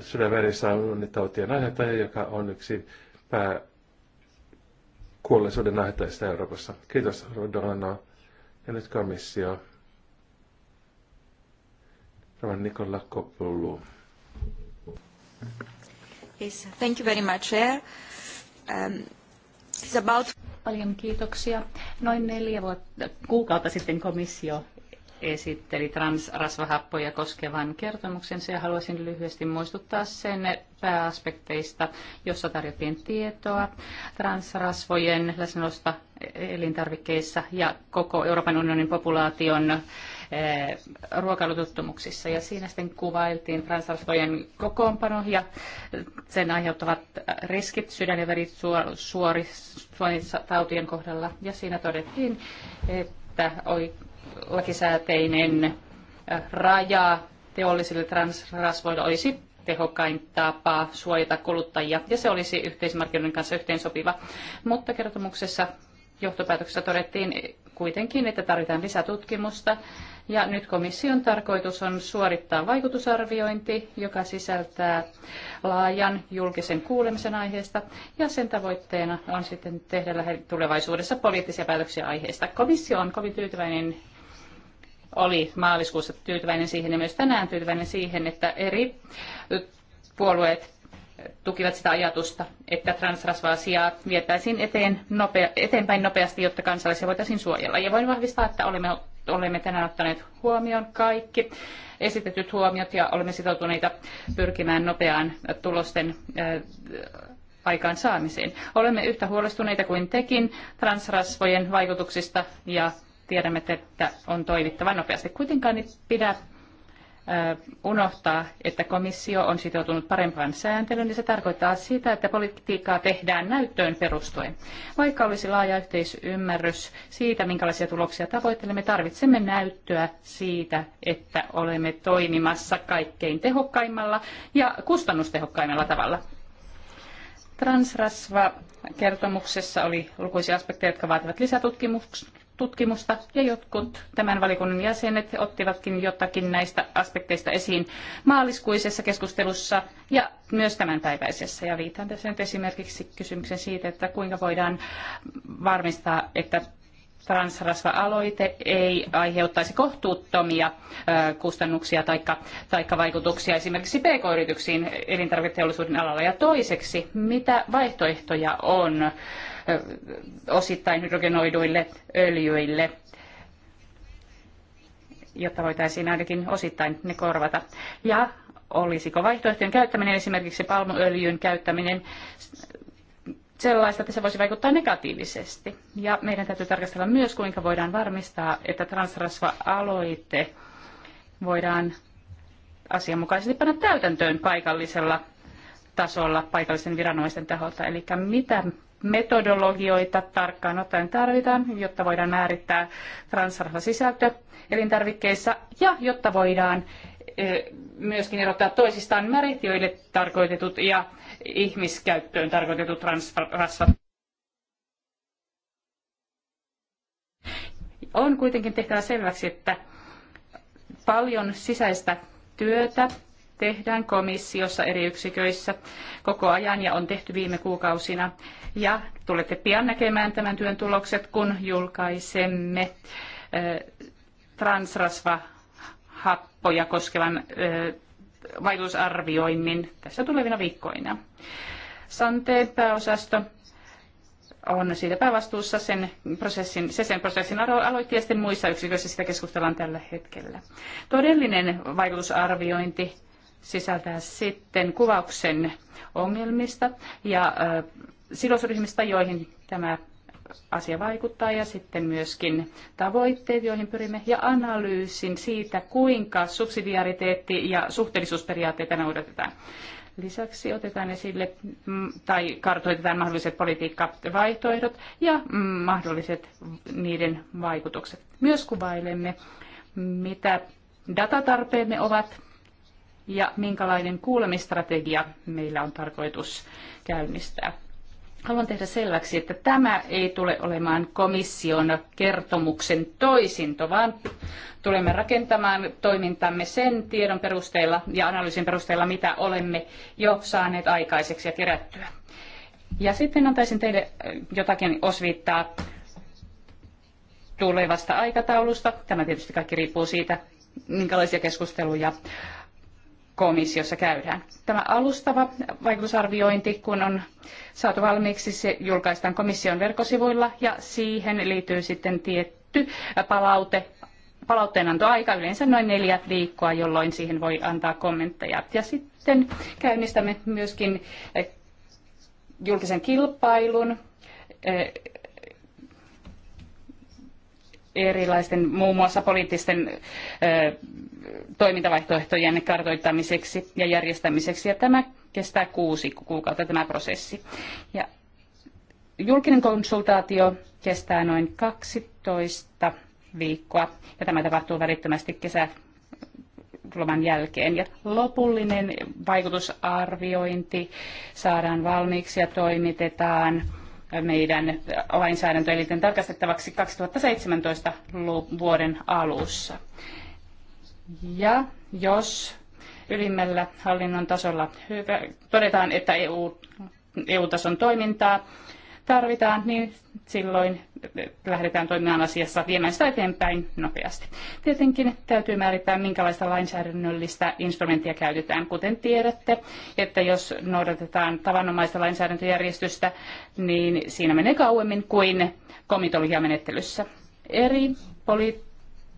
sydänverisaunnitautien aiheuttaja, joka on yksi pää kuolleisuuden aiheuttajista Euroopassa. Kiitos Rodolano ja nyt komissio. Ravan Nikola Koppulu. Yes, thank you very much, Chair. Um, It's about... Paljon kiitoksia. Noin neljä vuotta, kuukautta sitten komissio esitteli transrasvahappoja koskevan kertomuksen. Se haluaisin lyhyesti muistuttaa sen pääaspekteista, jossa tarjottiin tietoa transrasvojen läsnäolosta elintarvikkeissa ja koko Euroopan unionin populaation Eh, ruokailututtumuksissa. Ja siinä sitten kuvailtiin transrastojen kokoonpano ja sen aiheuttavat riskit sydän- ja verisuonitautien kohdalla. Ja siinä todettiin, että lakisääteinen eh, raja teollisille transrasvoille olisi tehokkain tapa suojata kuluttajia, ja se olisi yhteismarkkinoiden kanssa yhteensopiva. Mutta kertomuksessa johtopäätöksessä todettiin kuitenkin, että tarvitaan lisätutkimusta. Ja nyt komission tarkoitus on suorittaa vaikutusarviointi, joka sisältää laajan julkisen kuulemisen aiheesta. Ja sen tavoitteena on sitten tehdä tulevaisuudessa poliittisia päätöksiä aiheesta. Komissio on kovin tyytyväinen oli maaliskuussa tyytyväinen siihen ja myös tänään tyytyväinen siihen, että eri puolueet tukivat sitä ajatusta, että transrasva-asiaa vietäisiin eteen eteenpäin nopeasti, jotta kansalaisia voitaisiin suojella. Ja voin vahvistaa, että olemme, olemme tänään ottaneet huomioon kaikki esitetyt huomiot ja olemme sitoutuneita pyrkimään nopeaan tulosten aikaansaamiseen. Olemme yhtä huolestuneita kuin tekin transrasvojen vaikutuksista ja tiedämme, että on toimittava nopeasti. Kuitenkaan ei pidä unohtaa, että komissio on sitoutunut parempaan sääntelyyn, niin se tarkoittaa sitä, että politiikkaa tehdään näyttöön perustuen. Vaikka olisi laaja yhteisymmärrys siitä, minkälaisia tuloksia tavoittelemme, tarvitsemme näyttöä siitä, että olemme toimimassa kaikkein tehokkaimmalla ja kustannustehokkaimmalla tavalla. Transrasva kertomuksessa oli lukuisia aspekteja, jotka vaativat lisätutkimusta tutkimusta ja jotkut tämän valikunnan jäsenet ottivatkin jotakin näistä aspekteista esiin maaliskuisessa keskustelussa ja myös tämänpäiväisessä. Ja viitaan tässä nyt esimerkiksi kysymyksen siitä, että kuinka voidaan varmistaa, että transrasva-aloite ei aiheuttaisi kohtuuttomia kustannuksia tai taikka vaikutuksia esimerkiksi pk-yrityksiin elintarviketeollisuuden alalla. Ja toiseksi, mitä vaihtoehtoja on osittain hydrogenoiduille öljyille, jotta voitaisiin ainakin osittain ne korvata. Ja olisiko vaihtoehtojen käyttäminen, esimerkiksi palmuöljyn käyttäminen, sellaista, että se voisi vaikuttaa negatiivisesti. Ja meidän täytyy tarkastella myös, kuinka voidaan varmistaa, että transrasva-aloite voidaan asianmukaisesti panna täytäntöön paikallisella tasolla paikallisen viranomaisten taholta. Eli mitä metodologioita tarkkaan ottaen tarvitaan, jotta voidaan määrittää transrahasisältö elintarvikkeissa ja jotta voidaan e, myöskin erottaa toisistaan märitiöille tarkoitetut ja ihmiskäyttöön tarkoitetut transrasvat. On kuitenkin tehtävä selväksi, että paljon sisäistä työtä tehdään komissiossa eri yksiköissä koko ajan ja on tehty viime kuukausina. Ja tulette pian näkemään tämän työn tulokset, kun julkaisemme transrasvahappoja koskevan vaikutusarvioinnin tässä tulevina viikkoina. Santeen pääosasto on siitä päävastuussa sen prosessin, se sen prosessin aloitti ja sitten muissa yksiköissä sitä keskustellaan tällä hetkellä. Todellinen vaikutusarviointi sisältää sitten kuvauksen ongelmista ja sidosryhmistä, joihin tämä asia vaikuttaa ja sitten myöskin tavoitteet, joihin pyrimme, ja analyysin siitä, kuinka subsidiariteetti ja suhteellisuusperiaatteita noudatetaan. Lisäksi otetaan esille mm, tai kartoitetaan mahdolliset politiikkavaihtoehdot ja mm, mahdolliset niiden vaikutukset. Myös kuvailemme, mitä datatarpeemme ovat ja minkälainen kuulemistrategia meillä on tarkoitus käynnistää. Haluan tehdä selväksi, että tämä ei tule olemaan komission kertomuksen toisinto, vaan tulemme rakentamaan toimintamme sen tiedon perusteella ja analyysin perusteella, mitä olemme jo saaneet aikaiseksi ja kerättyä. Ja sitten antaisin teille äh, jotakin osviittaa tulevasta aikataulusta. Tämä tietysti kaikki riippuu siitä, minkälaisia keskusteluja komissiossa käydään. Tämä alustava vaikutusarviointi, kun on saatu valmiiksi, se julkaistaan komission verkkosivuilla ja siihen liittyy sitten tietty palaute palautteenantoaika yleensä noin neljä viikkoa, jolloin siihen voi antaa kommentteja. Ja sitten käynnistämme myöskin eh, julkisen kilpailun eh, erilaisten muun muassa poliittisten eh, toimintavaihtoehtojen kartoittamiseksi ja järjestämiseksi. Ja tämä kestää kuusi kuukautta tämä prosessi. Ja julkinen konsultaatio kestää noin 12 viikkoa ja tämä tapahtuu välittömästi loman jälkeen. Ja lopullinen vaikutusarviointi saadaan valmiiksi ja toimitetaan meidän lainsäädäntöelinten tarkastettavaksi 2017 vuoden alussa. Ja jos ylimmällä hallinnon tasolla hyvä, todetaan, että EU, EU-tason toimintaa tarvitaan, niin silloin lähdetään toimimaan asiassa viemään sitä eteenpäin nopeasti. Tietenkin täytyy määrittää, minkälaista lainsäädännöllistä instrumenttia käytetään. Kuten tiedätte, että jos noudatetaan tavanomaista lainsäädäntöjärjestystä, niin siinä menee kauemmin kuin komitologiamenettelyssä. Eri poli-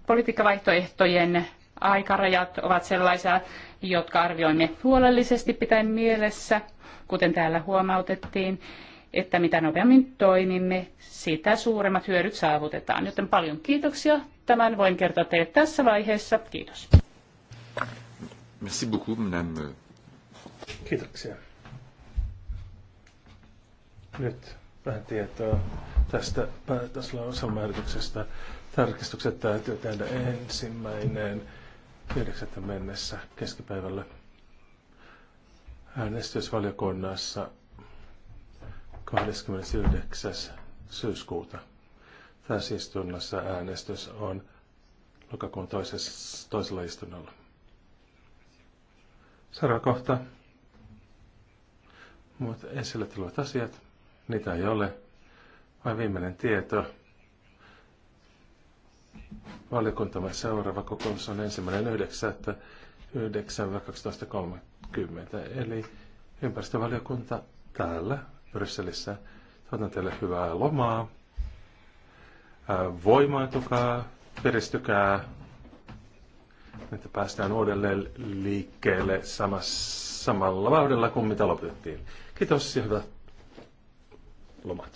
politiikkavaihtoehtojen aikarajat ovat sellaisia, jotka arvioimme huolellisesti pitäen mielessä, kuten täällä huomautettiin, että mitä nopeammin toimimme, sitä suuremmat hyödyt saavutetaan. Joten paljon kiitoksia. Tämän voin kertoa teille tässä vaiheessa. Kiitos. Merci beaucoup, madame. Kiitoksia. Nyt vähän tietoa tästä päätöslauselmäärityksestä. Tarkistukset täytyy tehdä ensimmäinen 9. mennessä keskipäivällä äänestysvaliokunnassa 29. syyskuuta. istunnossa äänestys on lokakuun toisessa, toisella istunnolla. Seuraava kohta. Mutta esille tulevat asiat, niitä ei ole. Vain viimeinen tieto. Valiokuntamme seuraava kokous on ensimmäinen 9.9.2030, eli ympäristövaliokunta täällä Brysselissä. Toivotan teille hyvää lomaa. Voimaantukaa, piristykää, niin että päästään uudelleen liikkeelle samassa, samalla vauhdilla kuin mitä lopetettiin. Kiitos ja hyvät lomat.